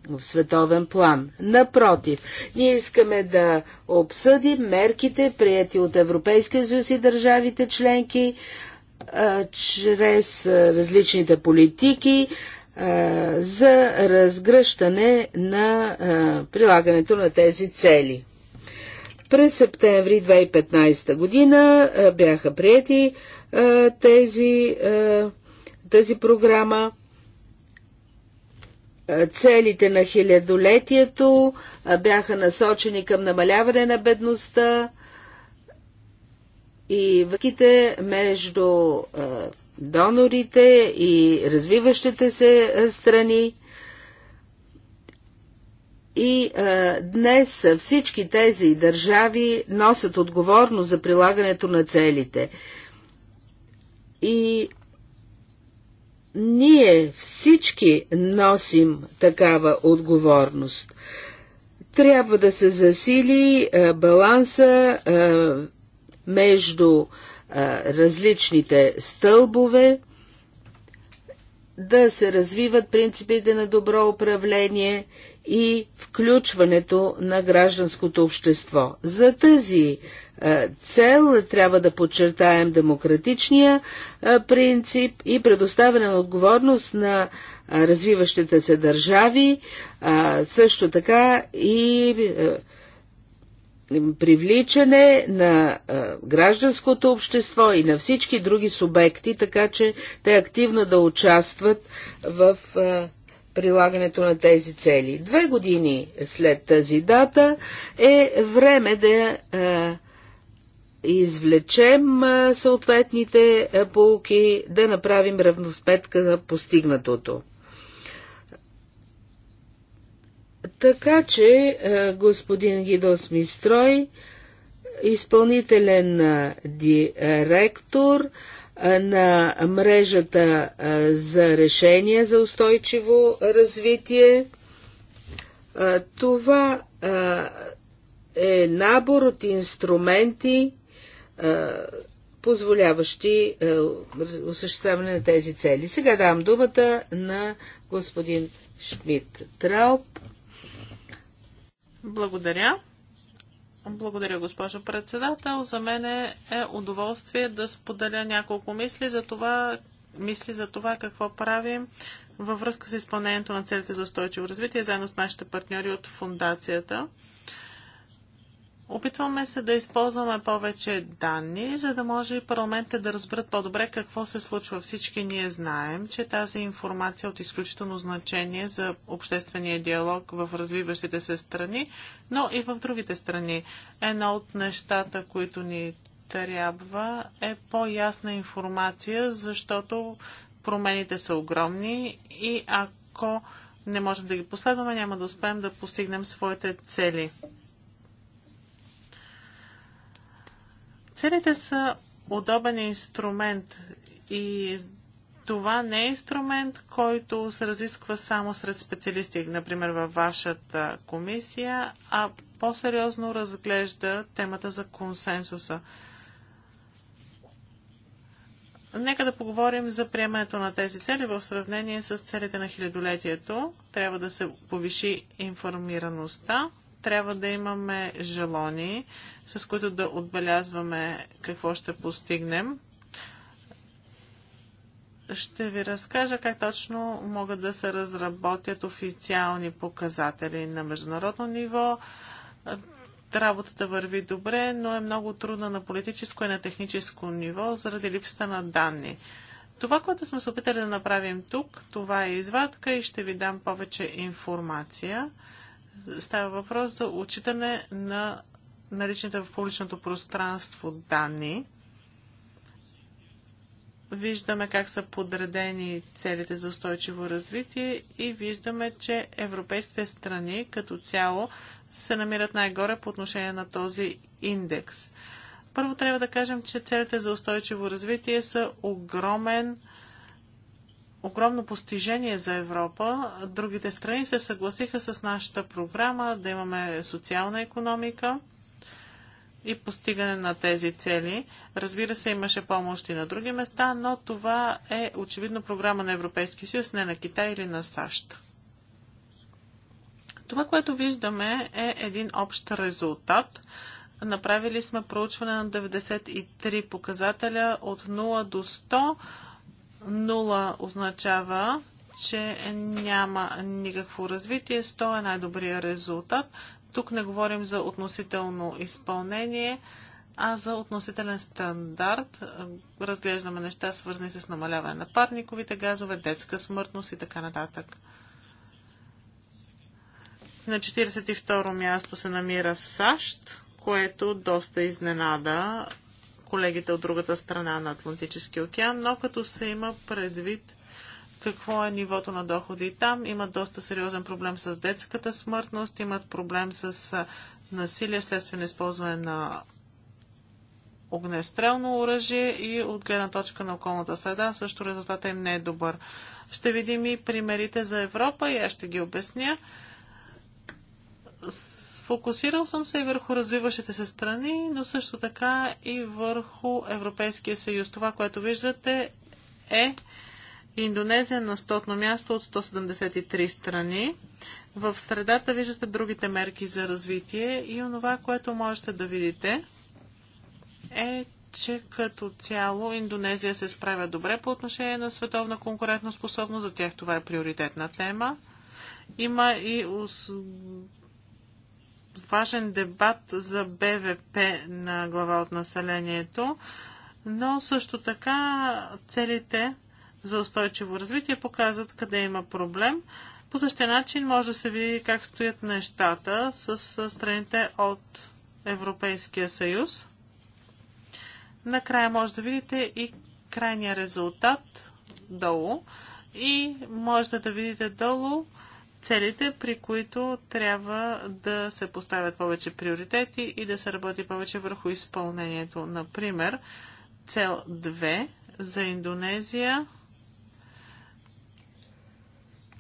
в световен план. Напротив, ние искаме да обсъдим мерките, прияти от Европейския съюз и държавите членки, чрез различните политики за разгръщане на прилагането на тези цели. През септември 2015 година бяха приети тези, тази програма. Целите на хилядолетието бяха насочени към намаляване на бедността и връзките между донорите и развиващите се страни и а, е, днес всички тези държави носят отговорност за прилагането на целите. И ние всички носим такава отговорност. Трябва да се засили а, е, баланса а, е, между а, различните стълбове, да се развиват принципите на добро управление и включването на гражданското общество. За тази е, цел трябва да подчертаем демократичния е, принцип и предоставяне на отговорност на е, развиващите се държави, също така и привличане на гражданското общество и на всички други субекти, така че те активно да участват в прилагането на тези цели. Две години след тази дата е време да а, е, извлечем а, е, съответните е, полки, да направим равноспетка на постигнатото. Така че а, господин Гидос Мистрой, изпълнителен директор, на мрежата за решение за устойчиво развитие. Това е набор от инструменти, позволяващи осъществяване на тези цели. Сега давам думата на господин Шмидт Трауп. Благодаря. Благодаря, госпожо председател. За мен е удоволствие да споделя няколко мисли за това, мисли за това какво правим във връзка с изпълнението на целите за устойчиво развитие, заедно с нашите партньори от фундацията. Опитваме се да използваме повече данни, за да може и парламентите да разберат по-добре какво се случва. Всички ние знаем, че тази информация е от изключително значение за обществения диалог в развиващите се страни, но и в другите страни. Едно от нещата, които ни трябва е по-ясна информация, защото промените са огромни и ако не можем да ги последваме, няма да успеем да постигнем своите цели. Целите са удобен инструмент и това не е инструмент, който се разисква само сред специалисти, например във вашата комисия, а по-сериозно разглежда темата за консенсуса. Нека да поговорим за приемането на тези цели в сравнение с целите на хилядолетието. Трябва да се повиши информираността, трябва да имаме желони, с които да отбелязваме какво ще постигнем. Ще ви разкажа как точно могат да се разработят официални показатели на международно ниво. Работата върви добре, но е много трудна на политическо и на техническо ниво заради липсата на данни. Това, което сме се опитали да направим тук, това е извадка и ще ви дам повече информация. Става въпрос за отчитане на наличните в публичното пространство данни. Виждаме как са подредени целите за устойчиво развитие и виждаме, че европейските страни като цяло се намират най-горе по отношение на този индекс. Първо трябва да кажем, че целите за устойчиво развитие са огромен огромно постижение за Европа. Другите страни се съгласиха с нашата програма да имаме социална економика и постигане на тези цели. Разбира се, имаше помощи на други места, но това е очевидно програма на Европейски съюз, не на Китай или на САЩ. Това, което виждаме е един общ резултат. Направили сме проучване на 93 показателя от 0 до 100 Нула означава, че няма никакво развитие. 100 е най-добрият резултат. Тук не говорим за относително изпълнение, а за относителен стандарт. Разглеждаме неща, свързани с намаляване на парниковите газове, детска смъртност и така нататък. На 42-ро място се намира САЩ, което доста изненада колегите от другата страна на Атлантическия океан, но като се има предвид какво е нивото на доходи там, имат доста сериозен проблем с детската смъртност, имат проблем с насилие следствие на използване на огнестрелно оръжие и от гледна точка на околната среда също резултата им не е добър. Ще видим и примерите за Европа и аз ще ги обясня. Фокусирал съм се и върху развиващите се страни, но също така и върху Европейския съюз. Това, което виждате е Индонезия на стотно място от 173 страни. В средата виждате другите мерки за развитие и онова, което можете да видите е, че като цяло Индонезия се справя добре по отношение на световна конкурентна способност. За тях това е приоритетна тема. Има и важен дебат за БВП на глава от населението, но също така целите за устойчиво развитие показват къде има проблем. По същия начин може да се види как стоят нещата с страните от Европейския съюз. Накрая може да видите и крайния резултат долу и можете да видите долу целите, при които трябва да се поставят повече приоритети и да се работи повече върху изпълнението. Например, цел 2 за Индонезия.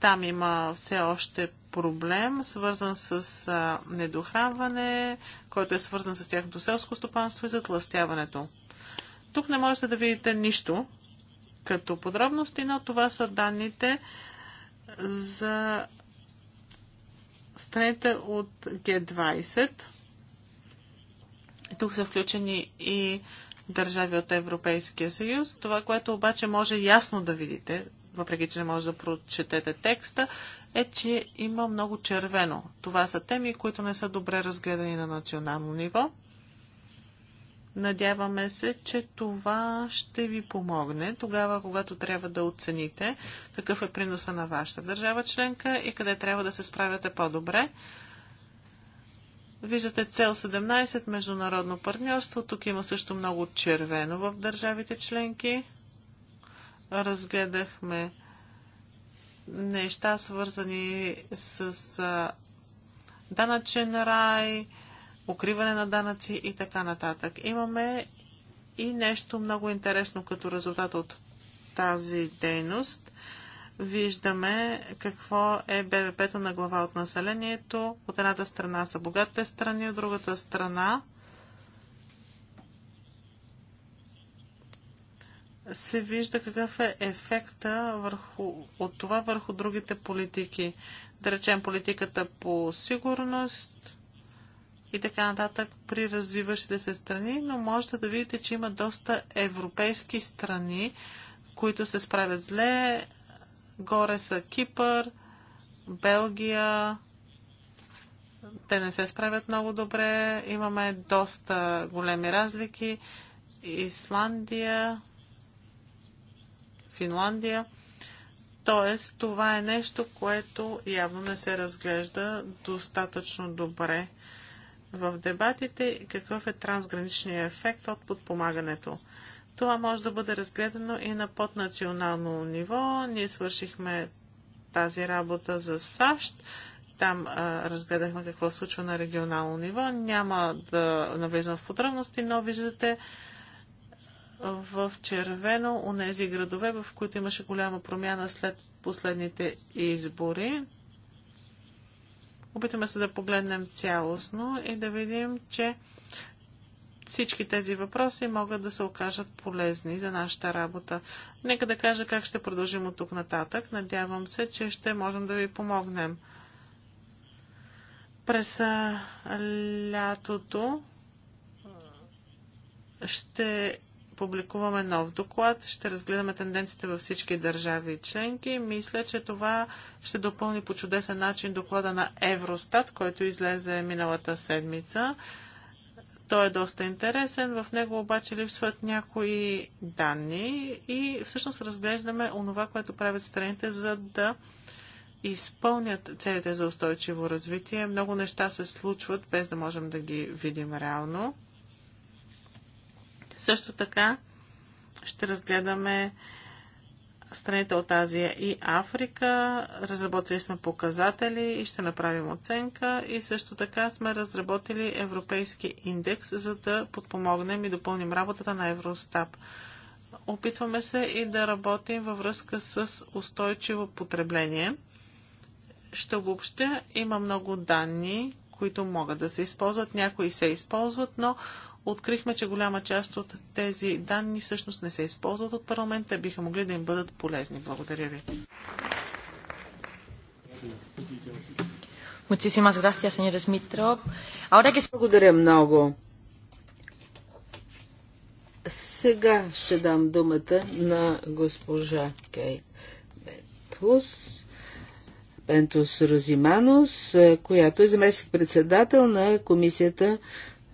Там има все още проблем, свързан с недохранване, който е свързан с тяхното селско стопанство и затластяването. Тук не можете да видите нищо като подробности, но това са данните за страните от Г20. Тук са включени и държави от Европейския съюз. Това, което обаче може ясно да видите, въпреки че не може да прочетете текста, е, че има много червено. Това са теми, които не са добре разгледани на национално ниво. Надяваме се, че това ще ви помогне тогава, когато трябва да оцените какъв е приноса на вашата държава членка и къде трябва да се справяте по-добре. Виждате цел 17 международно партньорство. Тук има също много червено в държавите членки. Разгледахме неща, свързани с данъчен рай, укриване на данъци и така нататък. Имаме и нещо много интересно като резултат от тази дейност. Виждаме какво е БВП-то на глава от населението. От едната страна са богатите страни, от другата страна се вижда какъв е ефекта върху, от това върху другите политики. Да речем политиката по сигурност, и така нататък при развиващите се страни, но можете да видите, че има доста европейски страни, които се справят зле. Горе са Кипър, Белгия. Те не се справят много добре. Имаме доста големи разлики. Исландия, Финландия. Тоест, това е нещо, което явно не се разглежда достатъчно добре в дебатите какъв е трансграничният ефект от подпомагането. Това може да бъде разгледано и на поднационално ниво. Ние свършихме тази работа за САЩ. Там а, разгледахме какво случва на регионално ниво. Няма да навлизам в подробности, но виждате в червено у нези градове, в които имаше голяма промяна след последните избори. Опитваме се да погледнем цялостно и да видим, че всички тези въпроси могат да се окажат полезни за нашата работа. Нека да кажа как ще продължим от тук нататък. Надявам се, че ще можем да ви помогнем. През лятото ще публикуваме нов доклад, ще разгледаме тенденциите във всички държави и членки. Мисля, че това ще допълни по чудесен начин доклада на Евростат, който излезе миналата седмица. Той е доста интересен, в него обаче липсват някои данни и всъщност разглеждаме онова, което правят страните, за да изпълнят целите за устойчиво развитие. Много неща се случват, без да можем да ги видим реално. Също така ще разгледаме страните от Азия и Африка. Разработили сме показатели и ще направим оценка. И също така сме разработили европейски индекс, за да подпомогнем и допълним работата на Евростап. Опитваме се и да работим във връзка с устойчиво потребление. Ще обобщя, има много данни, които могат да се използват, някои се използват, но открихме, че голяма част от тези данни всъщност не се използват от парламента, те биха могли да им бъдат полезни. Благодаря ви. Благодаря много. Сега ще дам думата на госпожа Кейт Бентус, Бентус Розиманус, която е заместник председател на Комисията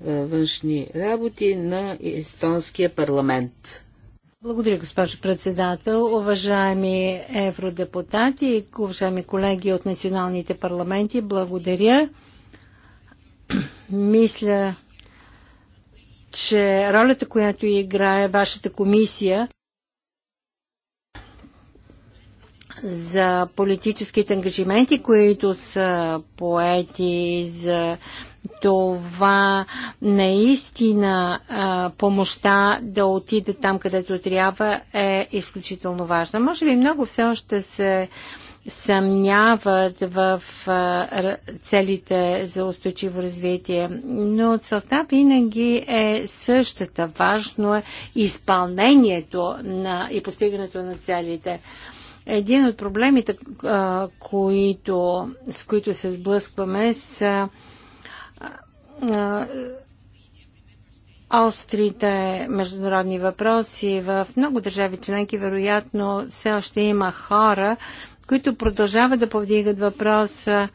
е, външни работи на Естонския парламент. Благодаря, госпожо председател. Уважаеми евродепутати и уважаеми колеги от националните парламенти, благодаря. Мисля, че ролята, която играе вашата комисия за политическите ангажименти, които са поети за това наистина а, помощта да отиде там, където трябва, е изключително важна. Може би много все още се съмняват в а, целите за устойчиво развитие, но целта винаги е същата. Важно е изпълнението на, и постигането на целите. Един от проблемите, а, които, с които се сблъскваме, са острите международни въпроси в много държави членки, вероятно все още има хора, които продължават да повдигат въпроса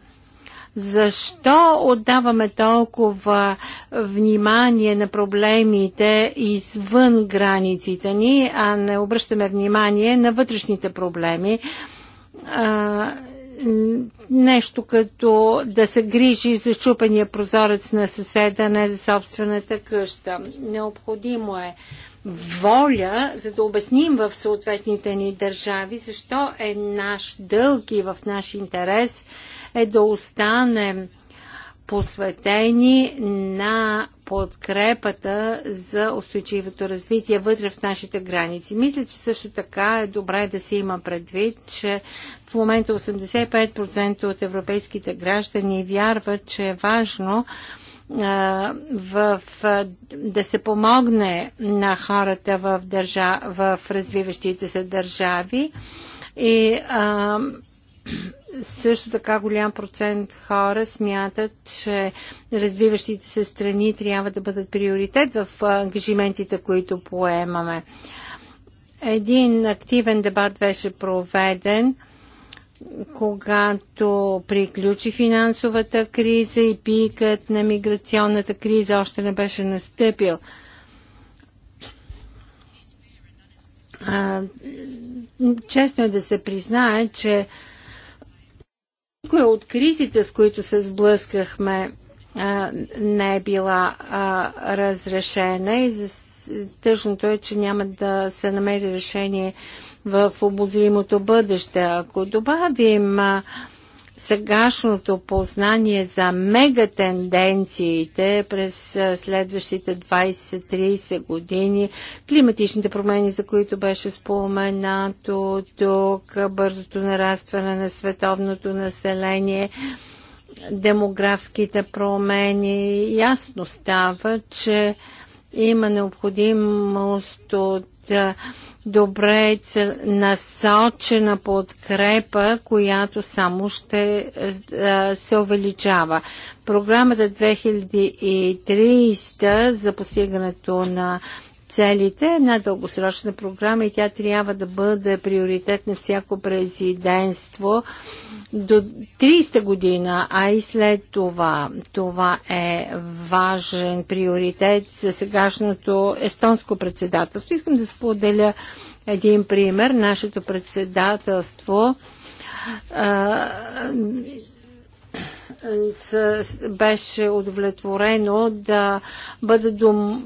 защо отдаваме толкова внимание на проблемите извън границите ни, а не обръщаме внимание на вътрешните проблеми нещо като да се грижи за чупения прозорец на съседа, не за собствената къща. Необходимо е воля, за да обясним в съответните ни държави, защо е наш дълг и в наш интерес е да останем посветени на подкрепата за устойчивото развитие вътре в нашите граници. Мисля, че също така е добре да се има предвид, че в момента 85% от европейските граждани вярват, че е важно в, да се помогне на хората в, държа, в развиващите се държави. И а, също така голям процент хора смятат, че развиващите се страни трябва да бъдат приоритет в ангажиментите, които поемаме. Един активен дебат беше проведен когато приключи финансовата криза и пикът на миграционната криза още не беше настъпил. А, честно е да се признае, че Никоя от кризите, с които се сблъскахме, не е била разрешена и тъжното е, че няма да се намери решение в обозримото бъдеще. Ако добавим сегашното познание за мегатенденциите през следващите 20-30 години, климатичните промени, за които беше споменато тук, бързото нарастване на световното население, демографските промени, ясно става, че има необходимост от добре насочена подкрепа, която само ще е, е, се увеличава. Програмата 2030 за постигането на целите е една дългосрочна програма и тя трябва да бъде приоритет на всяко президентство до 30 година, а и след това. Това е важен приоритет за сегашното естонско председателство. Искам да споделя един пример. Нашето председателство а, беше удовлетворено да бъде дом,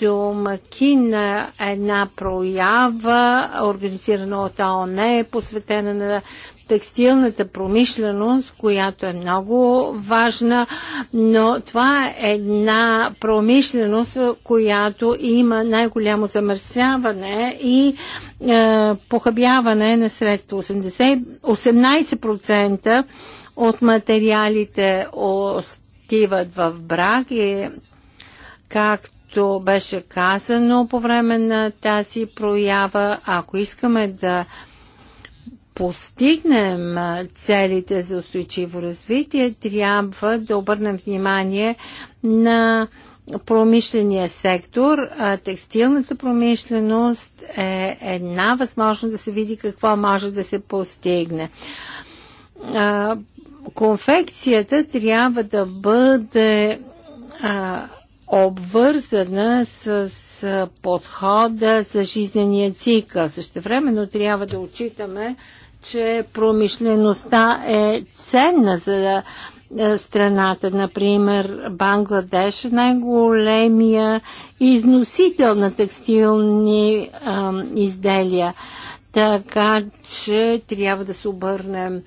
домакин на една проява, организирана от ООН, посветена на текстилната промишленост, която е много важна, но това е една промишленост, която има най-голямо замърсяване и е, похабяване на средства. 80, 18% от материалите остиват в брак и както както беше казано по време на тази проява, ако искаме да постигнем целите за устойчиво развитие, трябва да обърнем внимание на промишления сектор. Текстилната промишленост е една възможност да се види какво може да се постигне. Конфекцията трябва да бъде обвързана с, подхода за жизнения цикъл. Същевременно трябва да отчитаме че промишлеността е ценна за е, страната. Например, Бангладеш е най-големия износител на текстилни а, е, изделия. Така че трябва да се обърнем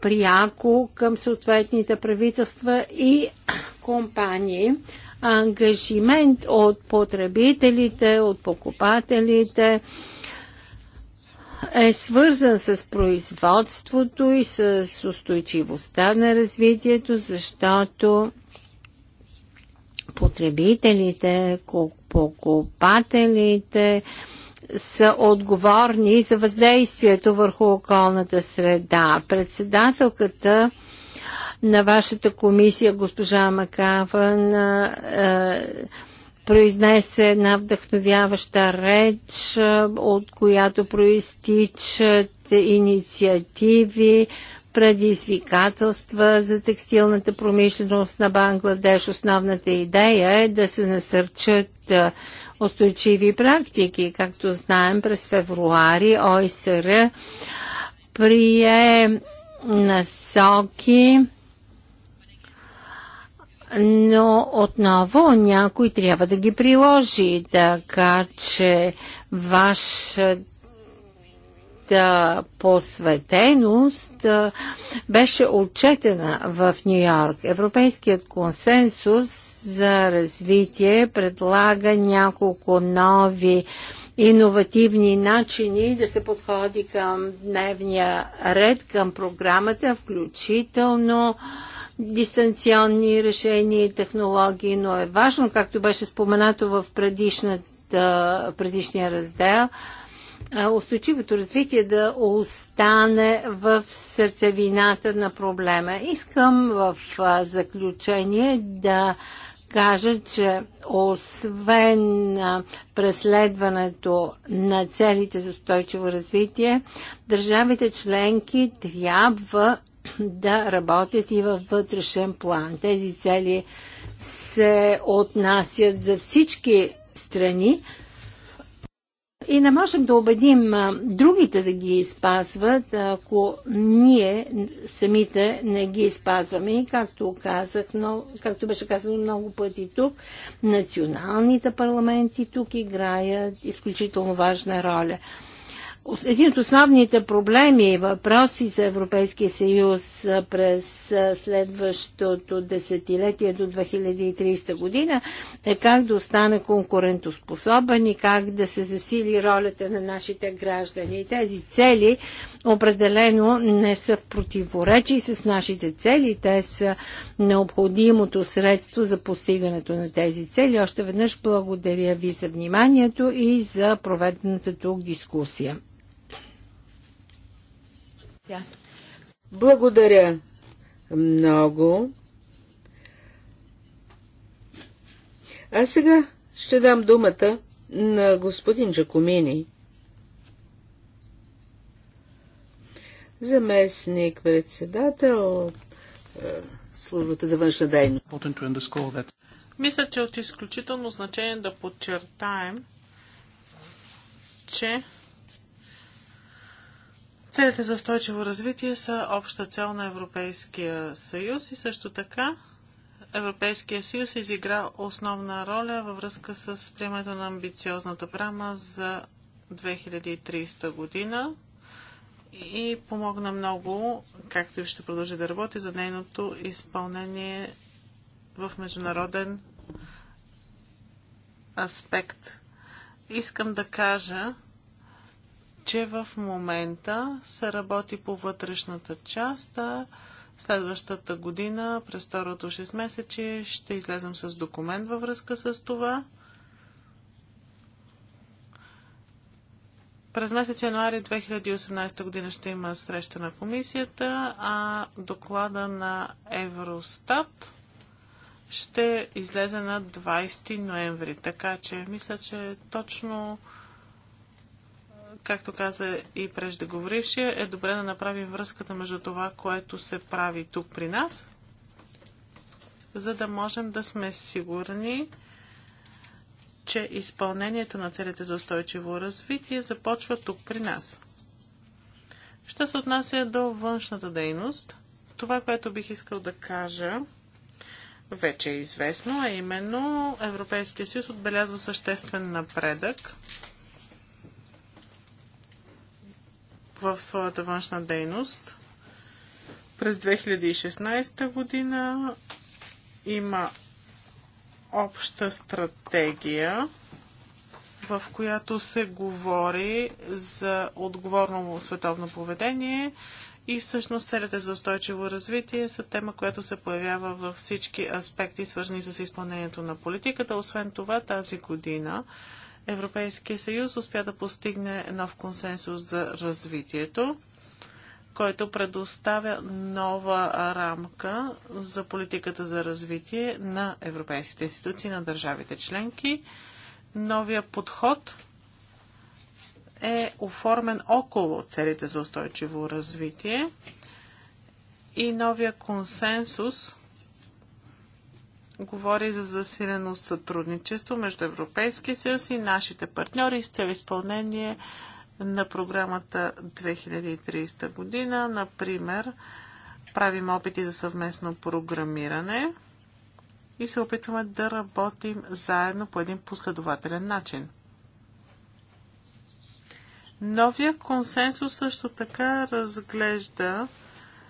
пряко към съответните правителства и компании. Ангажимент от потребителите, от покупателите, е свързан с производството и с устойчивостта на развитието, защото потребителите, покупателите са отговорни за въздействието върху околната среда. Председателката на вашата комисия, госпожа Макаван, е, произнесе една вдъхновяваща реч, от която проистичат инициативи, предизвикателства за текстилната промишленост на Бангладеш. Основната идея е да се насърчат устойчиви практики. Както знаем, през февруари ОИСР прие насоки но отново някой трябва да ги приложи, така че вашата посветеност беше отчетена в Нью Йорк. Европейският консенсус за развитие предлага няколко нови иновативни начини да се подходи към дневния ред, към програмата, включително дистанционни решения и технологии, но е важно, както беше споменато в предишния раздел, устойчивото развитие да остане в сърцевината на проблема. Искам в заключение да кажа, че освен преследването на целите за устойчиво развитие, държавите членки трябва да работят и във вътрешен план. Тези цели се отнасят за всички страни и не можем да убедим другите да ги спазват, ако ние самите не ги спазваме. И както, казах, но, както беше казано много пъти тук, националните парламенти тук играят изключително важна роля. Един от основните проблеми и въпроси за Европейския съюз през следващото десетилетие до 2030 година е как да остане конкурентоспособен и как да се засили ролята на нашите граждани. И тези цели определено не са в противоречи с нашите цели. Те са необходимото средство за постигането на тези цели. Още веднъж благодаря ви за вниманието и за проведената тук дискусия. Yes. Благодаря много. А сега ще дам думата на господин Джакомини. Заместник председател е, службата за външна дейност. Мисля, че е от изключително значение да подчертаем, че Целите за устойчиво развитие са обща цел на Европейския съюз и също така Европейския съюз изигра основна роля във връзка с приемането на амбициозната програма за 2030 година и помогна много, както и ще продължи да работи, за нейното изпълнение в международен аспект. Искам да кажа, че в момента се работи по вътрешната част, а следващата година, през второто 6 месече, ще излезем с документ във връзка с това. През месец януари 2018 година ще има среща на комисията, а доклада на Евростат ще излезе на 20 ноември. Така че мисля, че точно както каза и преждеговорившия, е добре да направим връзката между това, което се прави тук при нас, за да можем да сме сигурни, че изпълнението на целите за устойчиво развитие започва тук при нас. Що се отнася до външната дейност, това, което бих искал да кажа, вече е известно, а именно Европейския съюз отбелязва съществен напредък в своята външна дейност. През 2016 година има обща стратегия, в която се говори за отговорно световно поведение и всъщност целите за устойчиво развитие са тема, която се появява във всички аспекти, свързани с изпълнението на политиката. Освен това, тази година Европейския съюз успя да постигне нов консенсус за развитието, който предоставя нова рамка за политиката за развитие на европейските институции, на държавите членки. Новия подход е оформен около целите за устойчиво развитие и новия консенсус говори за засилено сътрудничество между Европейския съюз и нашите партньори с цел изпълнение на програмата 2030 година. Например, правим опити за съвместно програмиране и се опитваме да работим заедно по един последователен начин. Новия консенсус също така разглежда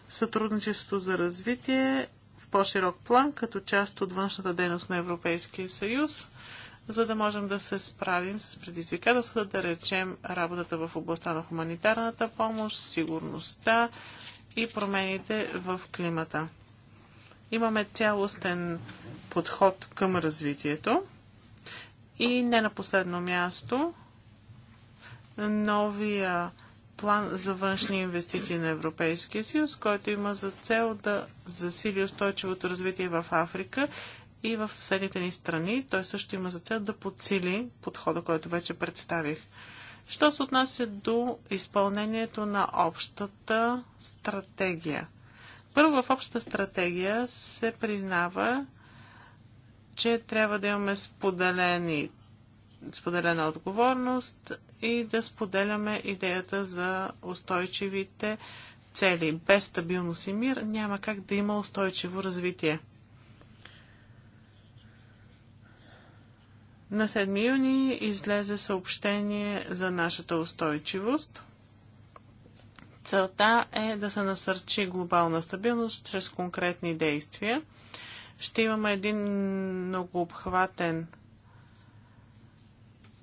сътрудничеството за развитие по-широк план, като част от външната дейност на Европейския съюз, за да можем да се справим с предизвикателствата, да речем работата в областта на хуманитарната помощ, сигурността и промените в климата. Имаме цялостен подход към развитието и не на последно място новия план за външни инвестиции на Европейския съюз, който има за цел да засили устойчивото развитие в Африка и в съседните ни страни. Той също има за цел да подсили подхода, който вече представих. Що се отнася до изпълнението на общата стратегия? Първо в общата стратегия се признава, че трябва да имаме споделени, споделена отговорност и да споделяме идеята за устойчивите цели. Без стабилност и мир няма как да има устойчиво развитие. На 7 юни излезе съобщение за нашата устойчивост. Целта е да се насърчи глобална стабилност чрез конкретни действия. Ще имаме един многообхватен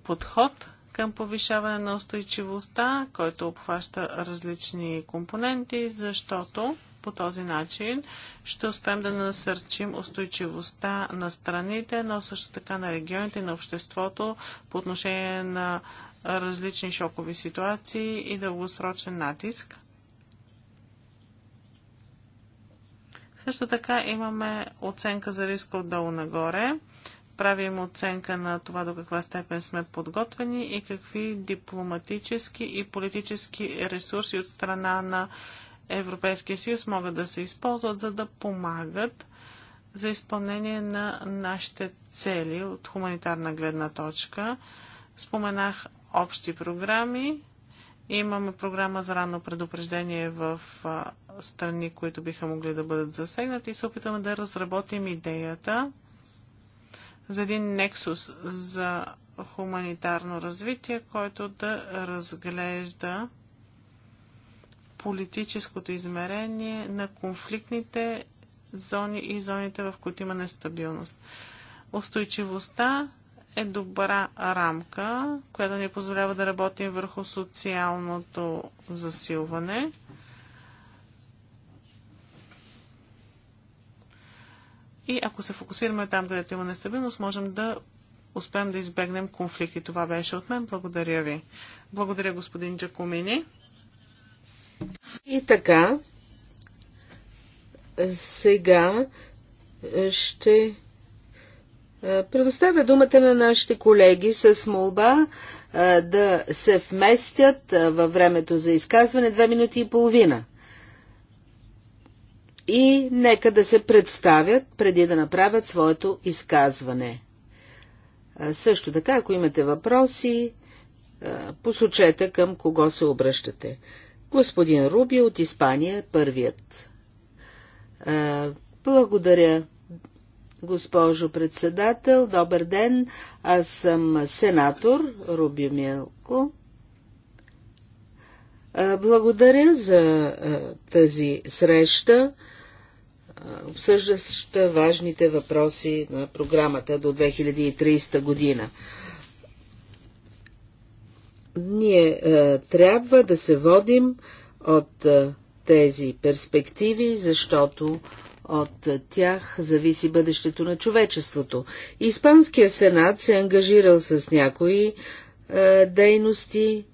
подход към повишаване на устойчивостта, който обхваща различни компоненти, защото по този начин ще успеем да насърчим устойчивостта на страните, но също така на регионите и на обществото по отношение на различни шокови ситуации и дългосрочен натиск. Също така имаме оценка за риска отдолу нагоре правим оценка на това до каква степен сме подготвени и какви дипломатически и политически ресурси от страна на Европейския съюз могат да се използват, за да помагат за изпълнение на нашите цели от хуманитарна гледна точка. Споменах общи програми. Имаме програма за ранно предупреждение в страни, които биха могли да бъдат засегнати и се опитваме да разработим идеята за един нексус за хуманитарно развитие, който да разглежда политическото измерение на конфликтните зони и зоните, в които има нестабилност. Устойчивостта е добра рамка, която ни позволява да работим върху социалното засилване – И ако се фокусираме там, където има нестабилност, можем да успеем да избегнем конфликти. Това беше от мен. Благодаря ви. Благодаря, господин Джакомини. И така, сега е, ще е, предоставя думата на нашите колеги с молба е, да се вместят във времето за изказване две минути и половина и нека да се представят преди да направят своето изказване. също така, ако имате въпроси, посочете към кого се обръщате. Господин Руби от Испания първият. благодаря, госпожо председател. Добър ден. Аз съм сенатор Руби Милко. Благодаря за тази среща обсъждаща важните въпроси на програмата до 2030 година. Ние е, трябва да се водим от е, тези перспективи, защото от е, тях зависи бъдещето на човечеството. Испанския сенат се е ангажирал с някои е, дейности,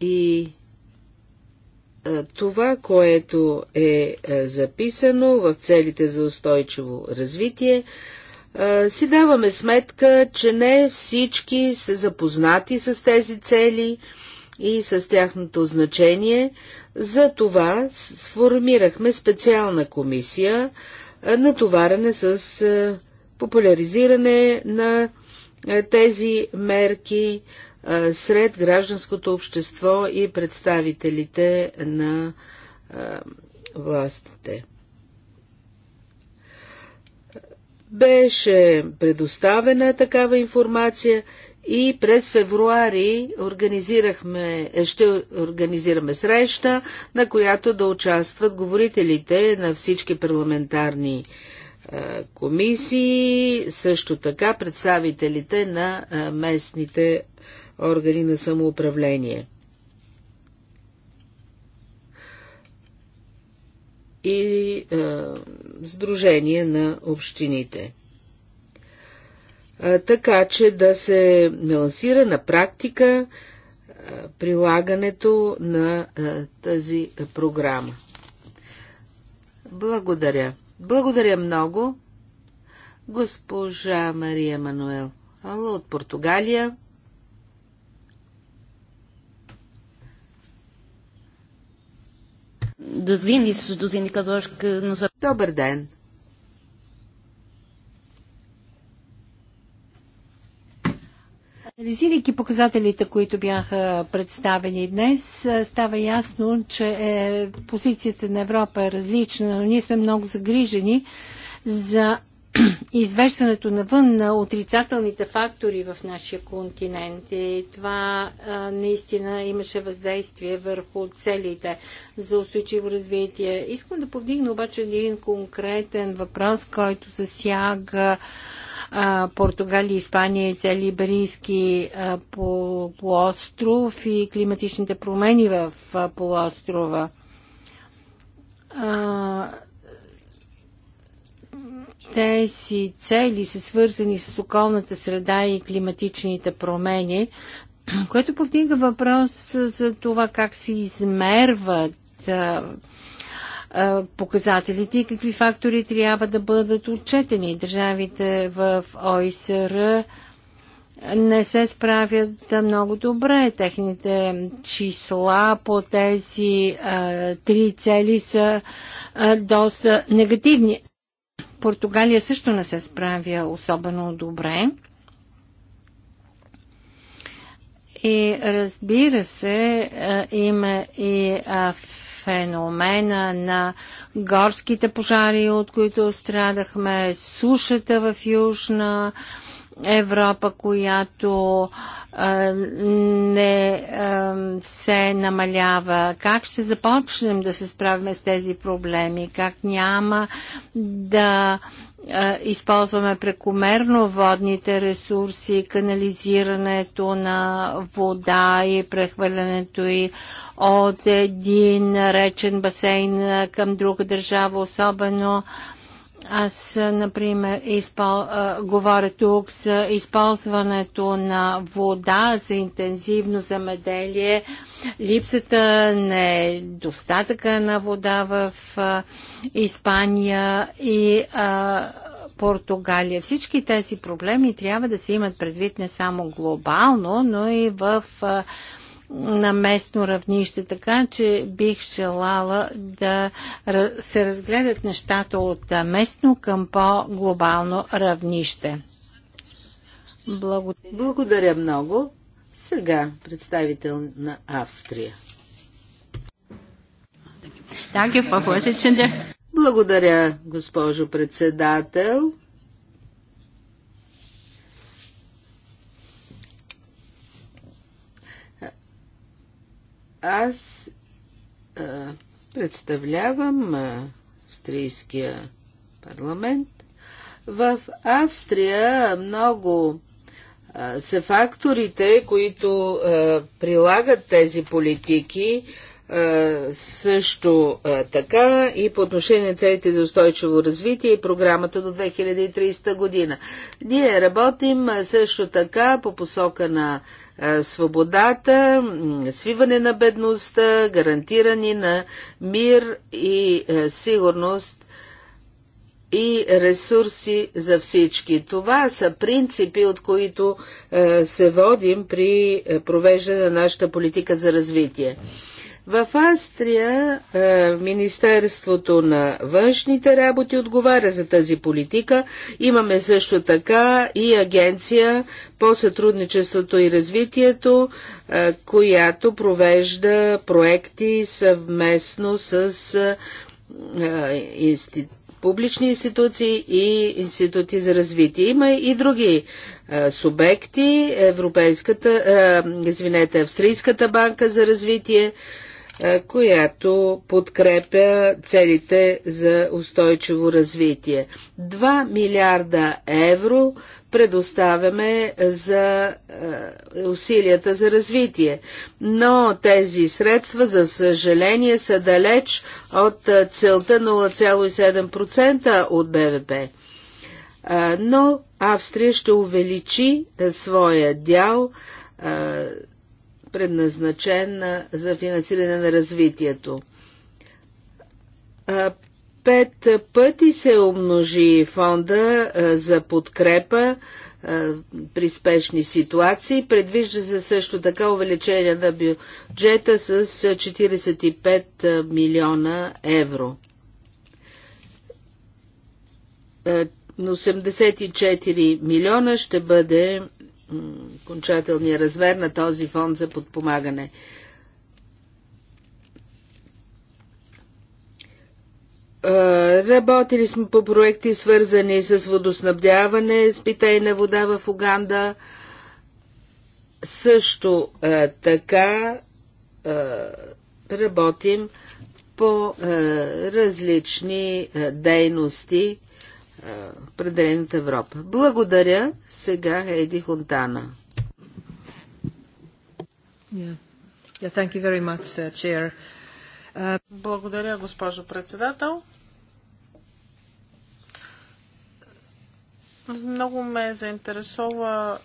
и това, което е записано в целите за устойчиво развитие, си даваме сметка, че не всички са запознати с тези цели и с тяхното значение. За това сформирахме специална комисия, натоварена с популяризиране на тези мерки, сред гражданското общество и представителите на властите. Беше предоставена такава информация и през февруари организирахме, е, ще организираме среща, на която да участват говорителите на всички парламентарни комисии, също така представителите на местните органи на самоуправление. И а, Сдружение на общините. А, така че да се налансира на практика а, прилагането на а, тази програма. Благодаря. Благодаря много, госпожа Мария Мануел Алло, от Португалия. dos índices, dos indicadores que nos... Добър ден! Анализирайки показателите, които бяха представени днес, е, става ясно, че е, позицията на Европа е различна, но ние сме много загрижени за извеждането навън на отрицателните фактори в нашия континент. И това а, наистина имаше въздействие върху целите за устойчиво развитие. Искам да повдигна обаче един конкретен въпрос, който засяга а, Португалия, Испания и цели Иберийски полуостров и климатичните промени в а, полуострова. А, тези цели са свързани с околната среда и климатичните промени, което повдига въпрос за това как се измерват показателите и какви фактори трябва да бъдат отчетени. Държавите в ОИСР не се справят много добре. Техните числа по тези а, три цели са доста негативни. Португалия също не се справя особено добре. И разбира се, е, има и е, феномена на горските пожари, от които страдахме, сушата в Южна Европа, която не се намалява. Как ще започнем да се справим с тези проблеми? Как няма да използваме прекомерно водните ресурси, канализирането на вода и прехвърлянето и от един речен басейн към друга държава, особено аз, например, изпал, а, говоря тук за използването на вода за интензивно замеделие, липсата, достатъка на вода в а, Испания и а, Португалия. Всички тези проблеми трябва да се имат предвид не само глобално, но и в. А, на местно равнище, така че бих желала да се разгледат нещата от местно към по-глобално равнище. Благодаря. Благодаря много. Сега представител на Австрия. Благодаря, госпожо председател. Аз а, представлявам а, австрийския парламент. В Австрия много а, са факторите, които а, прилагат тези политики също така и по отношение на целите за устойчиво развитие и програмата до 2030 година. Ние работим също така по посока на свободата, свиване на бедността, гарантиране на мир и сигурност и ресурси за всички. Това са принципи, от които се водим при провеждане на нашата политика за развитие. В Австрия е, Министерството на външните работи отговаря за тази политика. Имаме също така и агенция по сътрудничеството и развитието, е, която провежда проекти съвместно с е, институт публични институции и институти за развитие. Има и други субекти, Европейската, извинете, Австрийската банка за развитие, която подкрепя целите за устойчиво развитие. 2 милиарда евро предоставяме за усилията за развитие. Но тези средства, за съжаление, са далеч от целта 0,7% от БВП. Но Австрия ще увеличи своя дял предназначен за финансиране на развитието. Пет пъти се умножи фонда за подкрепа при спешни ситуации. Предвижда се също така увеличение на бюджета с 45 милиона евро. 84 милиона ще бъде окончателния размер на този фонд за подпомагане. Работили сме по проекти, свързани с водоснабдяване, с питейна вода в Уганда. Също е, така е, работим по е, различни дейности определени от Европа. Благодаря сега Еди Хонтана. Yeah. Yeah, much, uh, uh... Благодаря, госпожо председател. Много ме заинтересува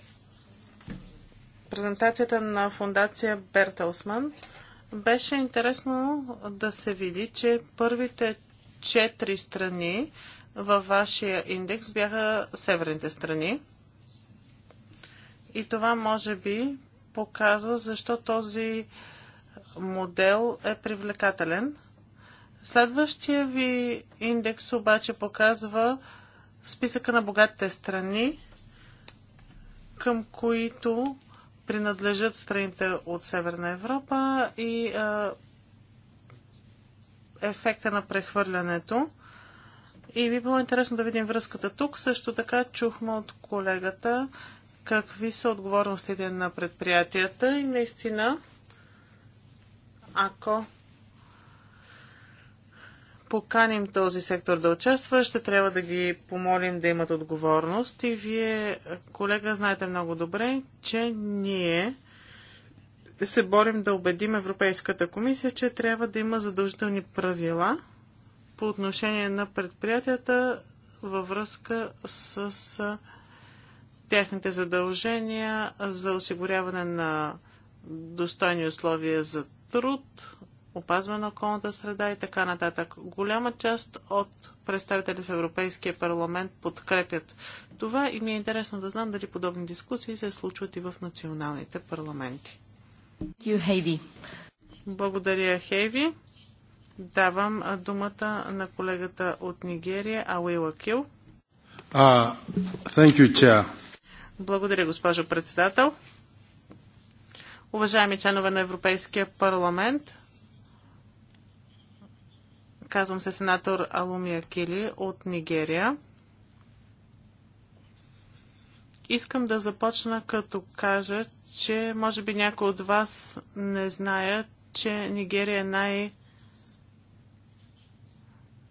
презентацията на фундация Бертелсман. Беше интересно да се види, че първите четири страни във вашия индекс бяха северните страни. И това може би показва защо този модел е привлекателен. Следващия ви индекс обаче показва списъка на богатите страни, към които принадлежат страните от Северна Европа и а, ефекта на прехвърлянето. И би било интересно да видим връзката тук. Също така чухме от колегата какви са отговорностите на предприятията и наистина, ако поканим този сектор да участва, ще трябва да ги помолим да имат отговорност. И вие, колега, знаете много добре, че ние се борим да убедим Европейската комисия, че трябва да има задължителни правила – по отношение на предприятията във връзка с техните задължения за осигуряване на достойни условия за труд, опазване на околната среда и така нататък. Голяма част от представителите в Европейския парламент подкрепят това и ми е интересно да знам дали подобни дискусии се случват и в националните парламенти. Благодаря, Хейви. Давам думата на колегата от Нигерия, Ауила Кил. Uh, Благодаря, госпожо председател. Уважаеми членове на Европейския парламент, казвам се сенатор Алумия Кили от Нигерия. Искам да започна като кажа, че може би някои от вас не знаят, че Нигерия е най-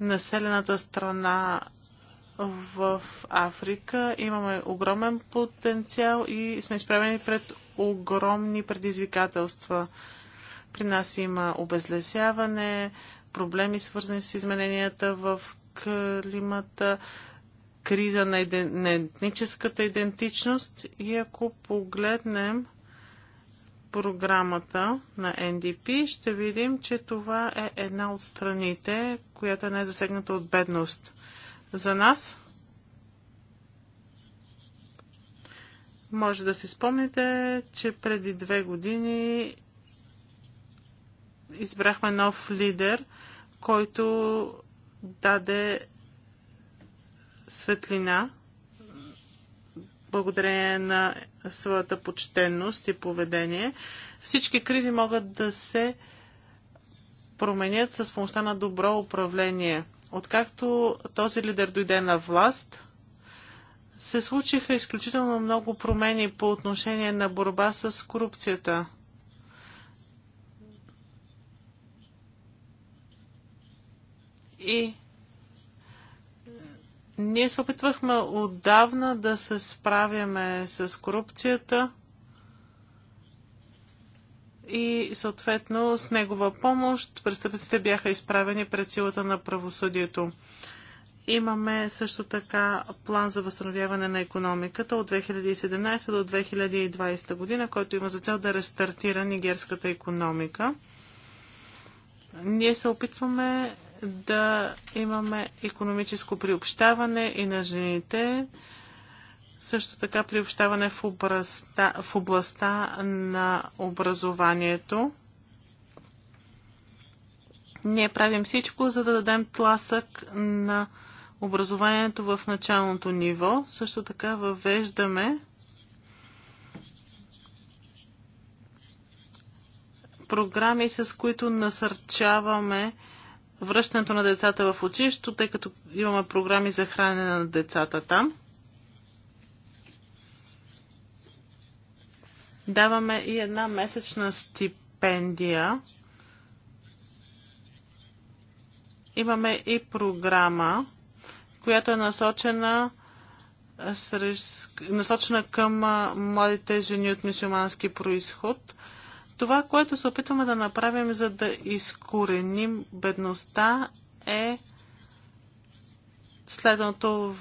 населената страна в Африка. Имаме огромен потенциал и сме изправени пред огромни предизвикателства. При нас има обезлесяване, проблеми свързани с измененията в климата, криза на, етническата идентичност и ако погледнем програмата на НДП, ще видим, че това е една от страните, която е най-засегната от бедност. За нас, може да си спомните, че преди две години избрахме нов лидер, който даде светлина благодарение на своята почтенност и поведение. Всички кризи могат да се променят с помощта на добро управление. Откакто този лидер дойде на власт, се случиха изключително много промени по отношение на борба с корупцията. И ние се опитвахме отдавна да се справяме с корупцията и съответно с негова помощ престъпниците бяха изправени пред силата на правосъдието. Имаме също така план за възстановяване на економиката от 2017 до 2020 година, който има за цел да рестартира нигерската економика. Ние се опитваме да имаме економическо приобщаване и на жените, също така приобщаване в областта, в областта на образованието. Ние правим всичко, за да дадем тласък на образованието в началното ниво. Също така въвеждаме програми, с които насърчаваме връщането на децата в училището, тъй като имаме програми за хранене на децата там. Даваме и една месечна стипендия. Имаме и програма, която е насочена, насочена към младите жени от мусулмански происход – това, което се опитваме да направим, за да изкореним бедността, е следното.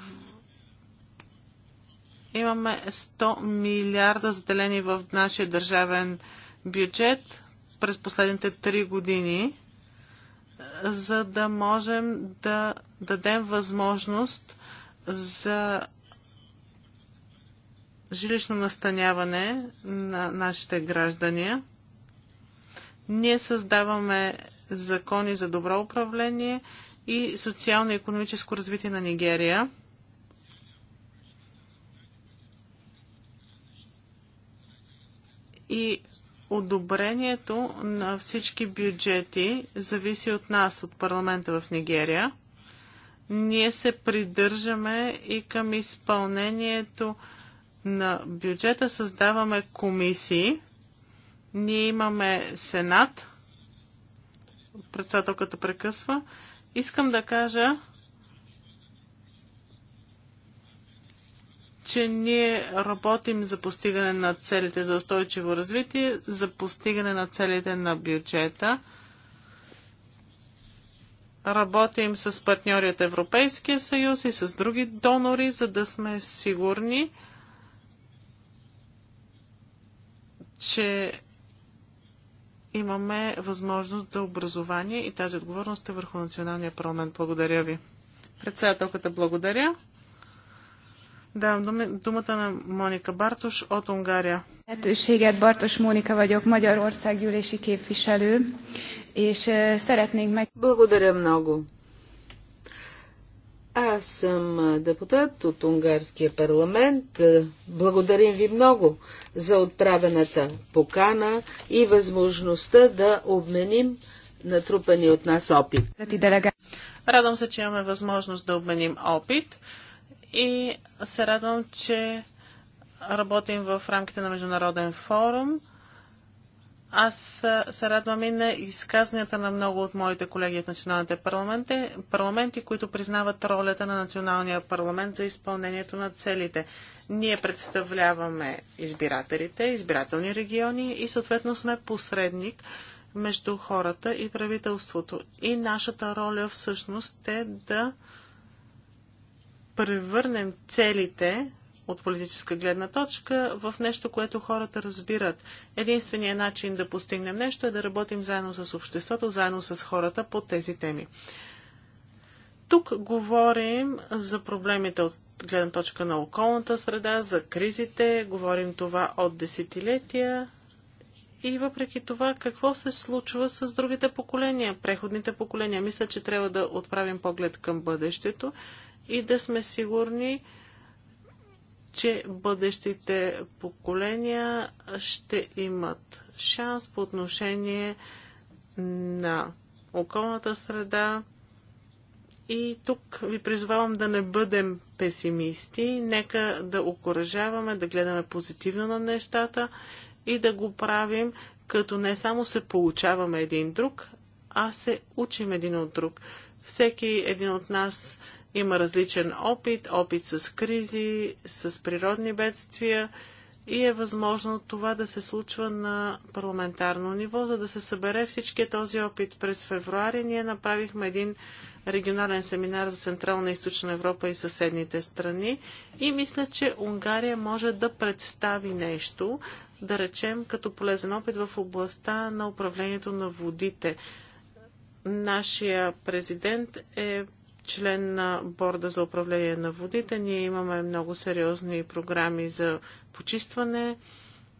Имаме 100 милиарда заделени в нашия държавен бюджет през последните 3 години, за да можем да дадем възможност за жилищно настаняване на нашите граждани. Ние създаваме закони за добро управление и социално и економическо развитие на Нигерия. И одобрението на всички бюджети зависи от нас, от парламента в Нигерия. Ние се придържаме и към изпълнението на бюджета. Създаваме комисии, ние имаме Сенат. Председателката прекъсва. Искам да кажа, че ние работим за постигане на целите за устойчиво развитие, за постигане на целите на бюджета. Работим с партньори от Европейския съюз и с други донори, за да сме сигурни, че имаме възможност за образование и тази отговорност е върху националния парламент. Благодаря ви. Председателката благодаря. Давам думата на Моника Бартош от Унгария. Lehetőséget Bartos Mónika vagyok, Magyarország gyűlési képviselő, és szeretnénk meg... Благодаря много. Аз съм депутат от Унгарския парламент. Благодарим ви много за отправената покана и възможността да обменим натрупани от нас опит. Радвам се, че имаме възможност да обменим опит и се радвам, че работим в рамките на Международен форум аз се радвам и на изказванията на много от моите колеги от националните парламенти, парламенти, които признават ролята на националния парламент за изпълнението на целите. Ние представляваме избирателите, избирателни региони и съответно сме посредник между хората и правителството. И нашата роля всъщност е да превърнем целите от политическа гледна точка в нещо, което хората разбират. Единственият начин да постигнем нещо е да работим заедно с обществото, заедно с хората по тези теми. Тук говорим за проблемите от гледна точка на околната среда, за кризите, говорим това от десетилетия. И въпреки това, какво се случва с другите поколения, преходните поколения? Мисля, че трябва да отправим поглед към бъдещето и да сме сигурни, че бъдещите поколения ще имат шанс по отношение на околната среда. И тук ви призвавам да не бъдем песимисти, нека да окоръжаваме, да гледаме позитивно на нещата и да го правим, като не само се получаваме един друг, а се учим един от друг. Всеки един от нас има различен опит, опит с кризи, с природни бедствия и е възможно това да се случва на парламентарно ниво, за да се събере всичкия този опит. През февруари ние направихме един регионален семинар за Централна и Източна Европа и съседните страни и мисля, че Унгария може да представи нещо, да речем, като полезен опит в областта на управлението на водите. Нашия президент е член на борда за управление на водите. Ние имаме много сериозни програми за почистване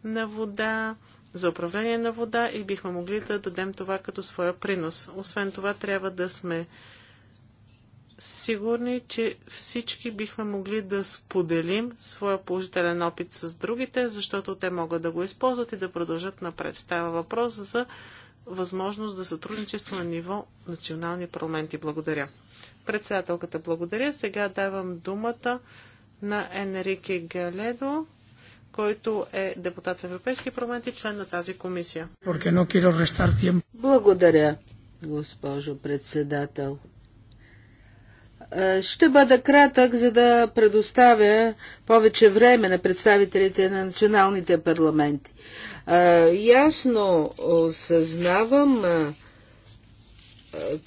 на вода, за управление на вода и бихме могли да дадем това като своя принос. Освен това, трябва да сме сигурни, че всички бихме могли да споделим своя положителен опит с другите, защото те могат да го използват и да продължат напред. Става въпрос за възможност за сътрудничество на ниво национални парламенти. Благодаря. Председателката благодаря. Сега давам думата на Енрике Галедо, който е депутат в европейски парламент и член на тази комисия. Благодаря, госпожо председател. Ще бъда кратък, за да предоставя повече време на представителите на националните парламенти. Ясно осъзнавам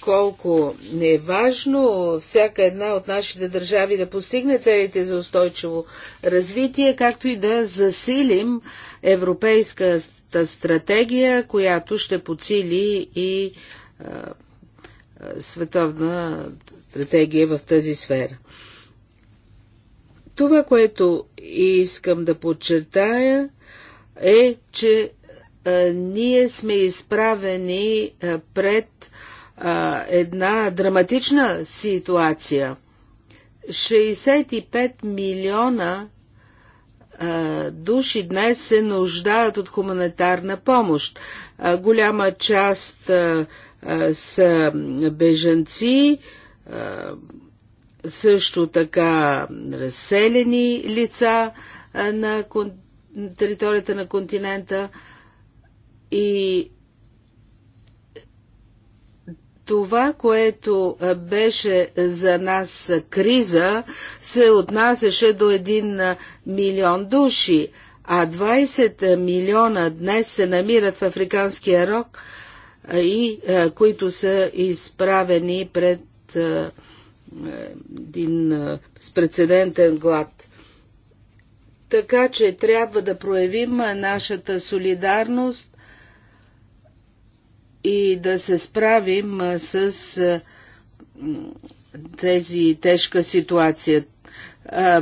колко не е важно всяка една от нашите държави да постигне целите за устойчиво развитие, както и да засилим европейската стратегия, която ще подсили и а, световна стратегия в тази сфера. Това, което искам да подчертая, е, че а, ние сме изправени а, пред а, една драматична ситуация. 65 милиона души днес се нуждаят от хуманитарна помощ. Голяма част са бежанци, също така разселени лица на територията на континента и това, което беше за нас криза, се отнасяше до 1 милион души, а 20 милиона днес се намират в Африканския рок и които са изправени пред един прецедентен глад. Така че трябва да проявим нашата солидарност и да се справим с тези тежка ситуация.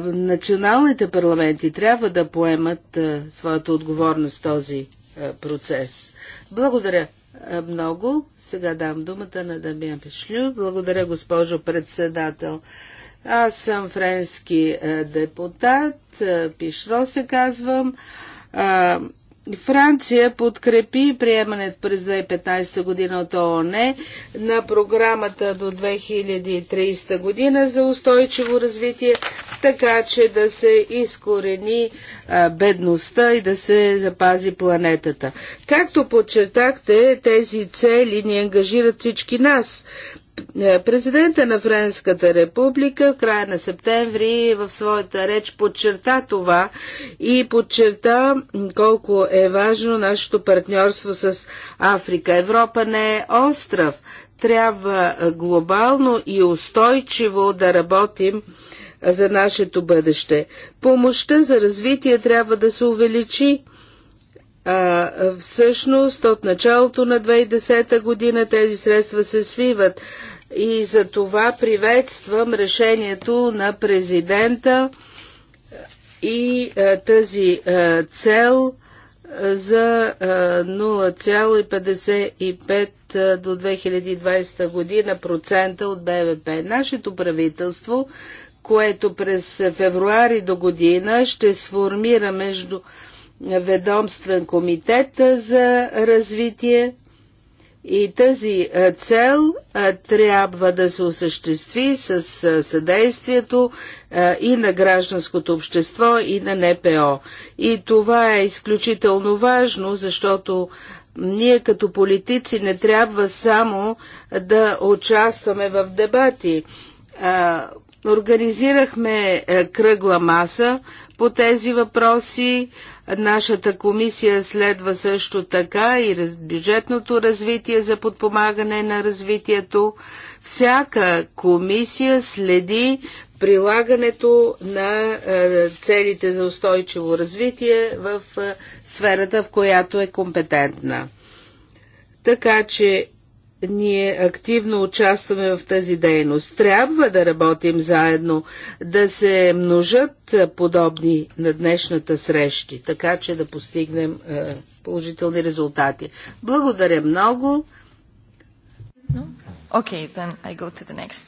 Националните парламенти трябва да поемат своята отговорност този процес. Благодаря много. Сега дам думата на Дамиан Пешлю. Благодаря, госпожо председател. Аз съм френски депутат, Пишро се казвам. Франция подкрепи приемането през 2015 година от ООН на програмата до 2030 година за устойчиво развитие, така че да се изкорени бедността и да се запази планетата. Както подчертахте, тези цели ни ангажират всички нас, е, президента на Френската република в края на септември в своята реч подчерта това и подчерта колко е важно нашето партньорство с Африка. Европа не е остров. Трябва глобално и устойчиво да работим за нашето бъдеще. Помощта за развитие трябва да се увеличи а всъщност от началото на 2010 година тези средства се свиват и за това приветствам решението на президента и а, тази а, цел за 0,55 до 2020 година процента от БВП. Нашето правителство, което през февруари до година ще сформира между ведомствен комитет за развитие и тази цел трябва да се осъществи с съдействието и на гражданското общество и на НПО. И това е изключително важно, защото ние като политици не трябва само да участваме в дебати. Организирахме кръгла маса по тези въпроси. Нашата комисия следва също така и бюджетното развитие за подпомагане на развитието. Всяка комисия следи прилагането на е, целите за устойчиво развитие в е, сферата, в която е компетентна. Така че ние активно участваме в тази дейност. Трябва да работим заедно, да се множат подобни на днешната срещи, така че да постигнем е, положителни резултати. Благодаря много. Окей, then I go to the next.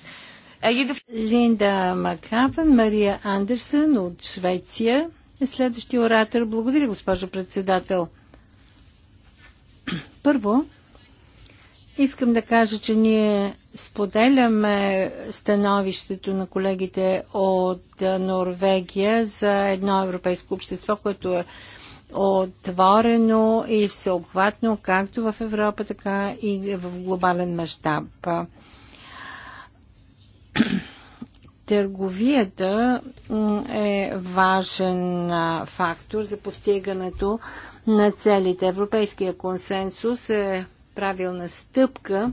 Линда Макапен, Мария Андерсън от Швеция е следващия оратор. Благодаря, госпожо председател. Първо, Искам да кажа, че ние споделяме становището на колегите от Норвегия за едно европейско общество, което е отворено и всеобхватно, както в Европа, така и в глобален мащаб. Търговията е важен фактор за постигането на целите. Европейския консенсус е правилна стъпка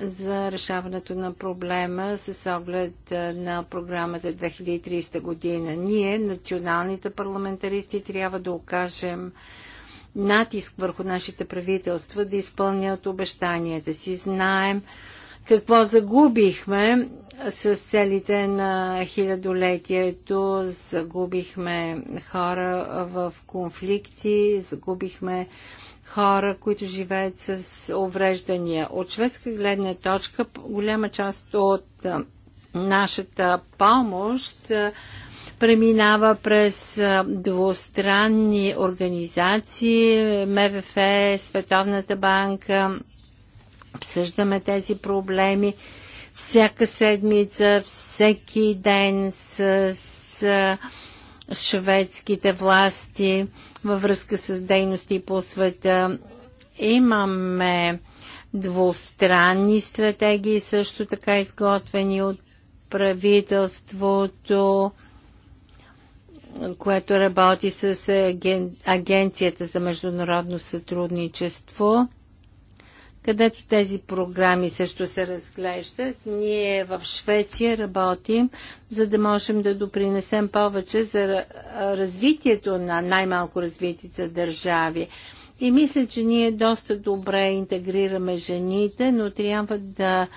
за решаването на проблема с оглед на програмата 2030 година. Ние, националните парламентаристи, трябва да окажем натиск върху нашите правителства да изпълнят обещанията си. Знаем какво загубихме с целите на хилядолетието, загубихме хора в конфликти, загубихме хора, които живеят с увреждания. От шведска гледна точка, голяма част от нашата помощ преминава през двустранни организации, МВФ, Световната банка. Обсъждаме тези проблеми всяка седмица, всеки ден с, с шведските власти във връзка с дейности по света. Имаме двустранни стратегии, също така изготвени от правителството, което работи с Агенцията за международно сътрудничество където тези програми също се разглеждат. Ние в Швеция работим, за да можем да допринесем повече за развитието на най-малко развитите държави. И мисля, че ние доста добре интегрираме жените, но трябва да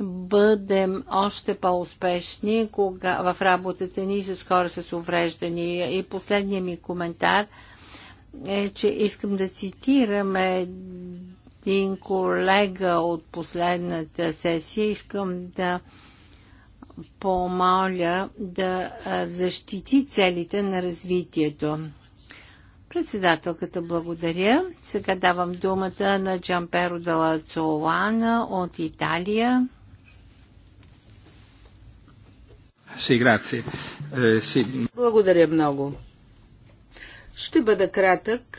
бъдем още по-успешни в работата ни с хора с увреждания. И последният ми коментар е, че искам да цитираме един колега от последната сесия. Искам да помоля да защити целите на развитието. Председателката благодаря. Сега давам думата на Джамперо Далацолана от Италия. Eh, благодаря много. Ще бъда кратък.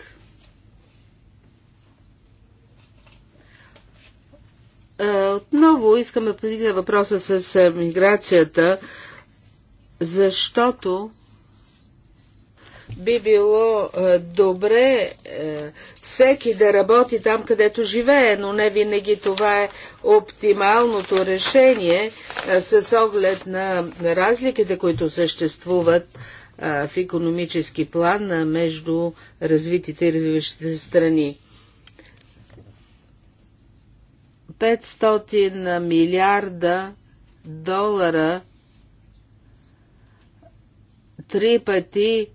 Е, отново искам да подигна въпроса с е, миграцията, защото би било е, добре всеки да работи там, където живее, но не винаги това е оптималното решение с оглед на разликите, които съществуват в економически план между развитите и развиващите страни. 500 милиарда долара три пъти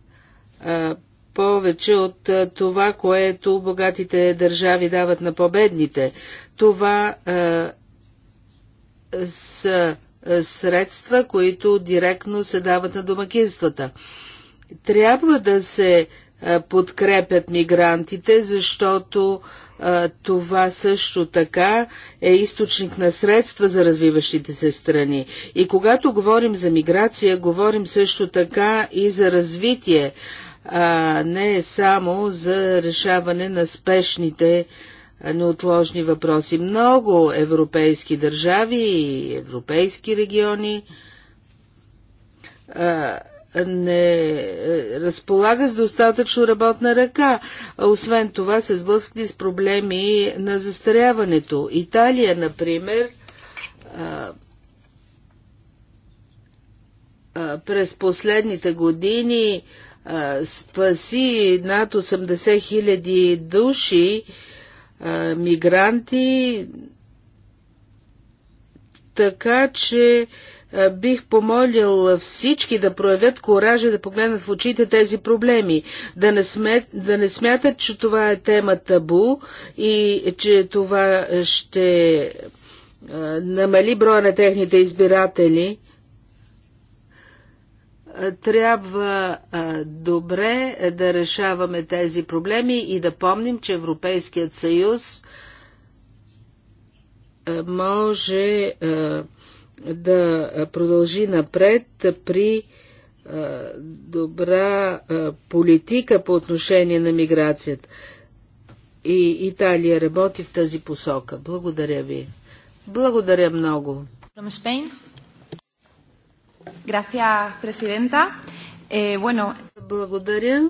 а, повече от а, това, което богатите държави дават на победните. Това а, са средства, които директно се дават на домакинствата. Трябва да се подкрепят мигрантите, защото това също така е източник на средства за развиващите се страни. И когато говорим за миграция, говорим също така и за развитие, а не само за решаване на спешните неотложни въпроси. Много европейски държави и европейски региони а, не е, разполага с достатъчно работна ръка. Освен това се сблъскват с проблеми на застаряването. Италия, например, през последните години спаси над 80 хиляди души мигранти, така че е, бих помолил всички да проявят коража да погледнат в очите тези проблеми, да не, смет, да не смятат, че това е тема табу и че това ще е, намали броя на техните избиратели. Е, трябва добре да решаваме тези проблеми и да помним, че Европейският съюз може да продължи напред при добра политика по отношение на миграцията. И Италия работи в тази посока. Благодаря ви. Благодаря много. Eh, Благодаря.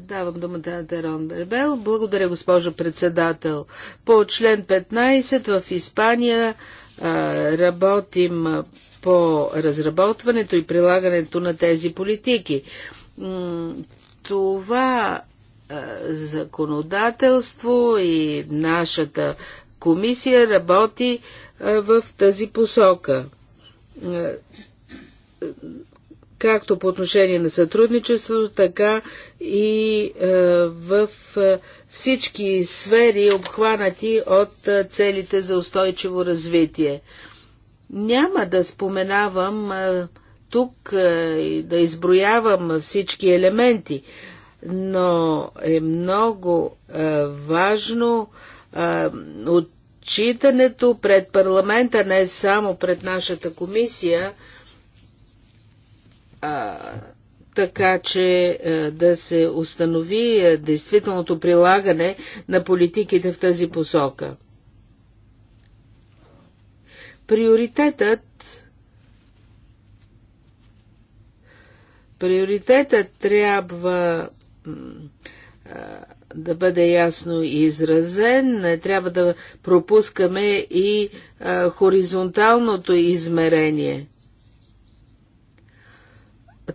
Давам думата на Терон Бербел. Благодаря, госпожо председател. По член 15 в Испания работим по разработването и прилагането на тези политики. Това законодателство и нашата комисия работи в тази посока както по отношение на сътрудничеството, така и е, в е, всички сфери, обхванати от е, целите за устойчиво развитие. Няма да споменавам тук и да изброявам всички елементи, но е много важно отчитането пред парламента, не само пред нашата комисия, така че да се установи действителното прилагане на политиките в тази посока. Приоритетът Приоритетът трябва да бъде ясно изразен, не трябва да пропускаме и хоризонталното измерение –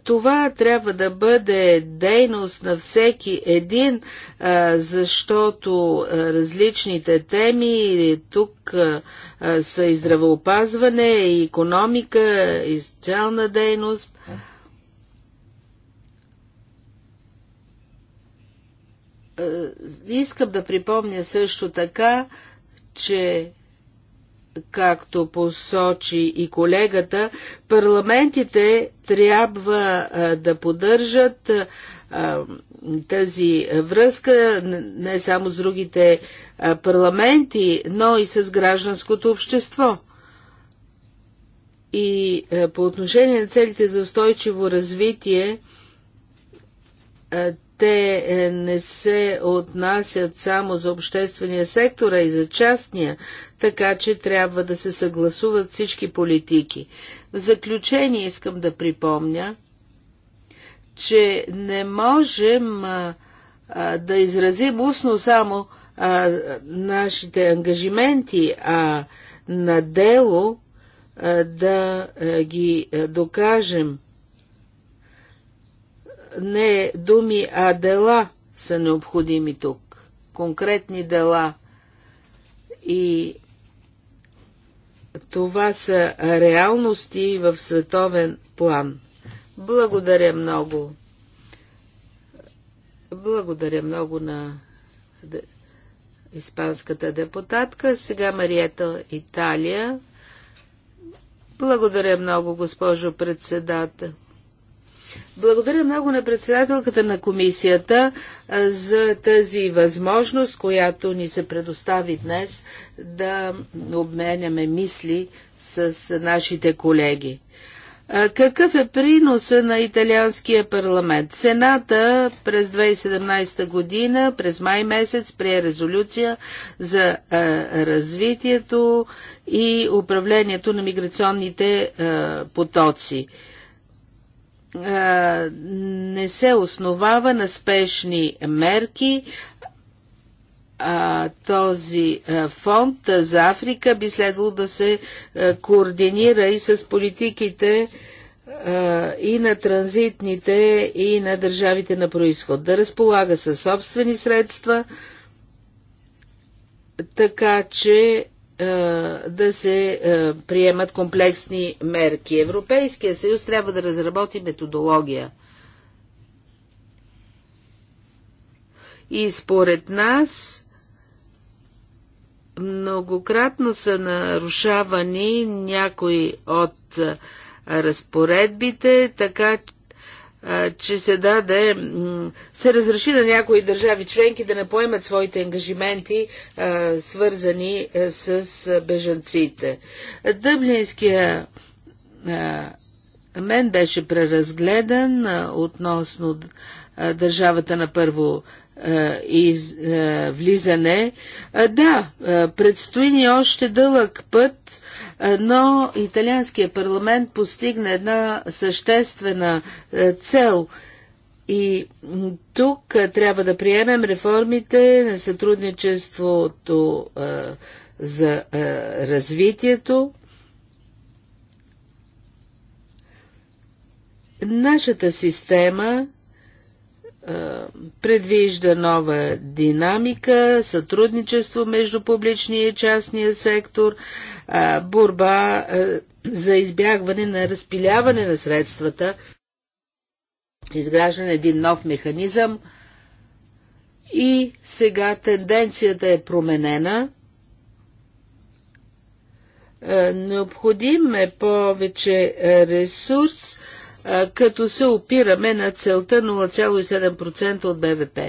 това трябва да бъде дейност на всеки един, защото различните теми тук са и здравеопазване, и економика, и социална дейност. Искам да припомня също така, че както посочи и колегата, парламентите трябва да поддържат тази връзка не само с другите парламенти, но и с гражданското общество. И по отношение на целите за устойчиво развитие, те е, не се отнасят само за обществения сектор, а и за частния така че трябва да се съгласуват всички политики. В заключение искам да припомня, че не можем а, а, да изразим устно само а, нашите ангажименти, а на дело а, да а, ги а, докажем. Не думи, а дела са необходими тук. Конкретни дела. И това са реалности в световен план. Благодаря много. Благодаря много на испанската депутатка. Сега Мариета Италия. Благодаря много, госпожо председател. Благодаря много на председателката на комисията за тази възможност, която ни се предостави днес да обменяме мисли с нашите колеги. Какъв е приноса на италианския парламент? Сената през 2017 година, през май месец, прие резолюция за развитието и управлението на миграционните потоци не се основава на спешни мерки. А, този фонд за Африка би следвало да се координира и с политиките и на транзитните, и на държавите на происход. Да разполага със собствени средства, така че е, да се е, приемат комплексни мерки. Европейския съюз трябва да разработи методология. И според нас многократно са нарушавани някои от е, разпоредбите, така че се даде, се разреши на някои държави членки да не поемат своите ангажименти, свързани с бежанците. Дъблинския мен беше преразгледан относно държавата на първо е, из, е, влизане. Да, е, предстои ни още дълъг път, но италианския парламент постигна една съществена цел. И тук трябва да приемем реформите на сътрудничеството за развитието. Нашата система е, предвижда нова динамика, сътрудничество между публичния и частния сектор, е, борба е, за избягване на разпиляване на средствата, изграждане един нов механизъм и сега тенденцията е променена. Необходим е повече ресурс, като се опираме на целта 0,7% от БВП.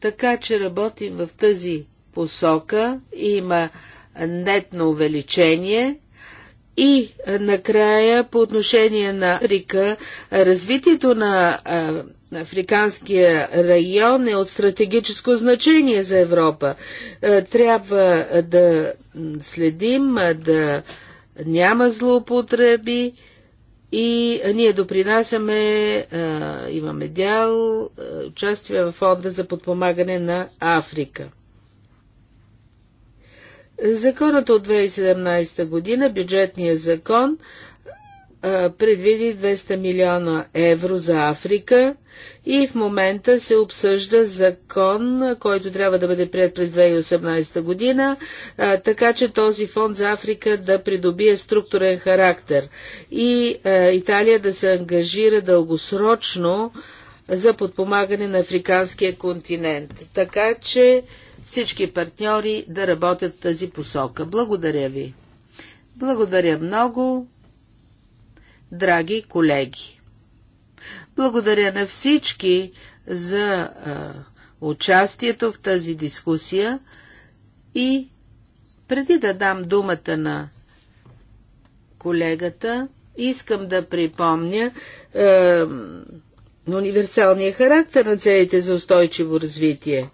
Така че работим в тази посока, има нетно увеличение и накрая по отношение на Африка, развитието на Африканския район е от стратегическо значение за Европа. Трябва да следим, да няма злоупотреби и ние допринасяме, имаме дял, участие в фонда за подпомагане на Африка. Законът от 2017 година, бюджетния закон, предвиди 200 милиона евро за Африка и в момента се обсъжда закон, който трябва да бъде прият през 2018 година, така че този фонд за Африка да придобие структурен характер и Италия да се ангажира дългосрочно за подпомагане на африканския континент. Така че всички партньори да работят в тази посока. Благодаря ви. Благодаря много драги колеги. Благодаря на всички за а, участието в тази дискусия и преди да дам думата на колегата, искам да припомня а, универсалния характер на целите за устойчиво развитие.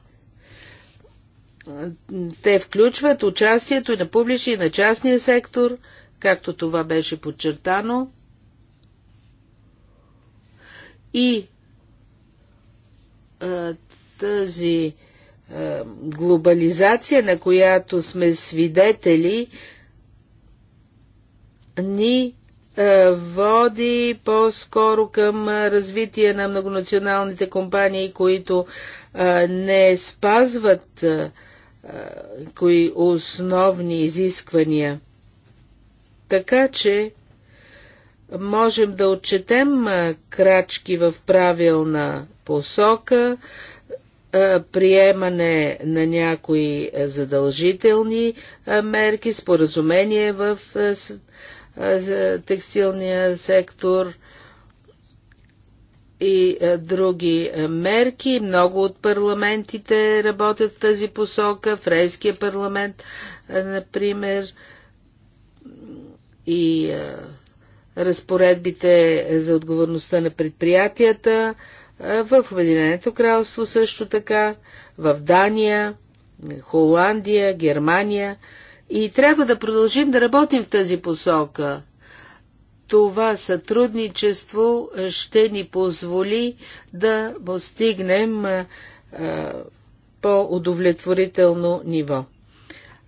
Те включват участието и на публичния и на частния сектор, както това беше подчертано, и а, тази а, глобализация, на която сме свидетели, ни а, води по-скоро към развитие на многонационалните компании, които а, не спазват а, кои основни изисквания. Така че можем да отчетем крачки в правилна посока, приемане на някои задължителни мерки, споразумение в текстилния сектор и други мерки. Много от парламентите работят в тази посока. Френския парламент, например, и разпоредбите за отговорността на предприятията, в Обединеното кралство също така, в Дания, Холандия, Германия. И трябва да продължим да работим в тази посока. Това сътрудничество ще ни позволи да постигнем по-удовлетворително ниво.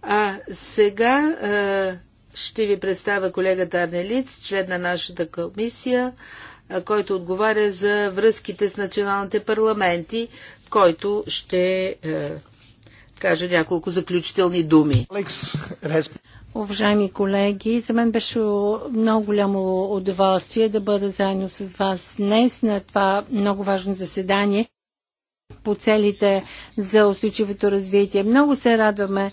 А сега ще ви представя колегата Арнелиц, член на нашата комисия, който отговаря за връзките с националните парламенти, който ще е, каже няколко заключителни думи. Уважаеми колеги, за мен беше много голямо удоволствие да бъда заедно с вас днес на това много важно заседание по целите за устойчивото развитие. Много се радваме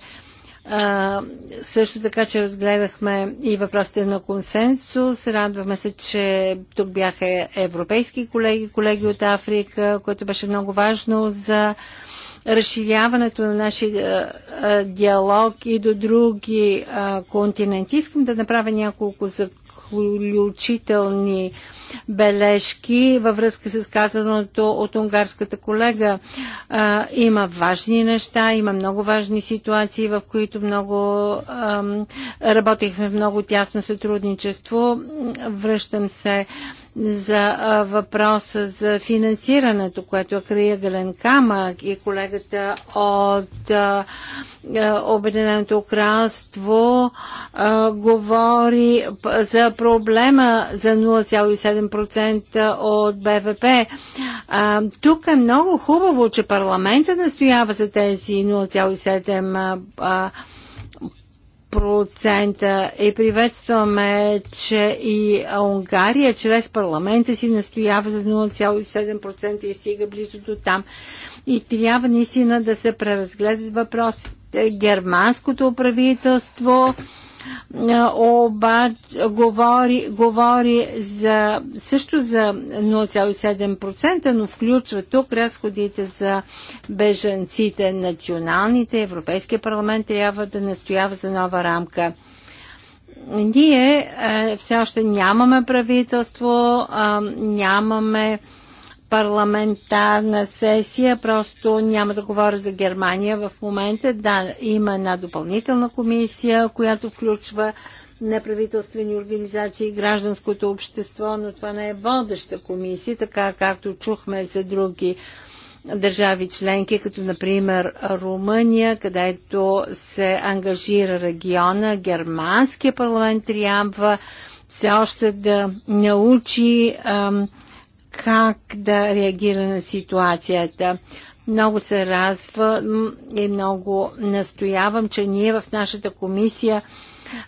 а, също така, че разгледахме и въпросите на консенсус. Радваме се, че тук бяха европейски колеги, колеги от Африка, което беше много важно за разширяването на нашия диалог и до други а, континенти. Искам да направя няколко за, заключителни бележки във връзка с казаното от унгарската колега. А, има важни неща, има много важни ситуации, в които много ам, работихме в много тясно сътрудничество. Връщам се за въпроса за финансирането, което е Гален камък и колегата от Обединеното кралство а, говори за проблема за 0,7% от БВП. А, тук е много хубаво, че парламента настоява за тези 0,7% процента и приветстваме, че и Унгария чрез парламента си настоява за 0,7% и стига близо до там. И трябва наистина да се преразгледат въпроси. Германското правителство обаче говори, говори за, също за 0,7%, но включва тук разходите за бежанците националните. Европейския парламент трябва да настоява за нова рамка ние е, все още нямаме правителство, е, нямаме парламентарна сесия. Просто няма да говоря за Германия в момента. Да, има една допълнителна комисия, която включва неправителствени организации и гражданското общество, но това не е водеща комисия, така както чухме за други държави членки, като например Румъния, където се ангажира региона, германския парламент трябва все още да научи ам, как да реагира на ситуацията. Много се разва и много настоявам, че ние в нашата комисия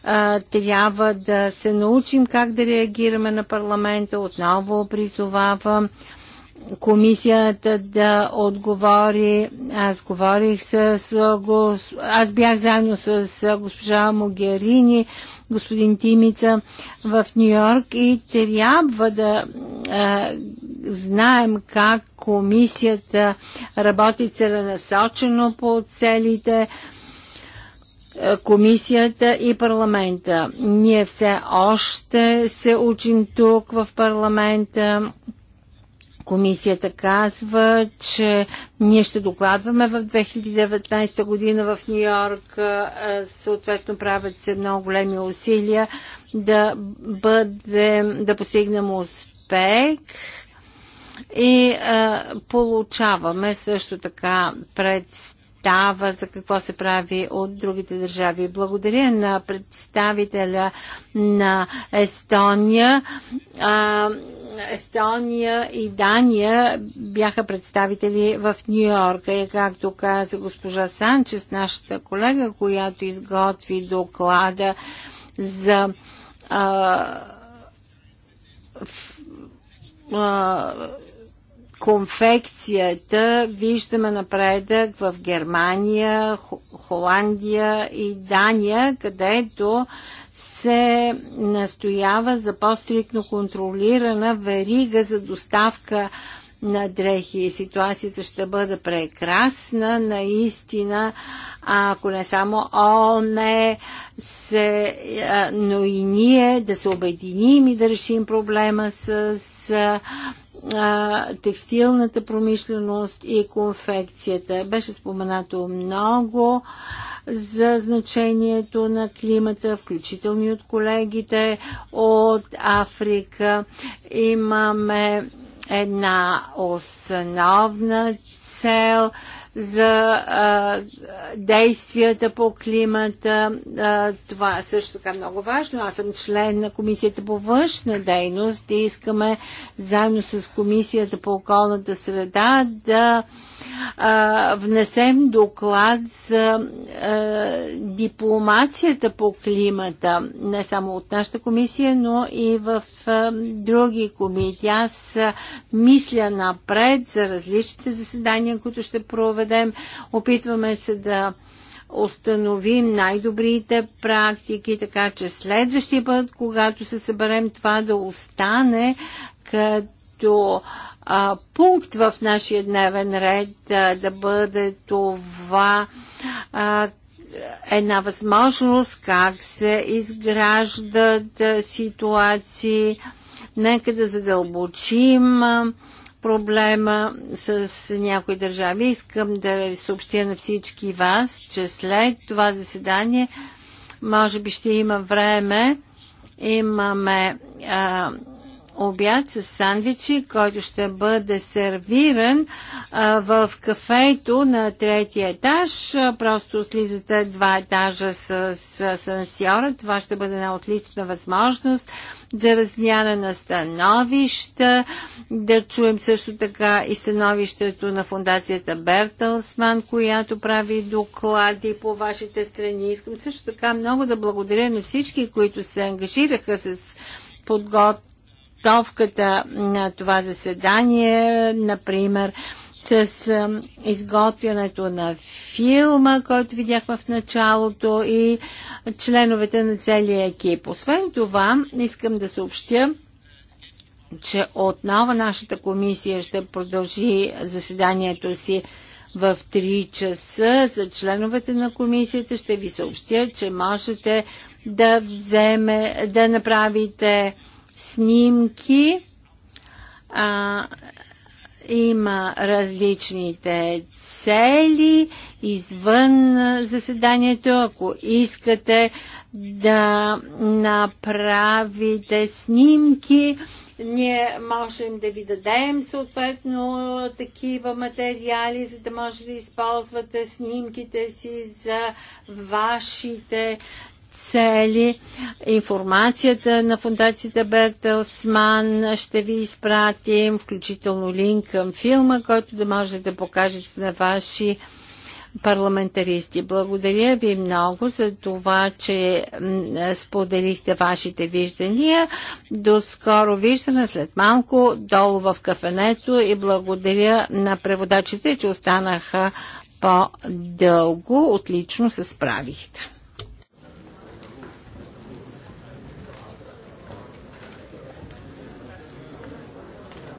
а, трябва да се научим как да реагираме на парламента. Отново призовавам комисията да отговори. Аз говорих с... Аз бях заедно с госпожа Могерини господин Тимица в Нью Йорк и трябва да а, знаем как комисията работи целенасочено по целите комисията и парламента. Ние все още се учим тук в парламента Комисията казва, че ние ще докладваме в 2019 година в Нью Йорк. Съответно правят се много големи усилия да, бъде, да постигнем успех и а, получаваме също така представа за какво се прави от другите държави. Благодаря на представителя на Естония. А, Естония и Дания бяха представители в Нью Йорк. И както каза госпожа Санчес, нашата колега, която изготви доклада за а, в, а, конфекцията виждаме напредък в Германия, Холандия и Дания, където се настоява за по-стрикно контролирана верига за доставка на дрехи. Ситуацията ще бъде прекрасна, наистина, ако не само ООН, се, но и ние да се обединим и да решим проблема с, с а, текстилната промишленост и конфекцията. Беше споменато много. А, за значението на климата, включително и от колегите от Африка. Имаме една основна цел за а, действията по климата. А, това е също така много важно. Аз съм член на Комисията по външна дейност и искаме заедно с Комисията по околната среда да а, а, внесем доклад за а, дипломацията по климата, не само от нашата комисия, но и в а, други комити. Аз а, мисля напред за различните заседания, които ще проведем. Опитваме се да установим най-добрите практики, така че следващия път, когато се съберем това да остане като а, пункт в нашия дневен ред а, да бъде това а, една възможност как се изграждат а, ситуации. Нека да задълбочим. А, проблема с някои държави. Искам да съобщя на всички вас, че след това заседание може би ще има време. Имаме а, обяд с сандвичи, който ще бъде сервиран в кафето на третия етаж. просто слизате два етажа с, с Това ще бъде една отлична възможност за размяна на становища. Да чуем също така и становището на фундацията Бертълсман, която прави доклади по вашите страни. Искам също така много да благодаря на всички, които се ангажираха с подготовката подготовката на това заседание, например, с изготвянето на филма, който видяхме в началото и членовете на целия екип. Освен това, искам да съобщя, че отново нашата комисия ще продължи заседанието си в 3 часа. За членовете на комисията ще ви съобщя, че можете да вземе, да направите снимки. А, има различните цели извън заседанието. Ако искате да направите снимки, ние можем да ви дадем съответно такива материали, за да може да използвате снимките си за вашите цели. Информацията на фундацията Бертелсман ще ви изпратим, включително линк към филма, който да можете да покажете на ваши парламентаристи. Благодаря ви много за това, че споделихте вашите виждания. До скоро виждане след малко долу в кафенето и благодаря на преводачите, че останаха по-дълго. Отлично се справихте.